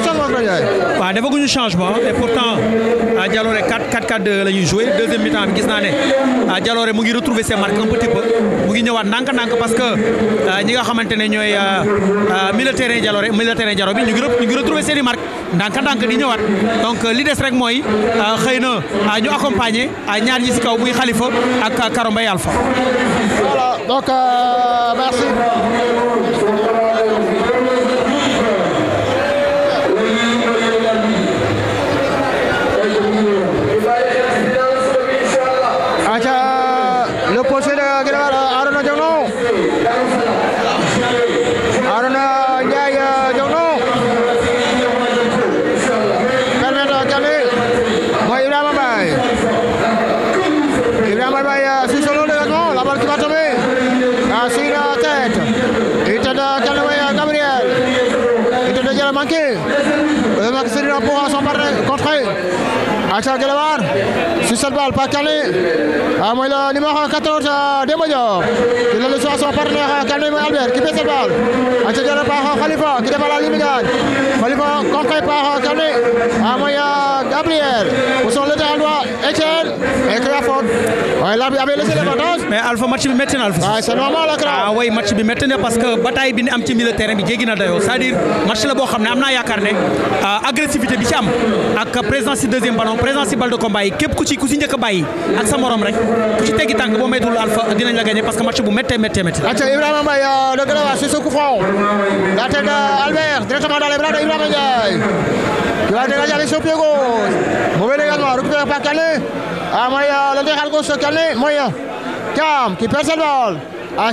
[SPEAKER 1] waaw defaguñu changement et pourtant à euh, 4-4-4-2 la ñuy joué deuxième mi-temps bi gis naa ne euh, Jalooré mu ngi retrouver ses marques un petit peu mu ngi ñëwaat ndànk-ndànk parce que euh, ñi nga xamante ne ñooy milieu de terrain Jalooré milieu de terrain Jaro bi ñu ngi ñu ngi retrouver seen marques ndànk-ndànk di ñëwaat donc li des rek mooy xëy na ñu accompagner ñaar ñi si kaw muy Khalifa ak Karo Mbaye Alpha. voilà
[SPEAKER 11] donc merci. aca gelar, sisal bal pakalni amoyla numéro 14 Demba Diop qui le reçoit son partenaire Kalmim Albert qui fait cette balle aca Diallo Khalifa kita déballe à Limigane Khalifa conqué par ah, kami. amoya ah, Gabriel poussons le terrain droit Etienne et bi
[SPEAKER 1] métti na Alpha waaye c'est normal la ah, bi métti na parce que bataille bi ni am ci milieu terrain bi jéggi na dayoo c'est-à-dire match la boo xam ne am naa yaakaar ne ah, agressivité bi ci am ak présence ci deuxième ballon présence ci njëkk a ak sa rek ku ci teggi boo méttiwul Alpha dinañ la gagner parce que bu méttee méttee métti aca Ibrahima Mbaye le euh,
[SPEAKER 11] Guelwaar sur ce coup franc la tête d'Albert directement dans les bras de Ibrahima Il va dégager avec pied gauche. Mauvais dégagement, récupéré par la Ah, moyen, latéral gauche, calé. moyen. Cam qui perd cette balle. Ah, à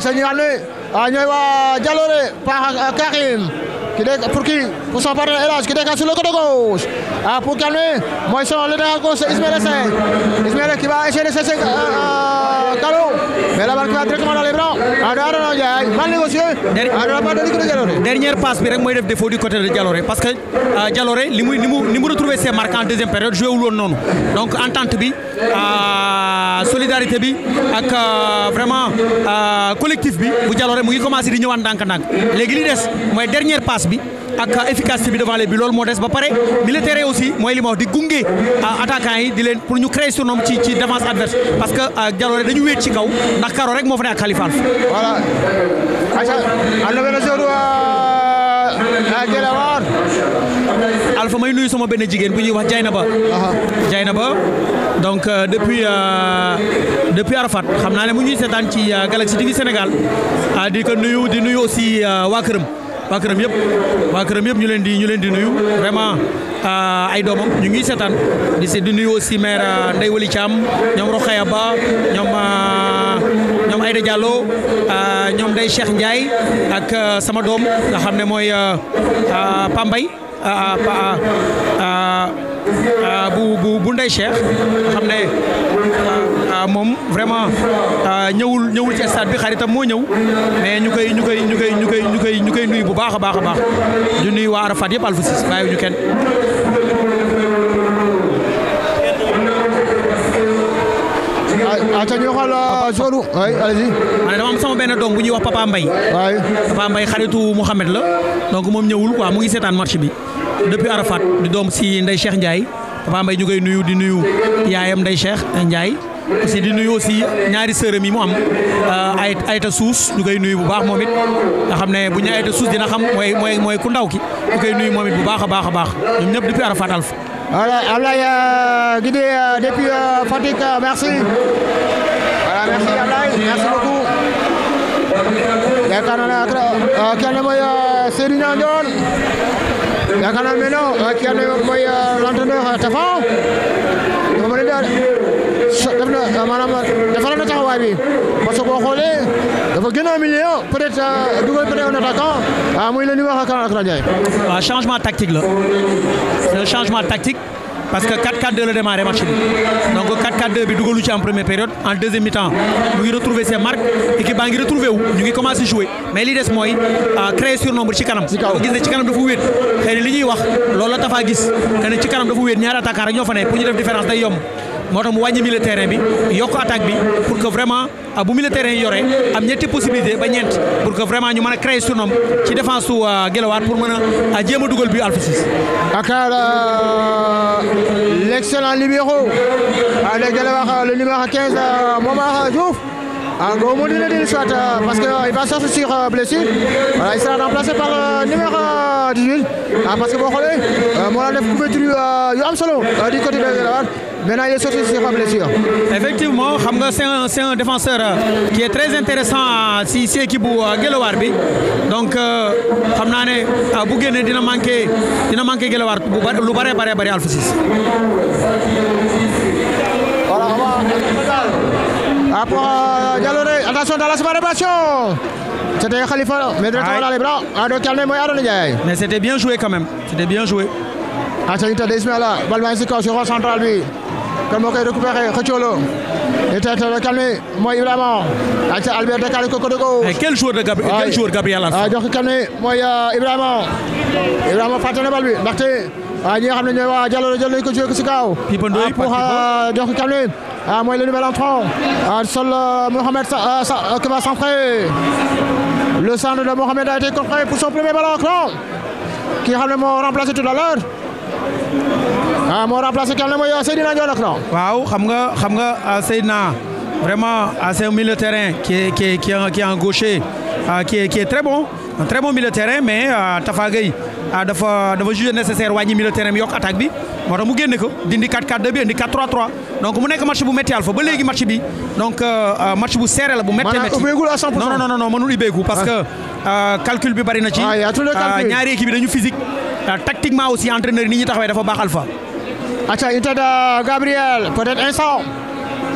[SPEAKER 11] Ah, Dialoré par euh, Karim. Kideka pour qui Pour son partenaire Elage, Kideka sur le côté gauche. a ah, pour calmer, Moïse le derrière gauche, Ismaël Essay. Ismaël qui va essayer de cesser Calo. Euh, euh, mais la balle qui va directement dans les bras. En dehors, il mal négocié. En dehors, pas de l'équipe de Dialoré.
[SPEAKER 1] Dernière passe, mais moi, de Dialoré. Parce que euh, Dialoré, il m'a retrouvé ses marques en deuxième période, joué ou non. Donc, entente, bi, solidarité, bi, avec vraiment collectif, bi, vous Dialoré, il commence à dire que nous avons un efficace bi ak efficacité bi devant les bi lol mo dess ba pare militaire yi aussi moy li mo wax di gungé euh, attaquant yi di len pour ñu créer surnom ci ci défense adverse parce que jalo euh, rek dañu wéet ci kaw ndax Karo rek mo fa ne ak Khalifa
[SPEAKER 11] voilà ah
[SPEAKER 1] Gelawar Alpha may nuyu sama ben jigen bu ñuy wax Jaynaba Jaynaba donc euh, depuis depuis Arafat xamna né mu ñuy sétane ci Galaxy TV Sénégal di ko nuyu di nuyu aussi wa këram waa yep yëpp yep këram ñu leen di ñu leen di nuyu vraiment euh, ay doomam ñu ngi seetaan di si di nuyu aussi maire euh, Ndeye Wali Thiam ñoom Rokhaya Ba ñoom euh, ñoom Aïda Diallo ñoom Ndeye Cheikh Ndiaye ak sama dom nga xam ne mooy Pambay bu bu bu Ndeye Cheikh xam ne mom vraiment euh, ñewul ñewul ci stade bi xaritam mo ñew mais ñukay ñukay ñukay ñukay ñukay ñukay ñu nuyu bu baaxa a baax a di nuyu wa Arafat yeb Alpha Cissé bàyyiwuñu kenn aca ñu xal sonu ay allez mané dama am sama benn doom bu ñuy wax papa mbay way papa mbay xaritu mohammed la donc moom ñëwul quoi mu ngi seetaan bi depuis arafat di dom si ndey cheikh ndiaye papa mbay ñu koy nuyu di nuyu yaayam ndey cheikh ndiaye aussi di nuyu aussi ñaari sërëm yi mu am ay euh, ayta sous ñu koy nuyu bu baax momit nga xam bu ñu ayta sous dina xam moy moy moy ku ndaw ki ñu koy nuyu momit bu baaxa baaxa baax ñom ñep depuis Arafat Alpha. voilà Ablaye ya
[SPEAKER 11] euh, Guidé euh, depuis euh, merci voilà merci Ablaye merci beaucoup yaakaar naa ne moy serina Seydina Ndiol yaakaar naa maintenant kenn mooy l'entraîneur Tafa. def na bi parce que boo dafa hein. peut être euh, un attaquant ah, muy le ak
[SPEAKER 1] changement tactique la c'est un changement tactique. parce que 4-4-2 le démarrer match donc 4-4-2 bi dugalu ci en première période en deuxième mi-temps mu ngi retrouver ses marques équipe baa ngi retrouver où ñu ngi commencé jouer mais li des à euh, créer surnombre ci kanam dafa gis ci kanam dafa wéet xëy na li ñuy wax lolu la tafaa gis que ci kanam dafa wéet ñaari attaquant rek ñoo fa pour ñu def différence day yom moo tax mu wàññi milieu terrain bi yok attaque bi pour que vraiment ah, bu milieu terrain yi am ñetti possibilité ba ñent pour que vraiment ñu mën créer surnom ci défense su ah, gelawat pour mën a ah, jéem a bi Alpha Cissé
[SPEAKER 11] Akara euh, l'excellent libéro ala Guelwaar euh, le numéro 15 euh, Momar Diouf un gros mot de le parce qu'il va sortir sur blessure. Voilà, il sera remplacé par le numéro 18. parce que bon, on a couverture du Solo du côté de Guelwaar.
[SPEAKER 1] Maintenant, il est sorti sur sa blessure. Effectivement, c'est un, un, défenseur euh, qui est très intéressant euh, si c'est équipe euh, Gelowarbi. Donc, Hamnane, Bougene, il a manqué, il a manqué Gelowar, Loubaré, Baré, Baré, Alpha 6.
[SPEAKER 11] Après, Dialoré, attention dans la séparation. C'était Khalifa, mais directement dans les bras. Ah,
[SPEAKER 1] mais c'était bien joué quand même. C'était bien joué
[SPEAKER 11] aca inta de Ismaila bal baa ngi si kaw si rond central bi Comme moo koy récupéré xëccoo Et inta inta calme mooy Ibrahima Albert décalé ko quel
[SPEAKER 1] joueur de Gabriel quel joueur Gabriel Ah, jox ko calme
[SPEAKER 11] mooy Ibrahima Ibrahima fàtte na bal bi ndaxte ñi nga xam ne ñooy waa jël nañ ko joué ko pour jox ko calme ah mooy le nouvel entrant ah, sol euh, Mohamed qui va centrer le centre de Mohamed a été contré pour son premier ballon
[SPEAKER 1] qui nga xam ne remplacé tout à l'heure ah moo remplacé kenn mooy Seydina Ndione ak non. waaw xam nga xam nga euh, Seydina vraiment euh, c'est un milieu de terrain qui est qui est qui est, qui est en gaucher euh, qui est qui est très bon un très bon milieu de terrain mais Tafa Gueye dafa dafa juger nécessaire wañi milieu de terrain bi attaque bi moo tax mu génne ko dindi 4-4-2 bi indi 4-3-3 donc mu nek match bu métti Alpha ba léegi match bi donc match bu serré la bu méttee métti non non non non mënul ubbeeku parce ah. que calcul bi bari na ci ah, ñaari équipe bi dañu physique tactiquement aussi entraîneur yi ni ñuy taxawee dafa baax Alpha
[SPEAKER 11] Acha intada Gabriel, peut-être un sang.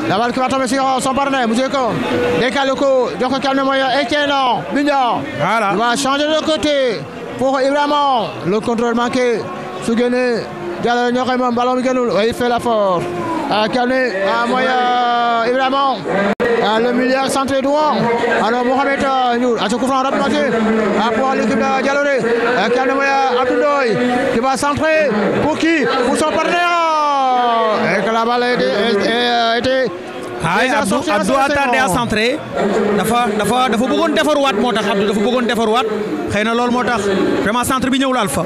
[SPEAKER 11] La balle qui va tomber sur son partenaire, Mouzeko. Décale le coup, donc calme moyen, Etienne, Mignon. Voilà. Il va changer de côté pour Ibrahim. Le contrôle manqué, Sougene, Diallo Nyoremon, ballon Miguel, il fait la force à Canet, à Moya, évidemment, à le milieu centré droit. Alors Mohamed euh, Nour, à ce coup franc rapproché, pour l'équipe de Dialoré, à Canet Moya, Abdoulaye, qui va centrer pour qui Pour son partenaire.
[SPEAKER 1] Et que la balle a été. ay Abdou Abdou a à centrer dafa dafa dafa bëggoon defarwaat moo tax Abdou dafa bëggoon defarwaat xëy na loolu moo vraiment centre bi ñëwul Alpha.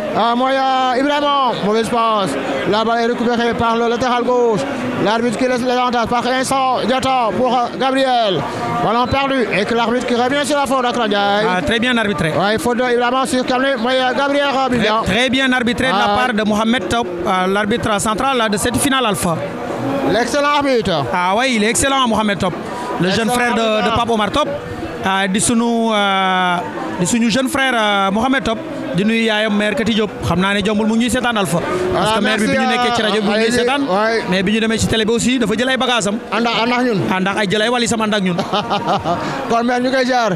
[SPEAKER 11] Ah moyen, Ibrahim, mauvaise passe. La balle est récupérée par le latéral gauche. L'arbitre qui laisse l'avantage par Vincent Diata pour Gabriel. Ballon perdu et que l'arbitre qui revient sur la faute d'Akradjaï. Ah,
[SPEAKER 1] très bien arbitré.
[SPEAKER 11] Ouais, il faut de sur sur Moyen
[SPEAKER 1] Gabriel bien. Très, bien arbitré de la ah. part de Mohamed Top, euh, l'arbitre central de cette finale alpha. L'excellent arbitre. Ah oui, il est excellent Mohamed Top, le jeune frère de, de Omar Martop. Ah, de, son, euh, jeune frère euh, Mohamed Top. di nuyu yaayam maire Kati Diop xam naa ne jombul mu ñuy seetaan Alpha. parce que ah, bi ñu nekkee ci rajo mu ñuy seetaan mais bi ñu demee ci télé bi aussi dafa jël bagaasam. ànd ak ñun ànd ay jël walisam ànd ñun. kon maire ñu koy jaar.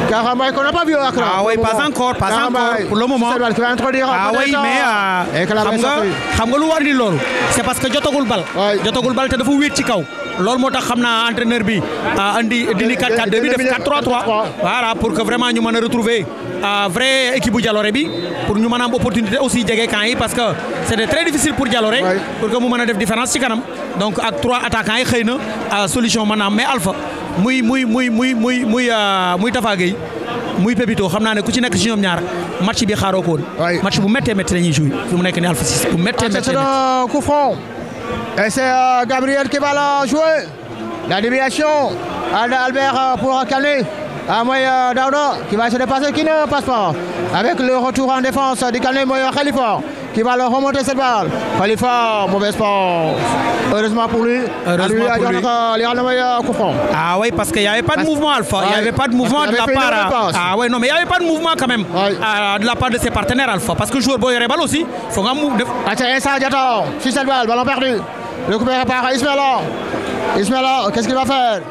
[SPEAKER 11] Karambay qu'on n'a pas vu à Accra. Ah oui, pas encore, pas encore. Pour le moment. Ah oui, mais xam nga
[SPEAKER 1] xam nga lu war ni c'est parce que jotagul bal jotagul bal te dafa wéet ci kaw loolu moo tax entraîneur bi andi dindi 4-4-2 bi def 4-3-3 voilà pour que vraiment ñu mën a retrouver équipe bu bi pour ñu mëna am opportunité aussi djégué camp yi parce que c'est très difficile pour Jalooré pour que mu mëna def différence ci kanam donc ak trois attaquants yi xeyna solution mëna am mais Alpha muy muy muy muy muy muy ah, muy muy ne ku ci ci ñaar match bi ko c'est et c'est euh,
[SPEAKER 11] Gabriel qui va la jouer la déviation Albert euh, pour calmer. à ah, moi, euh, qui va se dépasser, qui ne passe pas. Avec le retour en défense de oui, Moyo Khalifa qui va leur remonter cette balle. Khalifa, mauvais sport. Heureusement pour lui. Heureusement pour lui. Ah
[SPEAKER 1] oui, parce qu'il n'y avait pas de mouvement, Alpha. Il n'y avait pas de mouvement hein. de la part. Ah oui, non, mais il n'y avait pas de mouvement quand même euh, de la part de ses partenaires, Alpha. Parce que joueur boy balle aussi. Il faut un mouvement.
[SPEAKER 11] Attends, ah, ça, Diator. Si cette balle, ballon perdu. Le coupé par Ismaël. Ismaël, qu'est-ce qu'il va faire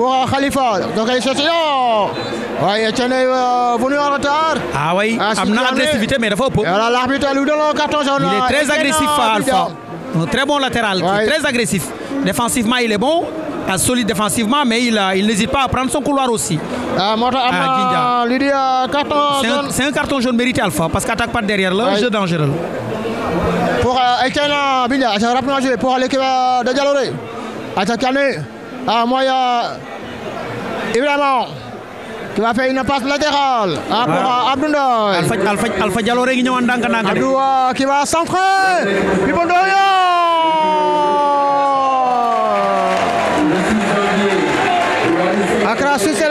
[SPEAKER 11] pour euh, Khalifa. Donc il est
[SPEAKER 1] Oui, euh, venu en retard. Ah oui, ah, il a l'agressivité, mais il faut pas. L'arbitre lui donne le carton jaune. Il est hein, très agressif, Alpha. Un très bon latéral, très agressif. Défensivement, il est bon ah, solide défensivement, mais euh, il, n'hésite pas à prendre son couloir aussi. Ah, ah C'est un, carton jaune mérité, Alpha, parce qu'attaque pas derrière là, jeu dangereux.
[SPEAKER 11] Pour Etienne euh, je c'est rapidement jeu. pour l'équipe de Dialoré. Attaque Ah, Moya Ibrahima qui va faire une passe latérale. Ah, pour ah. Abdou Ndoye. Alpha, Alpha, Alpha Diallo rek ñëwan dank dank. Abdou ah, qui va centrer. Ibou Ndoye.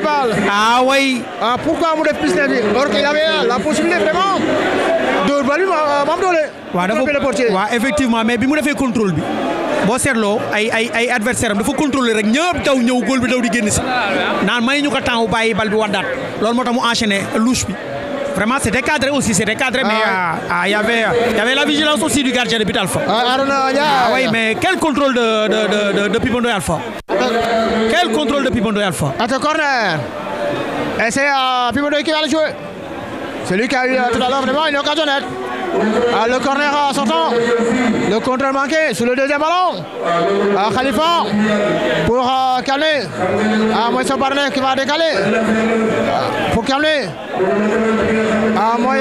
[SPEAKER 11] balle.
[SPEAKER 1] Ah oui. Ah, pourquoi Moudef
[SPEAKER 2] Pisnadi Alors qu'il avait la possibilité vraiment
[SPEAKER 1] dóor bal bi ma am doole. waaw effectivement mais bi mu defee contrôle bi boo seetloo ay ay adversaire am dafa contrôler rek ñëpp daw ñëw góol bi daw di génn si naan may ñu ko temps bu bàyyi bal waddaat loolu moo tax mu enchaîné bi. vraiment c'était cadré aussi c'était cadré mais ah, ah, ah y avait y la vigilance aussi du gardien de but Alpha. ah, ah oui mais quel contrôle de de de de Pipo Ndoye Alpha. quel contrôle de Pipo Ndoye Alpha.
[SPEAKER 11] à C'est lui qui a eu euh, tout à l'heure vraiment une occasion nette. Ah, le corner à euh, sortant, le contrôle manqué sur le deuxième ballon. Ah, Khalifa pour euh, calmer. Ah, Moïse Barnet qui va décaler. Ah, pour calmer. Ah, moi,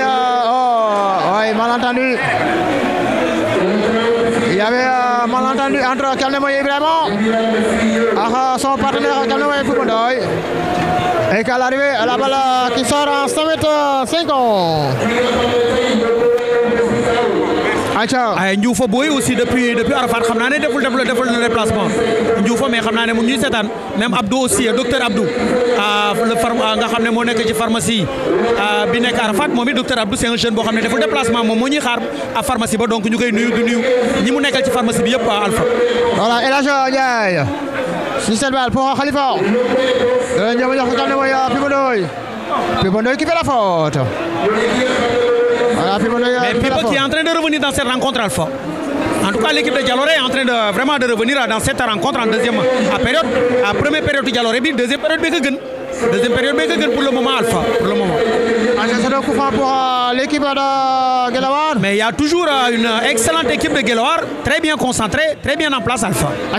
[SPEAKER 11] oh, ouais, malentendu. Il y avait un euh, malentendu entre Kalnemoy Ibrahima et ah, ah, son partenaire Kalnemoy Foukondoy. Et qu'à l'arrivée, la balle euh, qui sort en 100 mètres 50.
[SPEAKER 1] ay Ndioufa Boy aussi depuis depuis Arafat xam naa ne deful deful deful na déplacement Ndioufa mais xam naa ne moom ngi ñuy seetaan même Abdou aussi docteur Abdou ah, le ah, nga xam ne moo nekk ci pharmacie ah, bi nekk Arafat moom it docteur Abdou c'est un boo xam ne deful déplacement moom moo ñuy xaar à pharmacie ba donc ñu koy nuyu du nuyu ñi mu nekkal ci pharmacie bi yëpp Alpha.
[SPEAKER 11] voilà El Hadj Ndiaye suñu seet baal pour Khalifa ñoo eh, ma jox ko ne mooy Pima Ndoye Pima Ndoye
[SPEAKER 1] mais Pipo qui est en train de revenir dans cette rencontre Alpha. En tout cas, l'équipe de Dialoré est en train de vraiment de revenir dans cette rencontre en deuxième période, à première période de Dialoré, deuxième période de Deuxième période pour le moment Alpha, pour le moment. Ah, pour euh, l'équipe de Mais il y a toujours euh, une excellente équipe de Gelawar, très bien concentrée, très bien en place Alpha.
[SPEAKER 11] Ah,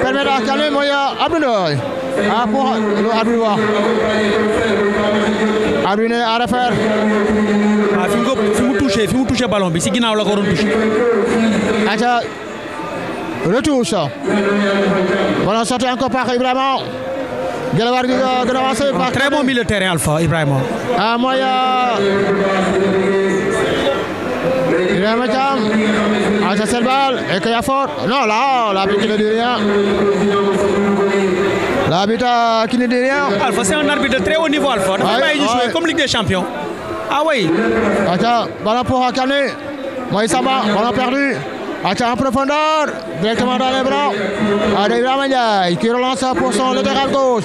[SPEAKER 11] permet a kane moƴa abdoundoy a pour no arbitre a refaire
[SPEAKER 1] fi mu touché fi mu touché ballon bi si ginnaaw la ko waroon touché
[SPEAKER 11] aca retouche ballon sorti encore par Ibrahima Guelewar gi gën a avancé par
[SPEAKER 1] très bon milieu de terrain Alpha Ibrahima
[SPEAKER 11] a ah, moya ça c'est le Selbal, et fort. Non, là, l'arbitre ne dit rien. L'arbitre qui ne dit
[SPEAKER 1] rien. Alpha, c'est un arbitre de très haut niveau, Alpha. Il va ah jouer ah comme Ligue des Champions.
[SPEAKER 11] Ah oui. Attends, ballon pour Hakane. On a perdu. Attends, en profondeur, directement dans les bras. Adé Ndiaye qui relance pour son latéral gauche.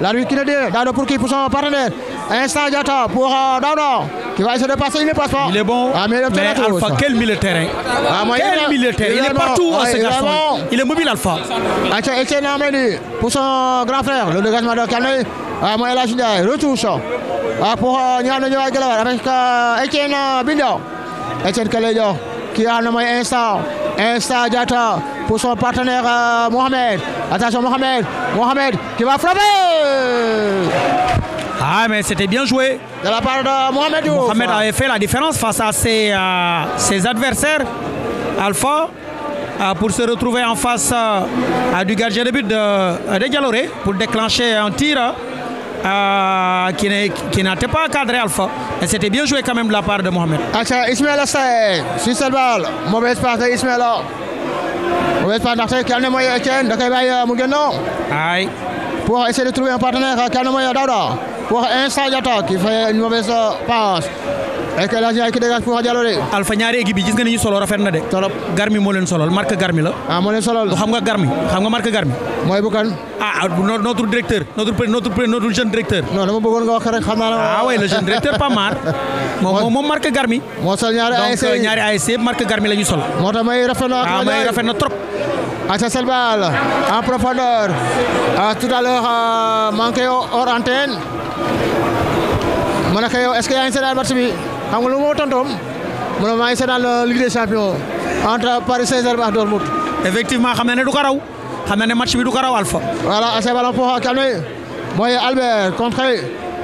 [SPEAKER 11] La qui pour qui Pour son pour euh, Qui va Il Il est bon. Ah, mais, Alpha, quel milieu ah, Quel milieu Il, est, partout à hein, ah,
[SPEAKER 1] ce Il est mobile Alpha.
[SPEAKER 11] Etienne pour son grand frère. Le dégagement de Ah, moi, Ah, pour euh, Avec Etienne euh, Bindo. Etienne Qui a nommé instant. Insta Diata pour son partenaire euh, Mohamed. Attention Mohamed, Mohamed
[SPEAKER 1] qui va frapper Ah mais c'était bien joué. De la part de Mohamed Mohamed avait fait la différence face à ses, euh, adversaires. Alpha euh, pour se retrouver en face à du gardien de but de, de pour déclencher un tir. Ah, qui n'était pas encadré Alpha. Et c'était bien joué quand même de la part de Mohamed.
[SPEAKER 11] Ismaël Assay, sur cette balle, mauvaise passe d'Ismaël. Mauvaise passe de euh, Aïe. Pour essayer de trouver un partenaire, calme moyen, Dada. Pour un d'attaque il fait une mauvaise euh, passe. est-ce que El Hadj Ndiaye ki dégage
[SPEAKER 1] ñaari équipe yi nga ni ñu solo na de. torop garmi moo leen solol marque garmi la. ah moo leen solol xam nga garmi xam nga marque garmi. mooy ah, ah, notre directeur notre notre notre jeune directeur. non dama bëggoon nga wax rek xam naa la. ah moom moom garmi. moo sol ñaari ASC donc ñaari ASC marque garmi la ñu sol. moo tax may
[SPEAKER 11] rafet na ak. Ah, may trop. Aïssa Selbal en profondeur tout à l'heure manqué antenne ma ne ko yow est bi. xam nga lu ma tontoom mu ne maa ngi seetaan euh, Ligue des champions entre Paris
[SPEAKER 1] Saint-Germain ak Dortmund. effectivement xam na ne du ko xam na ne match bi du ko raw Alpha.
[SPEAKER 11] voilà assez ballon pour calmer mooy Albert contré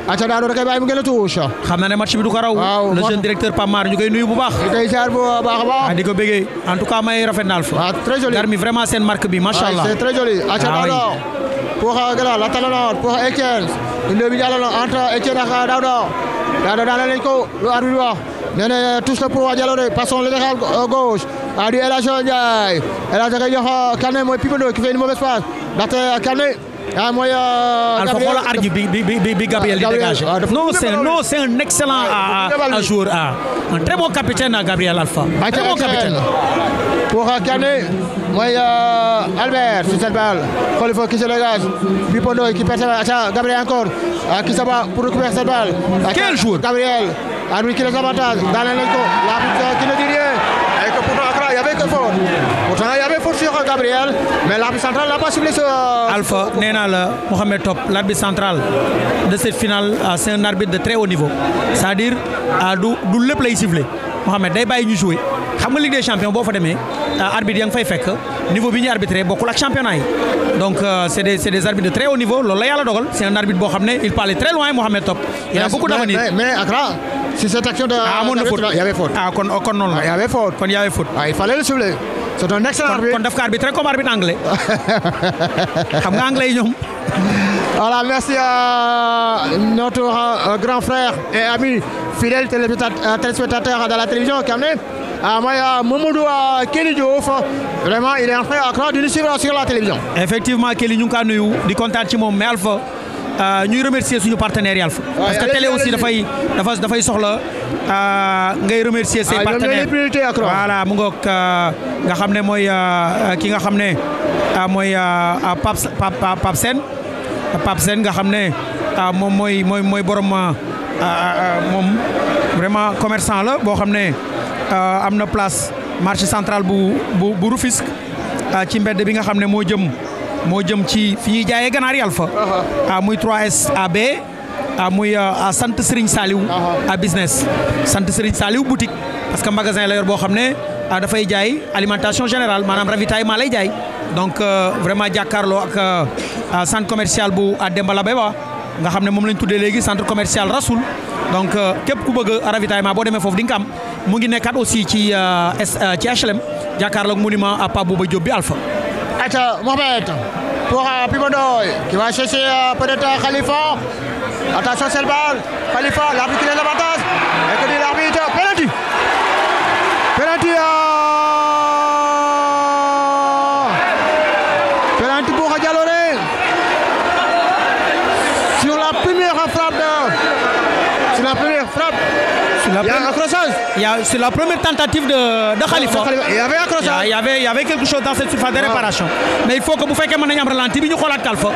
[SPEAKER 11] aca daa doon da koy bàyyi mu gën a tuus.
[SPEAKER 1] xam na ne match bi du ko raw. waaw le jeune directeur Pape Mar ñu koy nuyu bu baax. ñu koy bu baax a baax. Ah, ko bëggee en may rafet na Alpha. Ah, garmi vraiment seen marque bi macha allah. Ah, joli aca daa doon pour
[SPEAKER 11] Gala la talanoon pour Etienne. Ndo daana daana lañ ko lu arbitre wax nee na touche la pour waa Jalooré passons latéral euh, gauche a du El Hadj Ndiaye El Hadj mooy Pipo Ndoye ki fait une mauvaise passe ndaxte euh,
[SPEAKER 1] ah Gabriel il ah, non c'est non c'est un excellent un ah, jour ah. un très bon capitaine Gabriel Alpha. très bon capitaine.
[SPEAKER 11] pour calmer moi Albert sur cette balle Il faut qu'il se dégage Bipondo qui perd sa balle attends Gabriel encore qui se bat pour récupérer cette balle. quel jour Gabriel Arbi qui les avantage dans les la qui ne dit rien et que pourtant Accra il y avait que faute. Pourtant, il y avait fort sur euh, Gabriel, mais l'arbitre central n'a pas ciblé ce. Euh,
[SPEAKER 1] Alpha, Nenal, Mohamed Top, l'arbitre central de cette finale, euh, c'est un arbitre de très haut niveau. C'est-à-dire, d'où le play ciblé. Mohamed, il va jouer. xam nga Ligue des champions boo fa demee arbitre ya nga fay fekk niveau bi ñuy arbitré bokkul ak championnat donc c'est des des arbitres de très haut niveau loolu la c'est un arbitre qui xam il parlait très loin Mohamed Top. il a beaucoup d' mais mais Accra si cette action de. Ah, il y avait faute ah, ah, il y avait faute il fallait le soulever c'est un excellent arbitre kon daf très arbitré comme arbitre anglais xam nga anglais yi
[SPEAKER 11] voilà merci à
[SPEAKER 1] notre euh, grand frère et ami
[SPEAKER 11] fidèle euh, téléspectateur de la télévision qui a amené Amaya euh, Mamadou Kelly vraiment il est en train à nous d'une sur la télévision.
[SPEAKER 1] effectivement Kelly ñu ngi kaa nuyu di kontaan ci Euh, ñuy remercier suñu partenaire yàlla parce que télé aussi dafay da fay soxla euh, ngay remercier ses ah, partenaires voilà mu ngok euh, nga xamné moy ki nga xam moy mooy pap pap sen pap sen nga xamné ne moom moy moy mooy borom mom vraiment commerçant la bo xamné amna place marché central bu bu bu Rufisque ci mbedd bi nga xamné mo jëm mo jëm ci fi jaayé ganar ganaar yi Alpha ah muy 3 ab ah muy a ah, sante Serigne saliw a ah, business sante Serigne saliw boutique parce que magasin la yor bo xamné ne ah, fay jaay alimentation générale maanaam ravitaillement lay jaay donc euh, vraiment jakarlo ak euh, centre commercial bu à la Beba nga xamné ne lañ tuddé légui centre commercial Rasoul donc euh, képp ku bëgg ravitaillement bo démé fofu di nga am mu ngi nekkat aussi ci ci HLM jakarlo ak monument à pabou ba Alpha
[SPEAKER 11] Mohamed pour euh, Pimondoy qui va chercher euh, peut à Khalifa. Attention, c'est le ball Khalifa, l'arbitre qui est l'avantage. Et que dit l'arbitre Penalty Penalty euh, Penalty pour Dialoré.
[SPEAKER 1] Sur la première frappe. Sur la première frappe. Sur la première... frappe. y c'est la première tentative de, de Khalifa. Il y avait accrochage. Il y avait, il y avait quelque chose dans cette surface de ah. réparation. Mais il faut que vous fassiez un ralenti. Nous avons Alpha.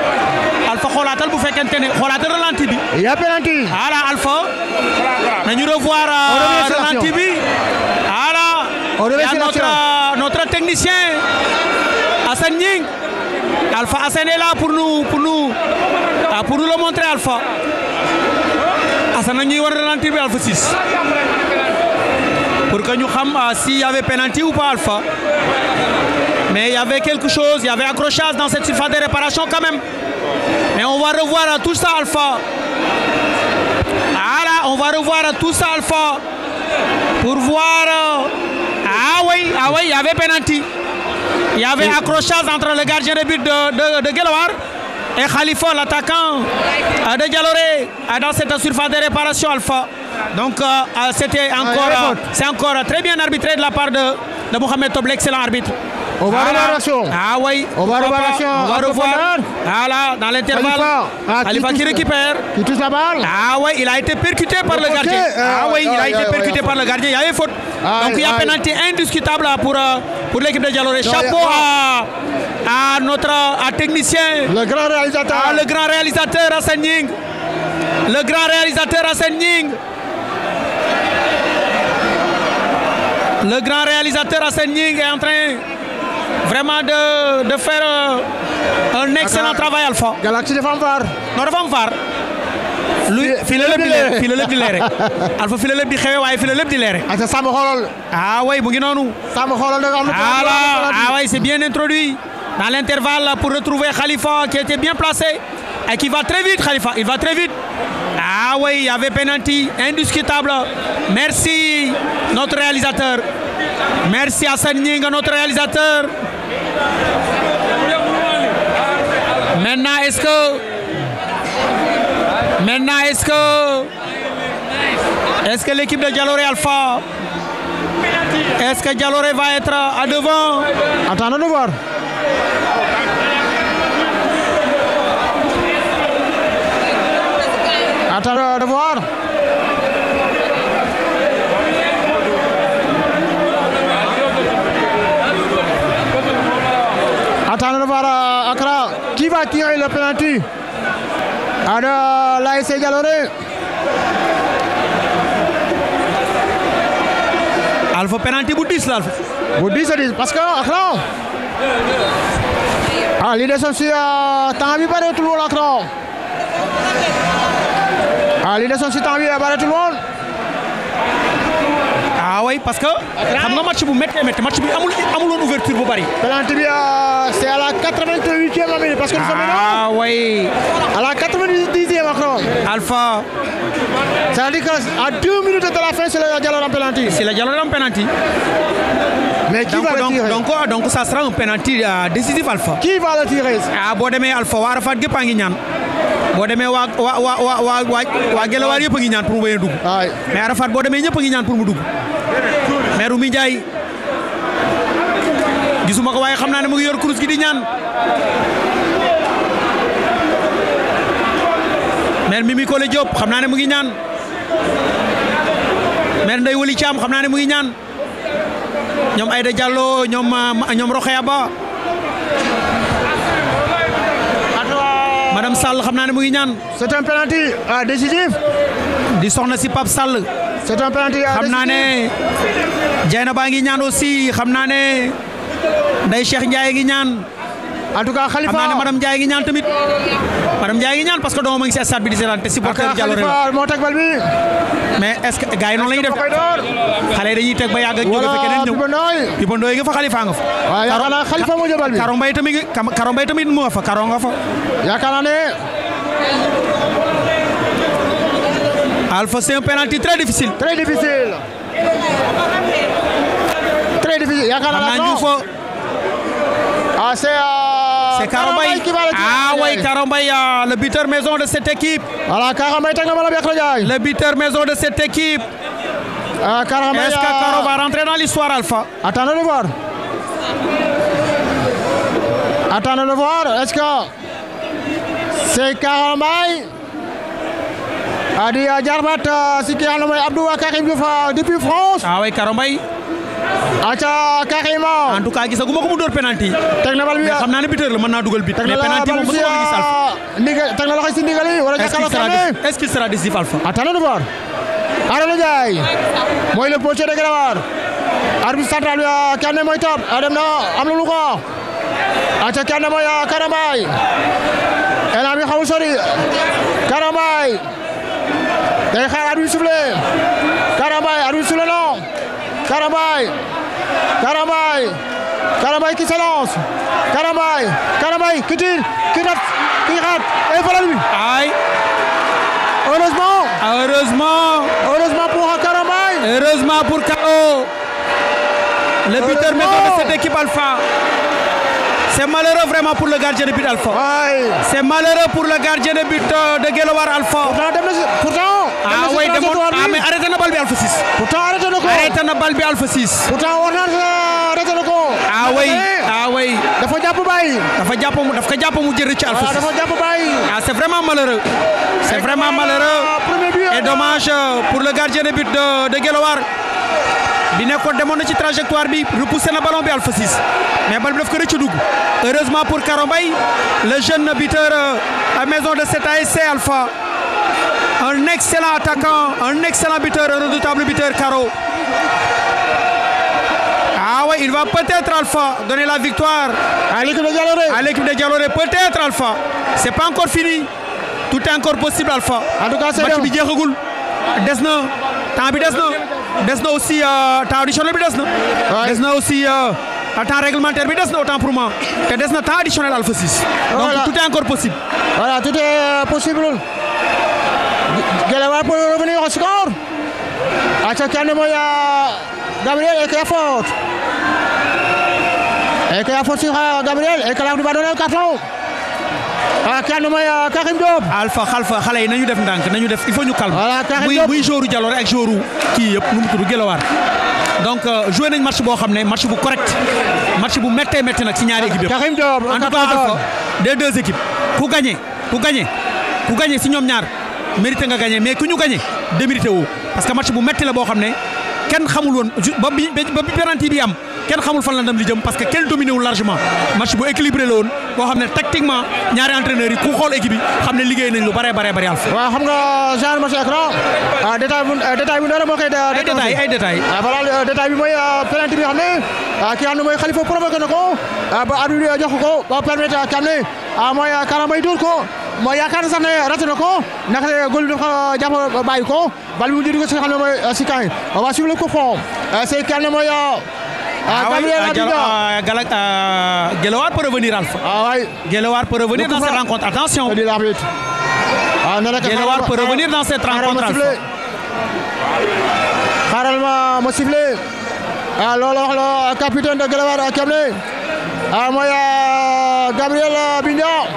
[SPEAKER 1] Alpha, Kholatal, vous faites un ralenti. Il y a ah Voilà, Alpha. Nous revoir euh, ralenti. Voilà. On y notre, euh, notre technicien, Hassan Ning. Alpha Hassan est là pour nous, pour nous, euh, pour nous le montrer, Alpha. Hassan Ning, il Alpha 6 pour que nous sachions ah, s'il y avait pénalty ou pas Alpha. Mais il y avait quelque chose, il y avait accrochage dans cette surface de réparation quand même. Mais on va revoir tout ça Alpha. on va revoir tout ça Alpha pour voir. Euh, ah oui, ah oui, il y avait pénalty. Il y avait accrochage entre le gardien de but de, de, et Khalifa, l'attaquant euh, de Galoré, euh, dans cette surface de réparation Alpha. Donc euh, euh, c'était encore, euh, c'est encore très bien arbitré de la part de, Mohamed Tob, l'excellent arbitre. On revoir Ah oui. On revoir dans l'intervalle. Ah, Khalifa qui récupère. Qui touche la balle. Ah oui, il a été percuté par le gardien. Ah, ah oui, il a été percuté par le gardien. Il y a une faute. Donc il y a pénalité indiscutable pour, l'équipe de Dialoré. Chapeau à, notre technicien. Le grand réalisateur. Ah, le grand réalisateur Hassan Le grand réalisateur Hassan Le grand réalisateur Hassan Nying est en train vraiment de, faire euh, un excellent travail, Alpha. Galaxy de Fanfar. Non, de Fanfar. lui file le de l'air. Alpha file le lépp di xewee file fii ah, ah oui il ngi Samba xoolal ah, ah oui c'est bien introduit dans l'intervalle pour retrouver Khalifa qui était bien placé et qui va très vite Khalifa il va très vite il y avait penalty, indiscutable. Merci notre réalisateur. Merci à Sanding, notre réalisateur. Maintenant, est-ce que... Maintenant, est-ce que... Est-ce que l'équipe de Dialoré Alpha... Est-ce que Dialoré va être à devant Attendons de voir.
[SPEAKER 11] Attends de voir. Attends de voir euh, Accra qui va tirer le pénalty Alors là, c'est Galoré.
[SPEAKER 1] Alpha penalty faut pénalty bouddhiste, Alpha. parce que Accra.
[SPEAKER 11] Ah, l'idée c'est aussi de parler tout le monde,
[SPEAKER 1] Accra ah li desoon là temps bi bareetul monde. ah oui parce que. quand le match bu méttee méttee match bi amul amul ouverture bu bari. penalty euh, c'est à la quatre e la minute parce que nous sommes ah oui. à la quatre e dixième Alpha. c'est-à-dire qu'à deux minutes de la fin c'est le Jaloorem penalty. c'est le Jaloorem penalty. Mais qui donc, va donc, le tirer donc, ah, donc, ça sera un penalty euh, décisif Alpha. Qui va le tirer Ah, bon, mais Alpha, on va boo demee waa waa waa waa waa waa Gelewaar yëpp a ngi ñaan pour mu bañ a dugg. mais Arafat boo demee ñëpp a ngi ñaan pour mu dugg. mais Oumy Ndiaye gisuma ko waaye xam naa mu ngi yor kurus gi di ñaan. mais Mimi Kole Diop xam naa ne mu ngi ñaan. mais Ndeye Wali Thiam xam naa mu ngi ñaan. ñoom Aïda Diallo ñoom ñoom Rokhaya Ba. madame Sall xam naa ne mu ngi ñaan. c'est un penalty di soxna si Pape Sall. c'est xam naa ne. Dieyna baa ngi ñaan aussi xam naa ne Ndeye Cheikh Ndiaye ngi ñaan. en tout cas Khalifa xam naa ne madame Ndiaye ngi ñaan tamit. madame Ndiaye ngi ñaan parce que doomam a ngi si stade bi di seetaan te supporter Diallo teg bal bi mais est-ce que gars yi noonu ñuy def xale yi dañuy teg ba yàgg ak jóge fa keneen ñëw Bibo Ndoye nga fa xalifa nga fa xalifa moo jël bal bi tamit mu nga fa Karo nga fa yaakaar naa ne Alpha c'est un penalty très difficile très difficile C'est Karambay. Ah oui, Karambay, ah, le buteur maison de cette équipe. Alors Karambay, le buteur maison de cette équipe. Ah, Est-ce que ah. Karo va rentrer dans l'histoire, Alpha Attendez de voir.
[SPEAKER 11] Attendez de voir. Est-ce que c'est Karambay Adi Jarbat, c'est euh, de Abdou Akarim depuis France. Ah oui, Karambay. aca Karima. en tout
[SPEAKER 1] cas gisaguma ko door penalti. teg bal bi mais xam naa la mën naa dugal but. mais gis
[SPEAKER 11] Alpha. loxo si ndigal yi wala jàkkaarloo Sané.
[SPEAKER 1] est-ce qu'il sera décisif Alpha. attendez de voir.
[SPEAKER 11] Adama Ndiaye mooy le potier de Guelwaar. arbitre central bi kenn mooy top dem na am na lu ko. aca kenn mooy Karambaay. élan bi xawul sori. Karambaay. day xaar arbitre soufflé. Karambaay arbitre soufflé Karabay Karabay Karabay qui lance, Karabay Karabay qui tire qui rate qui rate
[SPEAKER 1] et voilà lui Aïe Heureusement ah, Heureusement Heureusement pour Karabay Heureusement pour KO Le buteur maintenant de cette équipe Alpha c'est malheureux vraiment pour le gardien de but Alpha. C'est malheureux pour le gardien de but euh, de Gelowar Alpha ah oui demoon ah mais Arrêtez na bal bi Alpha 6. pourtant arrêtez na ko Arrêtez na bal bi Alpha 6. pourtant war na arrêté le ah oui ah oui. dafa jàpp bàyyi. dafa jàpp mu dafa ko jàpp mu jëriñ ci Alpha ah, dafa jàpp bàyyi. ah c'est vraiment malheureux. c'est vraiment malheureux. Hein. et dommage euh, pour le gardien de but de de Guelewar. qu'on demande de ci trajectoire bi repousse na ballon bi Alpha 6 mais bal bi daf ko rëcc heureusement pour Karombay le jeune buteur euh, à maison de C ASC Alpha un excellent attaquant, un excellent buteur, un redoutable buteur, Caro. Ah ouais, il va peut-être Alpha donner la victoire à l'équipe de galore. À l'équipe de galore peut-être Alpha. C'est pas encore fini. Tout est encore possible Alpha. En tout cas, c'est match bi Desno, t'as na temps bi des aussi euh, additionnel bi des Desna aussi euh, temps réglementaire bi Desna autant pour moi que additionnel Alpha 6. donc tout est encore possible. voilà tout est euh, possible. Guelewar pour revenir au score.
[SPEAKER 11] Attaquant Moya euh, Gabriel et Kayafort.
[SPEAKER 1] Et Kayafort sur Gabriel et Kalab va donner le carton. ah kenn mooy euh, Karim Diop. Alpha Alpha xale yi nañu def ndànk nañu def il faut ñu calme. voilà Karim Diop muy muy jooru Jaloore ak jooru kii yëpp nu mu tudd Guelewar. donc euh, joué nañ match boo xam ne match bu correct match bu méttee métti nag si ñaar équipe yëpp. Karim Diop en tout cas Alpha des deux ku gagné ku gagné si ñoom ñaar. mérité nga gagné mais ku ñu gagné démérité wu parce que match bu metti la boo xam ne kenn xamul woon ba bi penalty bi am. kenn xamul fan la parce que kenn dominé wul largement bu équilibré la woon boo xam ne tactiquement ñaari entraîneurs yi ku xool équipe bi xam ne liggéey nañ lu bare bare bare alf waaw xam nga genre match écran ah détail
[SPEAKER 11] ah, mooy euh, penalty bi xam ne ah, ki xam ne mooy Khalifa provoqué na ko ah, ba arbitre euh, jox ko ba permettre ki xam ne mooy Karambay ko mooy yaakaar na sax ne raté na ko naka la góor ñu jàpp euh, ko bal mu jënd ko si xam ne mooy si kaay on va suivre le Ah, ah, Gabriel oui,
[SPEAKER 1] ah, Gala, peut revenir, Alpha. Ah ouais. Ah, peut revenir dans cette rencontre. Attention. Gelowar
[SPEAKER 11] peut revenir dans cette rencontre, Alpha. xaaral ma Alors, sifflé capitaine de Guelewar Kébé ah moi, euh, Gabriel Bignon.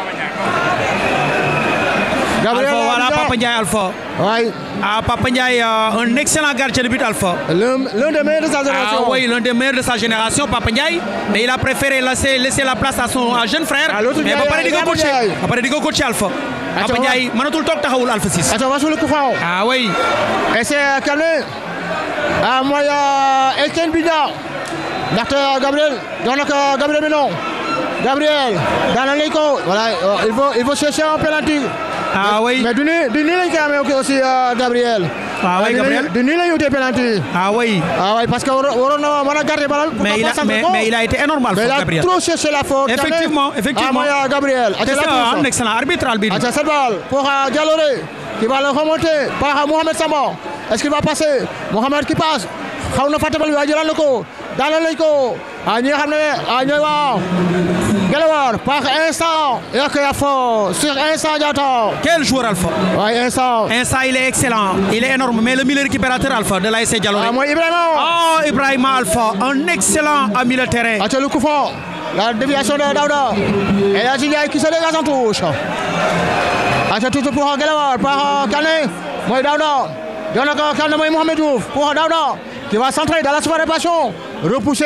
[SPEAKER 1] Gabriel Alpha, voilà Papa Ndiaye Alpha. Oui. Ah, Papa Ndiaye, euh, un excellent gardien de but Alpha. L'un des meilleurs de sa ah génération. Ah, oui, l'un des meilleurs de sa génération, Papa Ndiaye. Mais il a préféré laisser, laisser la place à son à jeune frère. À l'autre Mais Papa Ndiaye, Papa Ndiaye, coach Alpha. Papa Ndiaye, manatul tok taxawul Alpha 6. Attends, va le Ah oui. Et c'est euh, calmé.
[SPEAKER 11] Ah, moi, il y a Etienne euh, Bida. Docteur euh, Gabriel, donc Gabriel Menon. Gabriel, dans le Voilà, il faut, il faut chercher un penalty. ah oui mais du nii du nii lañ koy amee aussi euh, ah, Gabriel. du nii lañ utee penalty yi. ah oui ah oui parce que waroon na mën a garder ballon. Gabriel. il a trop effectivement effectivement ah Gabriel. c'est un excellent arbitre arbitre. ah c'est ball pour Diallo euh, qui va le remonter par euh, Mohamed Sambon est-ce qu'il va passer Mohamed qui passe xaw na fàttali ba jëlaat la ko daanaka lañ ko. a ñi
[SPEAKER 1] nga a par instant yokk a sur instant Diatta quel joueur Alpha Oui, instant instant il est excellent il est énorme mais le milieu récupérateur Alpha de l'ASC Ah, Moi Ibrahima oh Ibrahima Alpha un excellent ami de terrain aca le coup fort la déviation de Daouda et la Tidiaye qui se dégage en touche
[SPEAKER 11] aca tout pour Galawar, par Kane moi, Daouda jox na Mohamed Diouf pour Daouda qui va centrer dans la passion, repoussé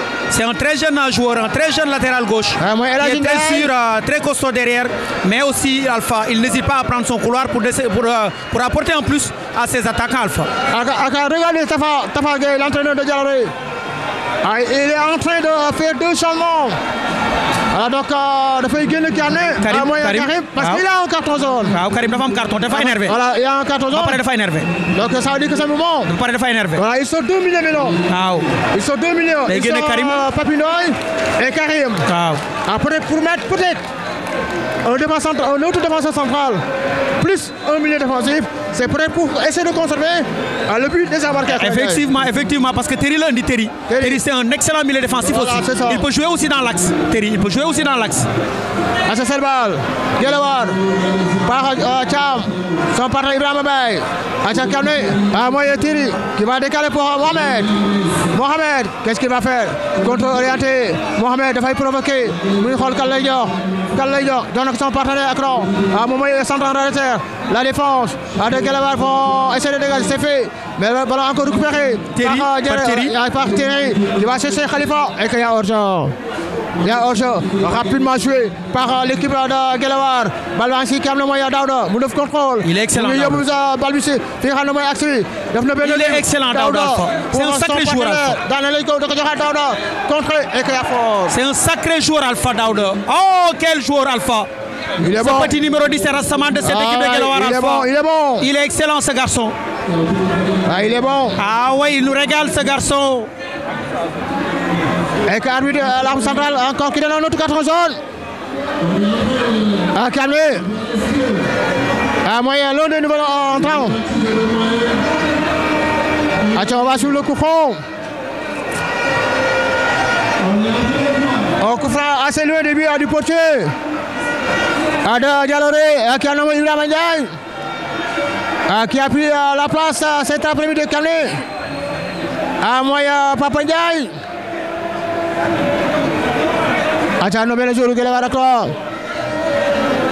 [SPEAKER 1] C'est un très jeune joueur, un très jeune latéral gauche. Ah, il est très sûr, euh, très costaud derrière, mais aussi Alpha. Il n'hésite pas à prendre son couloir pour, euh, apporter en plus à ses attaquants Alpha.
[SPEAKER 11] Ah, ah, regardez Tafa, Tafa l'entraîneur de Diarré. il est en train de faire deux changements. ah donc dafay génn Kane. Ah, Karim Karim parce que il a un carton jaune. waaw Karim dafa am carton dafa énervé. voilà il a un carton jaune ba pare dafa énervé. donc ça veut dire que c'est bon. ba pare dafa énervé. voilà ils sont deux milieux maintenant. waaw ils sont deux milieux. day génne Karim ils sont euh, Papy Ndoye et Karim. waaw après pour mettre peut-être. un, autre défenseur central, plus un milieu défensif, c'est prêt pour essayer de conserver le but déjà marqué. Effectivement,
[SPEAKER 1] effectivement, parce que Terry l'a dit Terry. Terry, c'est un excellent milieu défensif aussi. Il peut jouer aussi dans l'axe. Terry, il peut jouer aussi dans l'axe. Assassin
[SPEAKER 11] ah, Ball, Gelawar, par Cham, euh, son partenaire Ibrahim Abay ah, ce Kamne, à ah, moyen Terry, qui va décaler pour Mohamed. Mohamed, qu'est-ce qu'il va faire Contre-orienté, Mohamed, il va provoquer. Mouy Khol Kalay le Kalay donc son partenaire À un moment, il est centre en La défense. À de vont essayer de dégager. C'est fait. Mais le ballon encore récupéré. Terry, par, Terry. Par Terry. Il va chercher Khalifa. Et qu'il y a urgent. Il y a urgent. Rapidement joué par euh, l'équipe euh, de Gelawar. Balbansi qui a le moyen d'Aouda. Mounouf contrôle. Il est excellent. Il est excellent d'Aouda. C'est un sacré joueur
[SPEAKER 1] dans Dans l'équipe de d'Aouda. Contre et qu'il y C'est un sacré joueur Alpha d'Aouda. Oh, quel joueur Alpha. Il est ce petit numéro 10 c'est rassemblement de cette équipe de ah, Gelawar Alpha. Il est bon. Il est excellent ce garçon. Ah, il est bon. Ah oui, il nous régale ce garçon. Et Carmi de euh, l'arme centrale,
[SPEAKER 11] encore qui donne un autre 4 zone Ah, calmez Ah, moyen, l'eau de nouveau entrant. Attends, ah, on va suivre le coup franc. Un oh, coup franc assez ah, loin du but à ah, du potier À de Dialoré, qui a nommé la Ah, qui a pris euh, la place euh, cet après-midi de Canet. Ah, moi, euh, Papa Ndiaye. aca no bene jour gele wara to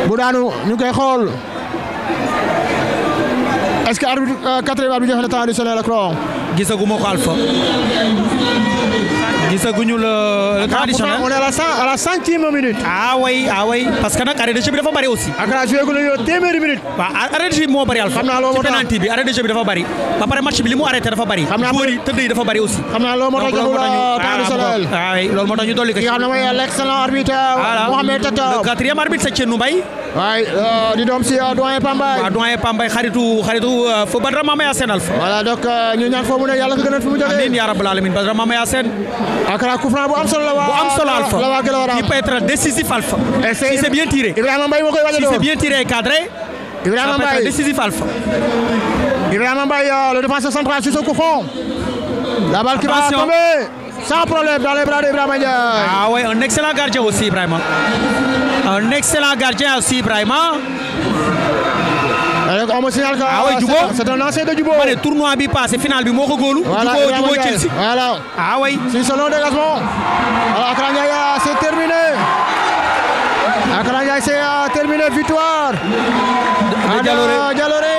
[SPEAKER 11] bu daanu ñu koy xool est-ce que arbitre quatrième arbitre joxe na temps additionnel ak ron
[SPEAKER 1] gisaguma ko Alpha gisaguñu le ah, temps additionnel on est à la cent à la centième minute. ah oui ah oui parce que nag arrêt de jeu bi dafa bari aussi. Accra joué gu nañu téeméeri minute. waaw arrêt dafa bari. ba pare match mu arrêté dafa bari. xam naa góor dafa bari aussi. xam ah, ah loolu moo tax dolli ko. ki nga xam ne mooy l'excellent arbitre. Mohamed Tata le Oh, di doom si oh, doyen Pambaay. waaw doyen Pambaay xaritu xaritu euh, fo Badara Mamaya Sène Alpha. voilà donc euh, ñu ñaan foofu ne yàlla ko gënal fi mu jógee. am solo la waa. bu am solo Alpha la waa Guelwaar qui peut décisif Alpha. et si c'est bien tiré. Ibrahima Mbaye moo koy waaj a doon si
[SPEAKER 11] c'est bien euh, le défenseur central sur ce coup franc. la balle
[SPEAKER 2] qui va tomber
[SPEAKER 1] sans problème dans les bras d'Ibrahima Ndiaye. ah ouais un excellent gardien aussi Ibrahima. Un excellent gardien aussi, Ibrahima. on me signale que ah oui de Djoubo. ma bi passé final bi moo ko góolu. voilà Djoubo Djoubo Chelsea.
[SPEAKER 11] voilà ah oui. si selon dégagement. alors Akra Ndiaye c'est terminé. Akra Ndiaye c'est euh, terminé victoire. de Dialoré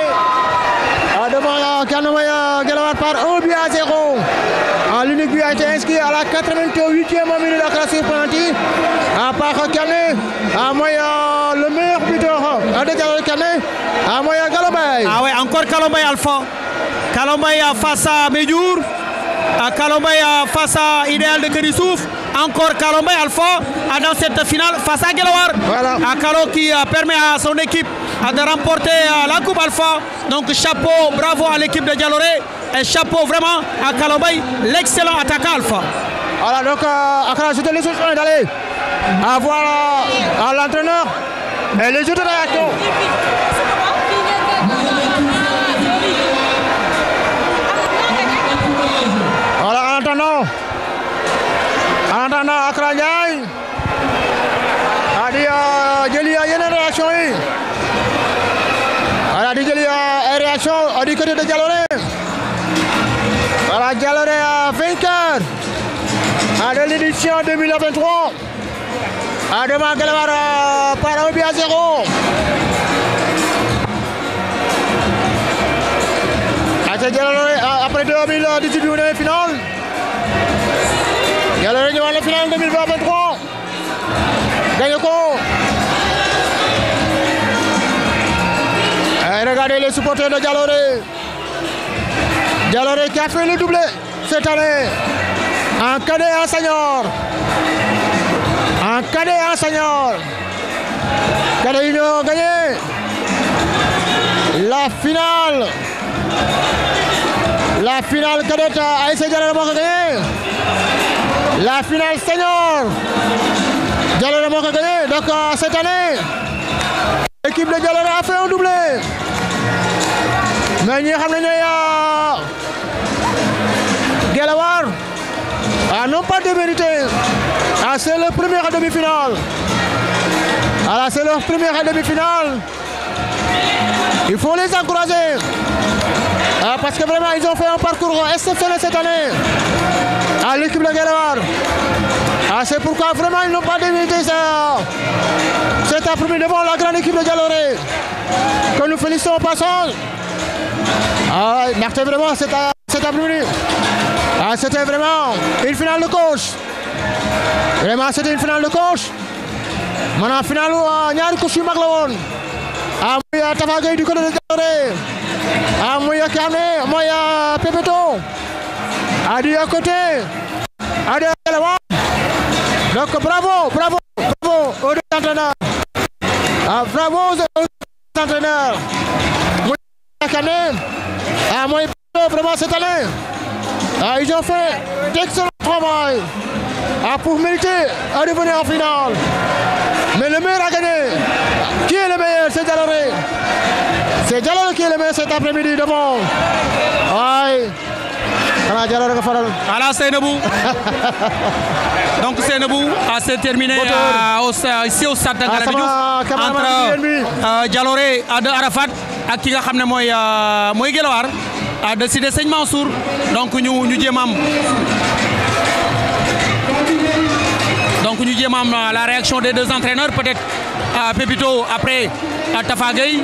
[SPEAKER 11] à devant euh, Kanoumaya Guelwaar par 1 but à a été inscrit à la 88e minute milieu à À part calme à moyen euh, le meilleur buteur à euh, déclarer Kane,
[SPEAKER 1] à moyen euh, Kalombaye. Ah ouais, encore Kalombaye Alpha. Kalombaye face à Medjour, Kalombaye face à Idéal de Kérissouf. Encore Kalombe Alpha dans cette finale face à Gelawar. Voilà. À qui euh, permet à son équipe euh, de remporter euh, la Coupe Alpha. Donc chapeau, bravo à l'équipe de Dialoré. Et chapeau vraiment à Kalombe, l'excellent attaquant Alpha.
[SPEAKER 11] Voilà, donc à je te laisse d'aller avoir à l'entraîneur et les autres réactions.
[SPEAKER 5] na Akra Ndiaye
[SPEAKER 11] a di jëli yeneen réaction yi voilà di jëli ay réaction du côté de Dialoré voilà à vainqueur de l'édition 2023 devant Guelewar par un but à zéro Dialoré euh, après 2018 finale qui va à la finale 2023 gagné ko regardez les supporters de Galoré. Galoré qui a fait le doublé cette année Un cadet à Seigneur un en cadet à seigneur. senior cadet union gagné la finale la finale cadette ASC Dialoré le gagné la finale senior. Galera a donc euh, cette année l'équipe de Galera a fait un doublé mais ñi euh, ah, non pas de vérité ah, c'est le premier demi-finale c'est leur première demi-finale il faut les encourager ah, parce que vraiment ils ont fait un parcours exceptionnel cette année à l'équipe de Guérévar. Ah, c'est pourquoi vraiment ils n'ont pas démérité ça. C'est après-midi devant la grande équipe de Galoré. Que nous félicitons au passage. Ah, vraiment cet, après Ah, c'était vraiment une finale de coach. Vraiment, c'était une finale de coach. Maintenant, finale, où Nyari Kouchi Maglawon. Ah, moi, ah, euh, travail du côté de Galoré. Ah, a euh, Kamé, moi, euh, Pépéton. Adi à côté. Adi à l'avant. Donc bravo, bravo, bravo aux deux entraîneurs. Ah, bravo aux deux entraîneurs. Moi, ah, moi, vraiment cette année, ah, ils ont fait d'excellents travail ah, pour mériter à revenir en finale. Mais le meilleur a gagné. Qui est le meilleur C'est Dialoré. C'est Dialoré qui est le meilleur cet après-midi devant. Aïe
[SPEAKER 1] xanaa Jaloore nga faral. voilà Seynabou donc Seynabou a se terminé euh, au ici au stade Ngalandou ah, entre euh, euh, Jaloore de Arafat ak ki nga xam ne mooy mooy Guelwaar a décidé sëñ Mansour donc ñu ñu jéem am donc ñu jéem am la réaction des deux entraîneurs peut-être Pepito après Tafa Gueye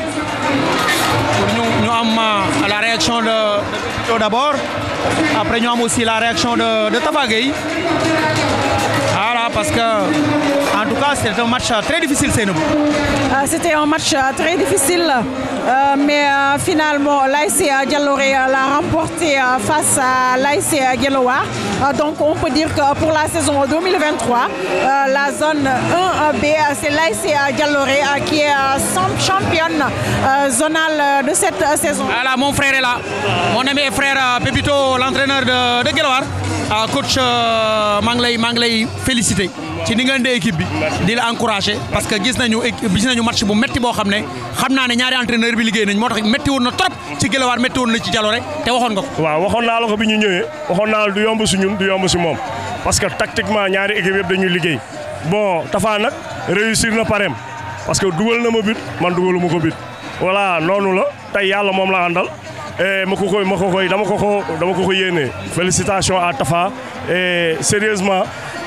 [SPEAKER 1] pour ñu ñu am la réaction de Pépito d'abord. Après, nous avons aussi la réaction de, de voilà, parce que, en tout cas, c'était un match euh, très difficile, c'est nous. Euh,
[SPEAKER 3] c'était un match euh, très difficile, mais finalement, l'AIC Galloré l'a remporté face à l'AIC Gallois. donc, on peut dire que pour la saison 2023, la zone 1B, c'est l'AIC Dialoré qui est championne zonale de cette saison. Voilà, mon frère est là.
[SPEAKER 1] Mon ami frère Pépito, l'entraîneur de, de coach Mangley Mangley. félicité ci ni nga indee équipe bi di la encouragé parce que gis nañu gis nañu match bu métti boo xam ne xam naa ne ñaari entraîneur bi liggéey nañ moo tax métti woon na trop ci Guelwaar métti woon na ci Jalooré te waxoon nga ko waaw waxoon naa la ko bi
[SPEAKER 9] ñu ñëwee waxoon naa la du yomb si ñun du yomb si moom parce que tactiquement ñaari équipe yëpp dañuy liggéey bon Tapha nag réussir na pareem parce que dugal na ma but man dugaluma ko but voilà noonu et eh, ma ko koy ma ko koy dama ko ko dama ko ko yéene félicitations à Tafa et eh, sérieusement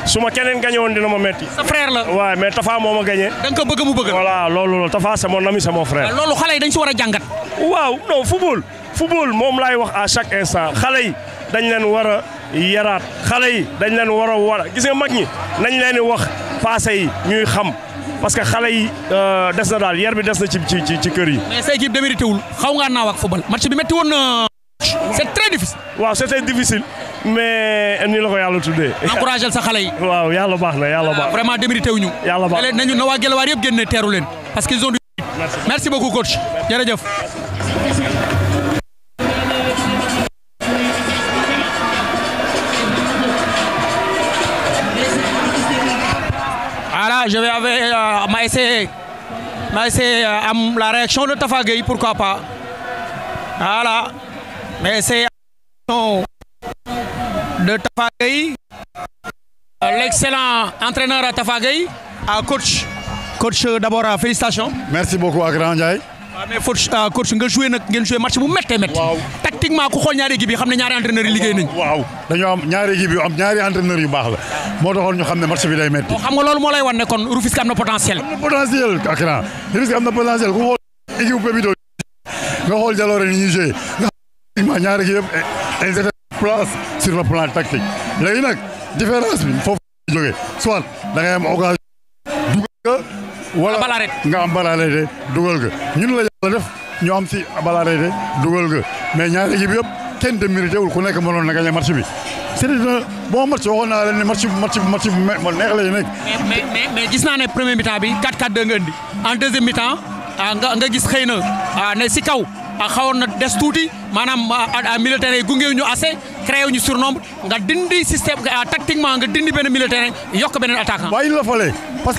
[SPEAKER 9] su ma keneen gagné woon dina ma metti. sa frère la waaw mais Tafa moo ma gagné. da nga ko bëgg mu bëgg. voilà loolu la Tafa c'est mon ami c'est ah, loolu xale yi dañ si war a jàngat. waaw non football football moom laay wax à chaque instant xale yi dañ leen war a yaraat xale yi dañ leen war a war gis nga mag ñi nañ leen di wax passé yi ñuy xam. parce que xale yi euh, des na daal yar bi des na ci ci kër yi.
[SPEAKER 1] mais sa équipe démérité wul xaw ngaa naaw ak football match bi métti woon na. c' est très difficile. waaw c' était difficile.
[SPEAKER 9] mais ni la ko yàlla tuddee.
[SPEAKER 1] encouragé sa xale yi.
[SPEAKER 9] waaw yàlla baax na yàlla baax. vraiment
[SPEAKER 1] démérité wuñu. yàlla baax na nañu na waa Guelwaar yëpp génn teeru leen parce que ils ont du. merci beaucoup coach jërëjëf. je vais avoir euh, euh, la réaction de Tafagui, pourquoi pas. Voilà. Mais c'est de Tafagui, euh, l'excellent entraîneur à Tafagui, à coach. Coach, d'abord, félicitations.
[SPEAKER 8] Merci beaucoup à Grand
[SPEAKER 1] waaw mais coach euh, coach nga joué nag ngeen joué match bu méttee métti. tactiquement ku xool ñaari équipe xam ne ñaari entraîneurs yi liggéey
[SPEAKER 8] nañu. waaw dañoo am ñaari équipe ñaari entraîneurs yu baax la moo taxoon ñu xam ne match bi day métti. xam nga loolu moo lay wan kon Rufisque am na potentiel. am na potentiel ak ren Rufisque am na potentiel ku xool équipe Pébido nga xool Jaloore ni ñuy nga xam ne eh, place sur le tactique léegi nag différence bi foofu jógee soit wala nga am bal arrêté dugal ga ñun la yàlla def ñu am si bal arrêté dugal ga mais ñaari équipe yëpp kenn de mérité wul ku nekk mënoon na gagné match bi c'est bon match waxoon naa leen match match match neex lay nekk.
[SPEAKER 1] mais gis naa ne premier mi-temps bi 4-4-2 nga indi en deuxième mi ah, nga nga gis xëy na ah, ne si kaw ah, xawoon na des tuuti maanaam militaire yi gunge ñu assez créé ñu surnombre nga dindi système tactiquement nga dindi benn militaire yokk beneen attaquant. waaye il
[SPEAKER 8] la fallait parce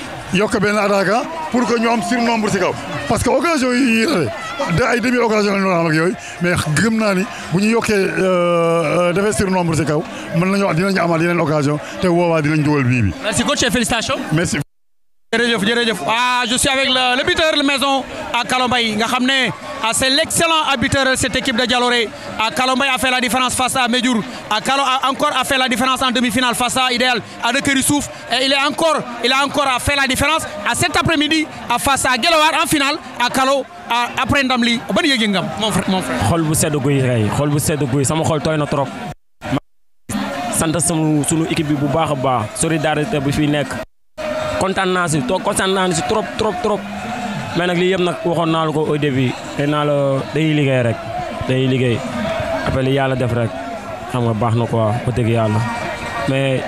[SPEAKER 8] yokk benn attaquant ah, pour que ñu am surnombre si kaw parce que occasion yi ñuy rafet da ay demi occasion la ñu am ak yooyu mais gëm naa ni bu ñu yokkee euh, euh, defee surnombre si kaw mën nañu dinañu amaat yeneen occasion te woowaa dinañ dugal bii bi.
[SPEAKER 1] merci coach félicitations. merci. ah je suis avec le, buteur de maison à Kalombay. Ah, c'est l'excellent buteur de cette équipe de Dialoré à ah, a fait la différence face à Medjour à ah, Kalo a encore fait la différence en demi-finale face à Idéal à Dekerissouf et il est encore il a encore fait la différence à cet après-midi face à Guelewar en finale à Kalo après Ndamli. mon frère mon frère
[SPEAKER 12] xol bu sedd guy rey xol bu sama xol toyna trop
[SPEAKER 1] Sante sunu
[SPEAKER 12] équipe bi bu baax solidarité fi Kontan nasi, si to nasi na si trop trop trop mais nak li yeb nak waxon na lako ko au début nee la day liggéey rek day liggéey après li def rek xam nga baax na quoi ko deug yalla mais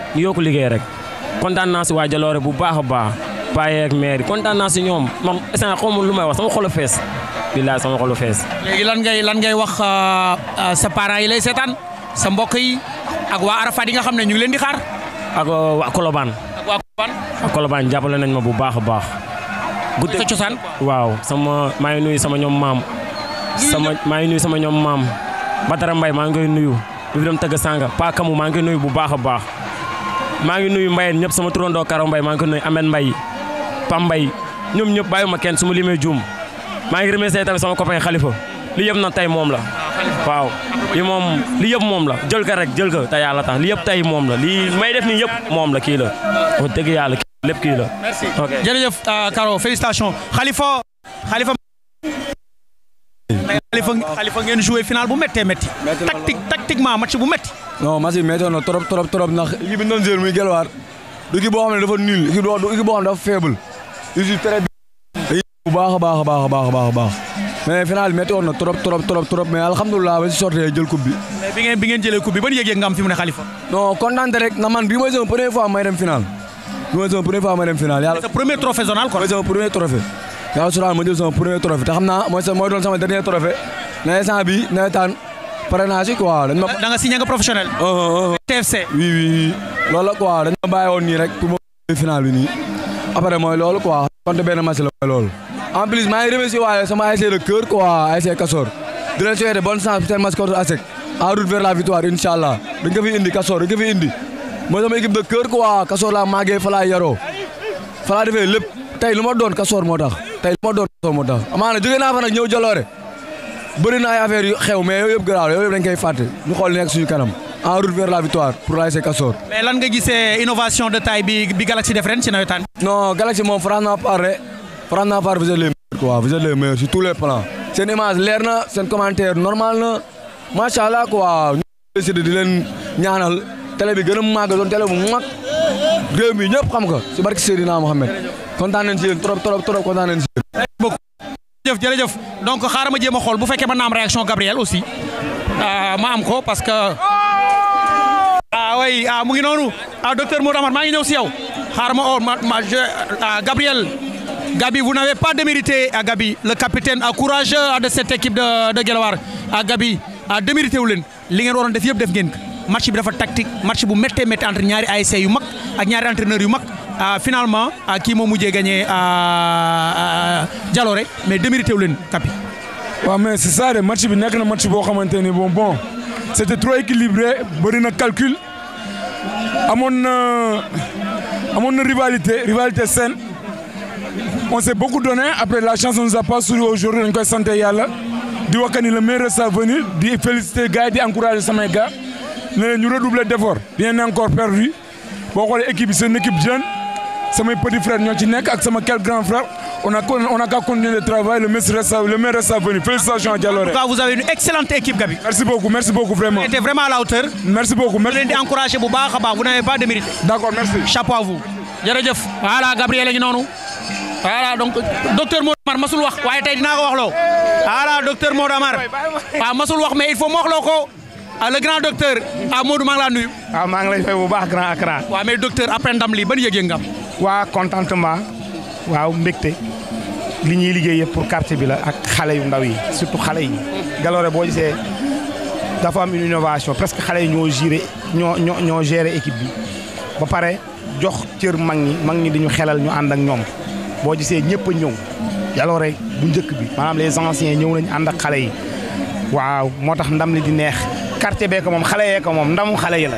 [SPEAKER 12] rek kontan na si wajalore bu baax a baax meri. ak maire nyom, na si ñom moom est ce xamul lumay wax sama xolu fess billaay sama xolu fess
[SPEAKER 1] legi lan ngay lan ngay wax euh, euh, sa parents yi lay setan sa mbokk yi ak wa Arafat yi nga xamne ñu leen di xaar.
[SPEAKER 12] ak euh, wa koloban fan. Colobane jàppale nañ ma bu baax a baax. guddi sa cosaan waaw sama maa ngi nuyu sama ñoom maam. sama maa ngi nuyu sama ñoom maam. Badara Mbaye maa ngi koy nuyu. bi dem tëgg sànga Pa maa ngi nuyu bu baax a baax. maa ngi nuyu Mbaye ñëpp sama turandoo Karo Mbaye maa ngi koy nuyu Ameth Mbaye Pam Mbaye ñoom ñëpp bàyyi ma kenn su ma limee juum maa ngi remercier tamit sama copain Khalifa li yëpp nag tey moom la. waaw li moom li yëpp moom la jël ko rek jël ko te yàlla tax li yëpp tey moom la li may def nii yëpp moom la kii la wax dëgg yàlla lépp kii la. merci
[SPEAKER 1] jërëjëf Karo euh, félicitations Khalifa Khalifa. Khalifa ngeen
[SPEAKER 13] joué final bu méttee métti. tactique tactiquement match bu métti. non match bi méttoon na trop trop trop ndax équipe bi ñu i joué muy Guelwaar boo xam ne dafa nul équipe boo xam ne dafa faible. usine très bien. bu baax a baax a baax a baax a baax. mais final bi métti trop trop trop trop mais alhamdulilah ba si sortee jël coupe bi.
[SPEAKER 1] mais bi ngeen bi ngeen nga am fi ne Khalifa.
[SPEAKER 13] non kontaan rek na man bii mooy sama première fois may dem final. mooy sama première fois may dem final yàlla. mooy sama ma jël sama premier trophée te xam naa mooy sa mooy doon sama dernier trophée na instant bi nawetaan pare naa si quoi. dañ ma da nga uh-huh, uh-huh. TFC. oui oui oui loolu la quoi dañ nii rek pour mooy loolu en plus maa ngi remercier waale sama ASC de cœur quoi ASC Castors di leen souhaiter bonne chance seen match contre ASSEC en route vers la victoire incha allah fi indi Castors dañ fi indi mooy sama équipe de cœur quoi Castors laa màggee fa laa yaroo defee lépp tey lu ma doon Castors moo tax tey lu ma doon Castors moo tax amaana jógee naa fa nag ñëw jaloore bëri na ay affaire yu xew mais yooyu yëpp garaaw yooyu yëpp dañ koy fàtte ñu xool nekk suñu kanam en route vers la victoire pour l'ASC Castors.
[SPEAKER 1] mais lan nga gisee innovation de taille
[SPEAKER 13] bi prendre à part vous êtes les meilleurs quoi, vous êtes les meilleurs sur tous les plans. C'est une image, l'air, c'est un commentaire normal. Machallah quoi, nous décidé de dire ñaanal télé bi gën a màgg télé bu mag réew mi C'est parce que si barki Seydina Mohamed kontaan nañ si yéen trop trop trop kontaan nañ si yéen.
[SPEAKER 1] jërëjëf jërëjëf donc xaaral ma jéem a xool bu fekkee mën réaction Gabriel aussi ah, ma am ko parce que ah oui ah mu ngi noonu ah docteur Modou Amar maa ah, Gabriel. Gabi, vous n'avez pas démérité à Gabi. Le capitaine a courageux de cette équipe de, de Gelawar. À Gabi, a démérité ou len. L'ingénieur on a Match bi dafa tactique, match bu metté metté entre ñaari ASC yu mag ak ñaari entraîneur yu mag. Ah, finalement à ah, qui mujjee gagné ah, Jalooré mais démérité wu Gabi Oui, mais c'est ça le match bi nekk na
[SPEAKER 14] match boo xamante bon bon c'était trop équilibré bon, na calcul amoon na à mon rivalité rivalité saine on s'est beaucoup donné après la chance on nous a pas souri aujourd'hui On koy sant yàlla di wax ni le meilleur est à venir di féliciter gars di encourager samay gars ne ñu redoubler d'efforts encore perdu c'est une équipe jeune samay petit frère frères ci nekk ak sama quel grand frère on a on a qu'à continuer le travail le maire reste le à venir félicitations à Dialoré. En tout cas
[SPEAKER 1] vous avez une excellente équipe Gabi. merci beaucoup merci beaucoup vraiment. vous êtes vraiment à la hauteur. merci beaucoup merci. leen encouragé encourager vous n'avez pas de mérite. d'accord merci. chapeau à vous. Jeff. voilà Gabriel a est voilà donc docteur Modou Amar wax waaye tey dinaa wax loo voilà docteur Modou Amar waaw il faut wax loo ko ah le grand ah, maa ah, maa ngi lay fay baax grand Accra. waaw mais docteur après ndam lii
[SPEAKER 14] waa contentement waaw mbégte li ñuy liggéeye pour quartier bi la ak xale yu ndaw yi surtout xale yi. Galore boo gisee dafa am une innovation presque xale yi ñoo géré ñoo ñoo ñoo géré équipe bi ba pare jox cër mag ñi mag ñi di ñu xelal ñu ànd ak ñoom. boo gisee ñëpp a ñëw jaloore bu njëkk bi maanaam les anciens ñëw nañ ànd ak xale yi waaw moo tax ndam li di neex quartier bee ko moom xale yee ko moom ndamu xale yi la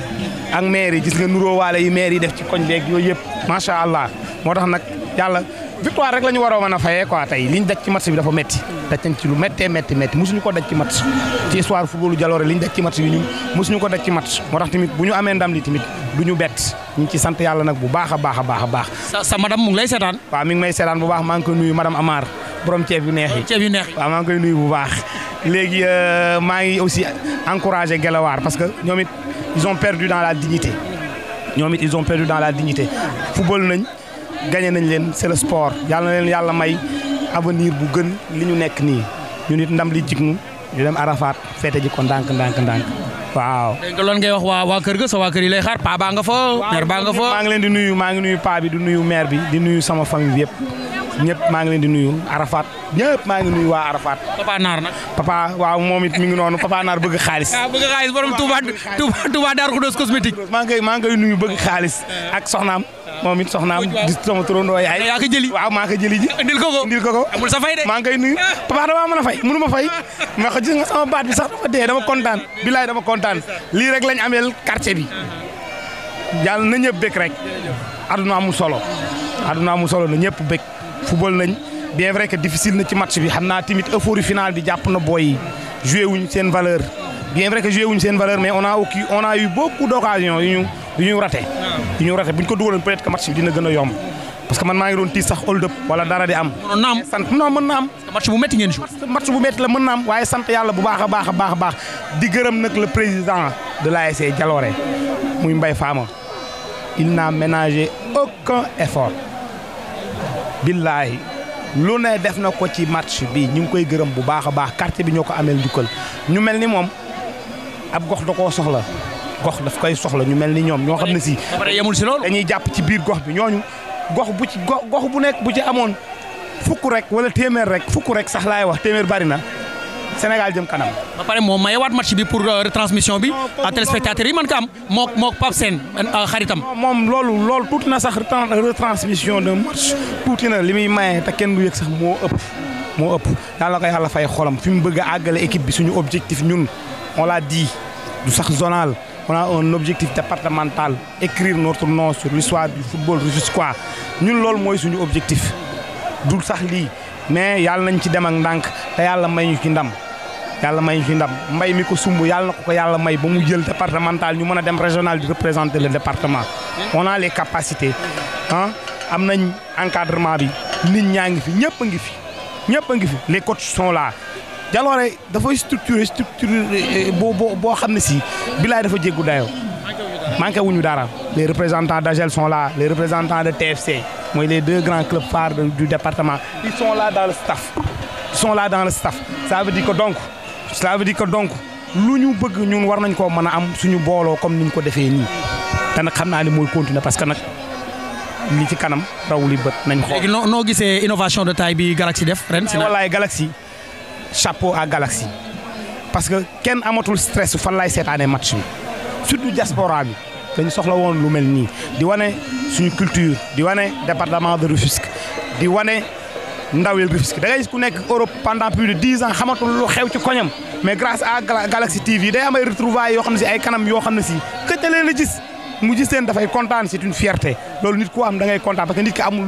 [SPEAKER 14] ak maire yi gis nga nuróowaale yi maire yi def ci koñ beeg yooyu yëpp macha allah moo tax nag yàlla victoire rek la ñu waroo mën a fayee quoi tey li ñu ci match bi dafa metti daj nañ ci lu méttee métti métti mosuñu ko daj ci match ci histoire footballu jaloore li ñu daj ci match bi ñun mosuñu ko daj ci match moo tax tamit bu ñu amee ndam li tamit du ñu bett ñu ci sant yàlla nag bu baax a baax a baax a baax sa madame mu ngi lay seetaan waaw mi ngi may seetaan bu baax maa ngi koy nuyu madame Amar borom ceeb yu neex yi waaw maa ngi koy nuyu bu baax léegi euh, maa ngi aussi encouragé Gelawaar parce que ñoom it ils ont perdu dans la dignité ñoom it ils ont perdu dans la dignité football nañ gagné nañ leen c'est le sport yalla na leen yàlla may avenir bu gën li ñu nekk ni ñu nit ndam li jig ñu ñu dem arafat fété ji ko dank dank dank waaw
[SPEAKER 1] dégg lon ngay wax wa wa kër ga sa wa kër yi lay xaar pa ba nga
[SPEAKER 14] fo maire ba nga fo ma ngi leen di nuyu ma ngi nuyu pa bi di nuyu maire bi di nuyu sama famille yépp ñepp ma ngi leen di nuyu arafat ñepp ma ngi nuyu wa arafat papa nar nak papa waaw momit mi ngi nonu papa nar bëgg ah
[SPEAKER 1] bëgg xaaliss borom touba touba touba dar ko dos cosmétique ma
[SPEAKER 14] ngi ma ngi nuyu bëgg xaaliss ak soxnam moom it soxnaa gis sama turandoo yaay. yaa waaw maa ko jëli ji. indil ko maa ngi koy nuyu. Ah. papa damaa a fay mënu ma fay. ma ko gis nga sama baat bi sax dafa dee dama kontaan. bilaay dama kontaan lii rek lañ ameel quartier bi. yàlla na ñëpp bëgg rek. aduna mu solo. aduna mu solo na ñëpp bëgg. football nañ bien vrai que difficile na ci match bi xam naa tamit euphorie bi jàpp na booy yi joué wuñ seen valeur. bien vrai que eu une certaine valeur mais on a eu beaucoup d'occasions Ils nous rater. raté. peut être que match parce que maintenant hold up non match match le président de Fama il n'a ménagé aucun effort. billahi lu def match bi ñu koy Nous bu ab gox da koo soxla gox daf koy soxla ñu mel ni ñoom ñoo xam ne si yemul si loolu dañuy jàpp ci biir gox bi ñooñu gox bu ci gox bu nekk bu ci amoon fukk rek wala téeméer rek fukk rek sax laay wax téeméer bari na Sénégal jëm kanam.
[SPEAKER 1] ba pare moo mayewaat match bi pour euh, retransmission bi à téléspectateurs yi man ko am moo moo Pape euh, euh, xaritam.
[SPEAKER 14] moom loolu lool tuuti na sax retransmission de match tuuti na li muy maye te kenn du yëg sax moo ëpp moo ëpp daal la ko yàlla fay xolam fi mu bëgg àggale équipe bi suñu objectif ñun. on l'a dit, du sac zonal. On a un objectif départemental, écrire notre nom sur l'histoire du football jusqu'à ñun loolu mooy suñu objectif Du sax li, mais yàlla nañ ci dem ak ndànk te yàlla may ñu ci ndam yàlla may ñu ci ndam mbay mi ko sumbu yalla na ko yalla may ba mu jël départemental ñu mën a dem régional di représenter le département. on a les capacités hein, am nañ encadrement bi nit ñaa fi ñepp ngi fi ñepp ngi fi les coachs sont là jaloore dafay structuré structuré eh, bo bo boo xam si bilay dafa jéggu dayo manqué wuñu dara les représentants d'Agel sont là les représentants de TFC moy les deux grands clubs phares du département ils sont là dans le staff ils sont là dans le staff ça veut dire que donc ça veut dire que donc luñu bëgg ñun war nañ ko mëna am suñu bolo comme niñ ko défé ni te nag xam naa ne continuer parce que nak li ci kanam raw li nañ ko léegi
[SPEAKER 1] noo innovation de taille bi Galaxy def ren si Galaxy chapeau à Galaxy parce
[SPEAKER 14] que kenn le stress fan année. match surtout diaspora Nous sommes soxla où nous mel Nous di sur une culture di département de Rufisque di sommes dans Rufisque da Nous gis ku Europe pendant plus de 10 ans nous lu xew ci mais grâce à Galaxy TV day am ay à yoo ne dit ay kanam yoo la c'est une fierté Je nit content parce que nit ki amul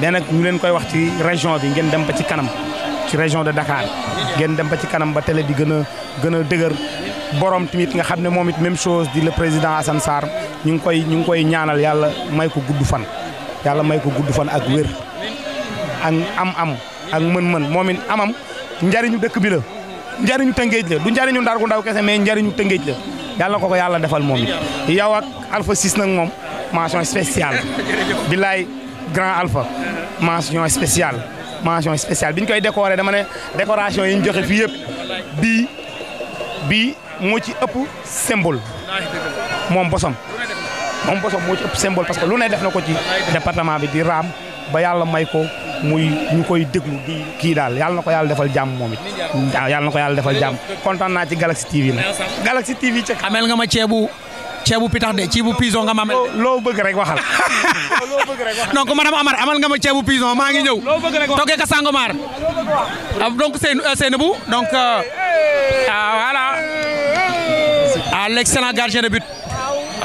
[SPEAKER 14] mais nag ñu leen koy wax ci région bi ngeen dem ba ci kanam ci région de Dakar ngeen dem ba ci kanam ba télé bi gëna a dëgër borom timit nga xam momit même chose di le président Assane Sarr ñu ngi koy ñu ngi koy ñaanal yalla may ko gudd fan yalla may ko gudd fan ak wër ak am-am ak mën-mën momit am amam njariñu dëkk bi la njariñu tëngéej la du njariñu ndar gu ndaw kese mais njariñu tëngéej la yalla ko ko yalla defal momit it yow ak Alpha 6 nak mom mention spéciale billahi grand alpha. mention spéciale. mention spéciale bi ñu koy décorer dama ne décoration yi ñu joxe fii yëpp bii bii moo ci ëpp symbole. moom bosom. moom bosom moo ci ëpp symbole parce que lu ne def na ko ci département bi di raam ba yàlla may ko muy ñu koy déglu di kii daal yàlla na ko yàlla defal jàmm moom it. waaw na ko yàlla defal jàmm kontaan naa ci Galaxy TV nag. Galaxy TV ca. amel nga ma
[SPEAKER 1] ceebu. ceebu pitax de ceebu pison nga ma amee. loo bëgg rek waxal.
[SPEAKER 2] loo bëgg rek
[SPEAKER 11] waxal donc madame
[SPEAKER 1] Amar amal nga ma ceebu pison maa ngi ñëw. loo bëgg rek waxal toogee ka Sangomar. Ah, donc Seynou euh, Seynabou donc. Euh, ah voilà. ah l' de but.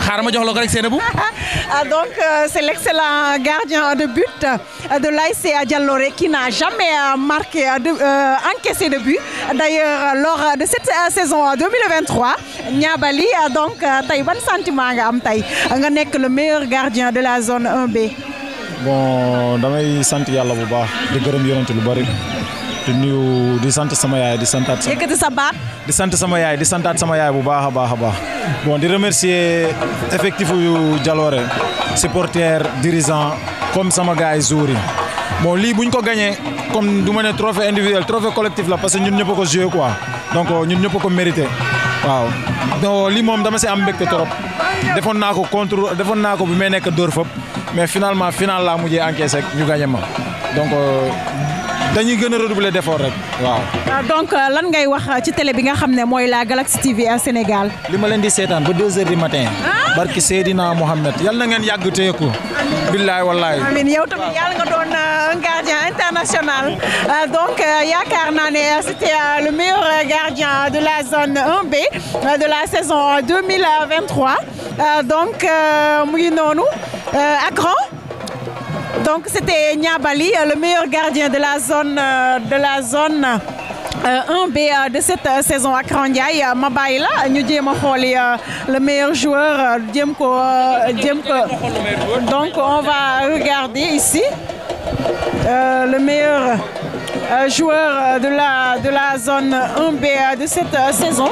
[SPEAKER 3] Ah, donc euh, c'est l'excellent gardien de but euh, de l'ICA Jalooré qui n'a jamais euh, marqué encaissé de but d'ailleurs lors de cette saison 2023 a donc un ban sentiment nga am le meilleur gardien de la zone 1B.
[SPEAKER 10] bon damay bu di gërëm di nuyu di sant sama yaay di santaat sama
[SPEAKER 3] yëkkati sa baat
[SPEAKER 10] di sant sama yaay di santaat sama yaay bu baax a baax a baax
[SPEAKER 14] bon di remercier effectif yu Jaloore supporter dirigeant comme sama gars yi jour yi
[SPEAKER 1] bon lii buñ ko gagné comme du ma ne trophée individuel trophée collectif
[SPEAKER 14] la parce que ñun ñëpp ko jouer quoi donc euh, ñun ñëpp ko mérité waaw donc euh, lii moom dama si am mbégte trop defoon naa ko contre defoon naa ko bi may nekk dóor fëpp mais finalement final laa mujjee encaissé ñu gagné ma donc. Euh, dañuy gën a redoubler d'effort rek waaw.
[SPEAKER 3] Ah, donc euh, lan ngay wax euh, ci télé bi nga xam ne mooy la Galaxy TV à Sénégal. li ma leen di seetaan
[SPEAKER 1] ba 2 heures du matin. Ah! barki Seydina Mohamed yal na ngeen yàgg teeku. amiin billaay wallaay. amiin
[SPEAKER 3] yow tamit yàlla nga doon euh, un gardien international donc yaakaar naa ne c'était le meilleur gardien de la zone 1B de la saison 2023 donc mu ngi noonu à grand. Donc c'était Niabali, euh, le meilleur gardien de la zone, euh, de la zone 1B euh, de cette saison à Krandiaï. Mabaila, le meilleur joueur donc on va regarder ici le meilleur joueur de la de la zone 1B de cette saison.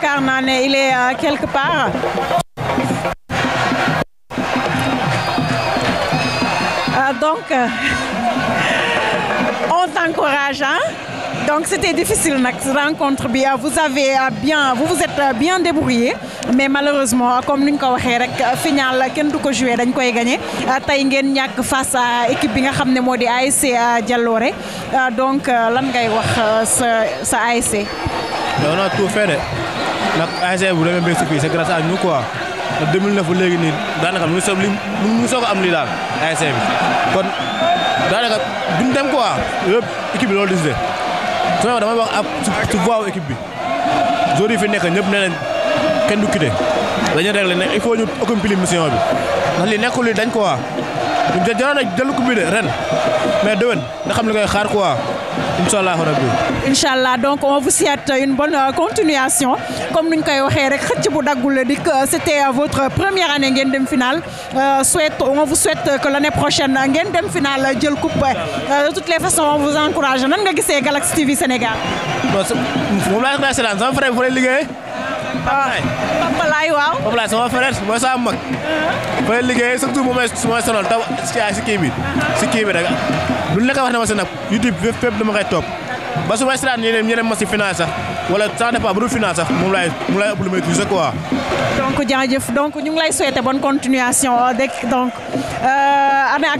[SPEAKER 3] car il est euh, quelque part. Euh, donc euh, on t'encourage hein? Donc c'était difficile cette rencontre bien. Vous avez bien, vous vous êtes bien débrouillé, mais malheureusement, comme nous fait dit, final, qui ne jouer, nous avons gagné. a gagné face à l'équipe de est modi à Dialloré Donc, l'an ça sa ASC.
[SPEAKER 14] On a tout fait. ndax ASC bu demee beeg si fii c'est grâce à nous quoi ndax 2009 ba léegi nii daanaka mu ngi soog li mu ngi soog am lii daal ASC bi kon daanaka duñ dem quoi yëpp équipe bi loolu di si dee su ma damay wax ab su voie équipe bi joueurs yi fi nekk ñëpp nee nañ kenn du quitté dañuy réglé ne il faut ñu accomplir mission bi ndax li nekkul li dañ quoi ñu jëloon a jël coupe bi ren mais déwén nga xam li koy xaar quoi. inchallah
[SPEAKER 3] inchallah donc on vous souhaite une bonne euh, continuation comme nous l'avons dit, rek bu c'était euh, votre première année en dem finale euh, souhaite on vous souhaite que l'année prochaine en dem finale jël coupe de toutes les façons on vous encourage Comment nga gisee Galaxy TV Sénégal moom laa frère Papa Laay waaw
[SPEAKER 14] Papa Laay sama frère mooy sama mag uh-huh. fay liggéey surtout moom mooy sonal taw si kii bi uh-huh. si kii bi rek lu nekk wax na ma si nag YouTube fépp dama koy topp ba suma ma siraan ñeneen ñeneen ma si finance sax wala ça dépend bu dul finance sax moom laay moom laay ëpp lu may tuuti quoi.
[SPEAKER 3] donc jaajëf donc ñu ngi lay souhaiter bonne continuation dégg donc euh, année à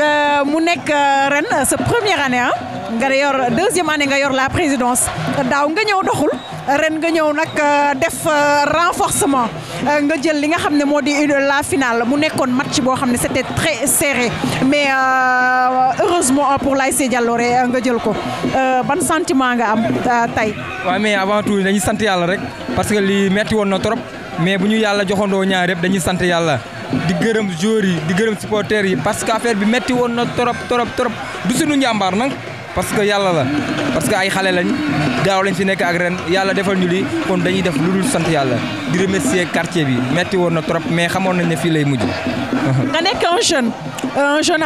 [SPEAKER 3] Euh, mu nekk euh, ren euh, sa première année ah nga yor deuxième année nga yor la présidence daaw nga ñëw doxul ren nga ñëw nak def renforcement nga jël li nga xamné modi la finale mu nekkon match bo xamné c'était très serré mais heureusement hein, pour l'ASC Jalooré nga jël ko ban sentiment nga am tay
[SPEAKER 15] wa mais avant tout dañuy sant yalla rek parce que li metti woon na trop mais buñu yalla joxondo ñaar yëpp dañuy sant yalla di gërëm joueurs yi di gërëm supporters yi parce que affaire bi metti woon na trop trop trop du suñu njàmbaar nag. parce que yàlla la parce que ay xale lañ daaw lañ si nekk ak ren yàlla defal ñu li kon dañuy def lu dul sant yàlla di remercier quartier bi metti woon na trop mais xamoon nañ ne fii lay mujj.
[SPEAKER 3] nga nekk un jeune un jeune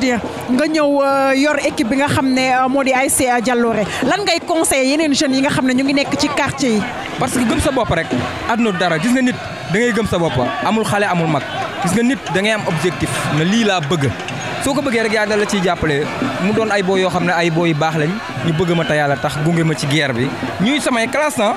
[SPEAKER 3] di nga ñëw euh, yor équipe bi nga xam ne euh, moo di ay ASC Jalooré lan ngay conseil yeneen jeunes yi nga xam ne ñu ngi nekk ci quartier yi.
[SPEAKER 15] parce que gëm sa bopp rek àdduna dara gis nga nit da gëm sa bopp amul xale amul mag gis nga nit da am objectif na lii laa bëgg. soo ko bëggee rek yàlla la ciy jàppale mu doon ay boo yoo xam ne ay boo yu baax lañ ñu bëgg ma te yàlla tax gunge ma ci guerre bi ñuy samay classe ah.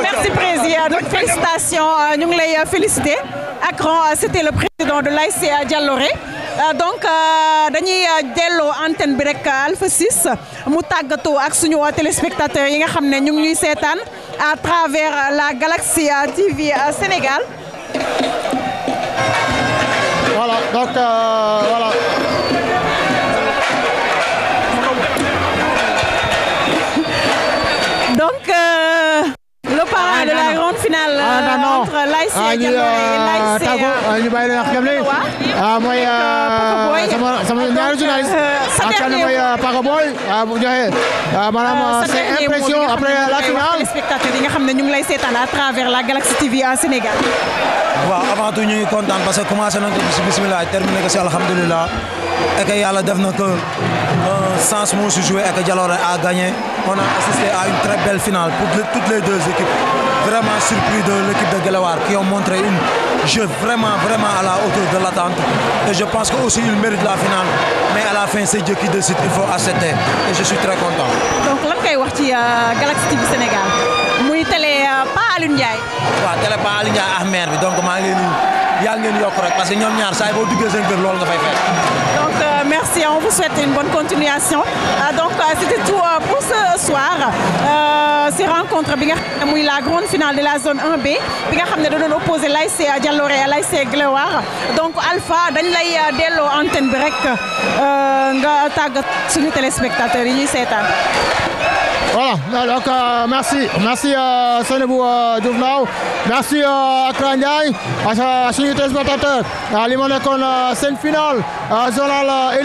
[SPEAKER 3] merci président félicitations Nous les félicitons féliciter euh, c'était le président de l'ICA Dialoré euh, donc euh, dañuy dello antenne bi Alpha 6 mu avons ak suñu téléspectateurs yi nga à travers la galaxie TV Sénégal.
[SPEAKER 11] Voilà, donc voilà.
[SPEAKER 3] l'opéra de la ah, grande finale ah, euh, entre l'AIC et l'AIC. ñu bàyyi la nga xam ne ah mooy sama sama ñaari journaliste
[SPEAKER 11] ak kan mooy Paco Boy bu joxe maanaam c'est impression après euh, la finale
[SPEAKER 3] Les spectateurs yi nga xam ne ñu lay seetaan à travers la Galaxy TV en Sénégal
[SPEAKER 1] waaw avant tout ñu ngi kontaan parce que commencer nañ ko bismillah terminé ko si alhamdulillah et que yàlla def
[SPEAKER 13] que sens moo joué et que a gagné on a assisté à une très belle finale pour toutes les deux équipes vraiment surpris de l'équipe de Galawar qui ont montré une jeu vraiment vraiment à la hauteur de l'attente et je pense qu'aussi aussi il la finale mais à la fin c'est
[SPEAKER 1] Dieu qui décide il faut accepter et je suis très content.
[SPEAKER 3] donc lan ngay wax ci euh, Galaxy TV Sénégal Moi télé euh, pas à Ndiaye. Oui,
[SPEAKER 1] télé pas à à ak bi donc maa yàlla ngeen yokk rek parce que ñoom ñaar saa yi boo duggee seen kër loolu
[SPEAKER 3] merci. On vous souhaite une bonne continuation. Euh, donc, euh, c'était tout euh, pour ce soir. Euh, ces rencontres, a la grande finale de la zone 1B. Bien sûr, nous opposer là, à Dialore et c'est Donc, Alpha, dans Delo, délo antenne break, nous les téléspectateurs. Il y a voilà, donc merci,
[SPEAKER 11] merci à euh, Senebou euh, merci à les à Chini Tesbatate, scène finale,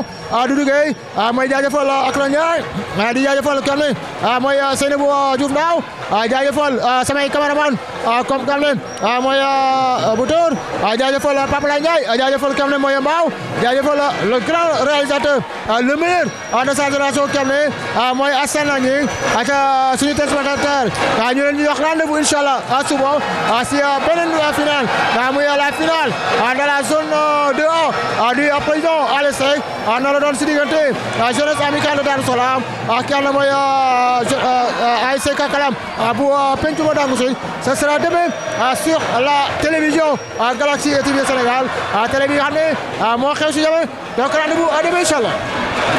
[SPEAKER 11] Diaw Doudou Gueye ah, ah, mooy jaajëfal ah, Akra Ndiaye di jaajëfal kenn mooy Seynabou Diouf Ndaw jaajëfal samay cameraman comme kan leen mooy Boutour jaajëfal Pape Laye Ndiaye jaajëfal kenn mooy Mbaw jaajëfal le grand réalisateur le meilleur de sa génération kenn mooy Assane Ñi ak suñu téléspectateur ñu leen di jox rendez-vous inchallah suba si beneen finale muy la finale de la zone 2A euh, du président ALC noonu la doon si diggante ah, jeunesse amicale de Darou Salam ak ah, ki nga xam ah, bu Pencum Darou Mouhty ce sera demain sur la télévision Galaxy TV
[SPEAKER 2] Sénégal télé bi nga xew si jamono donc rendez-vous demain inchallah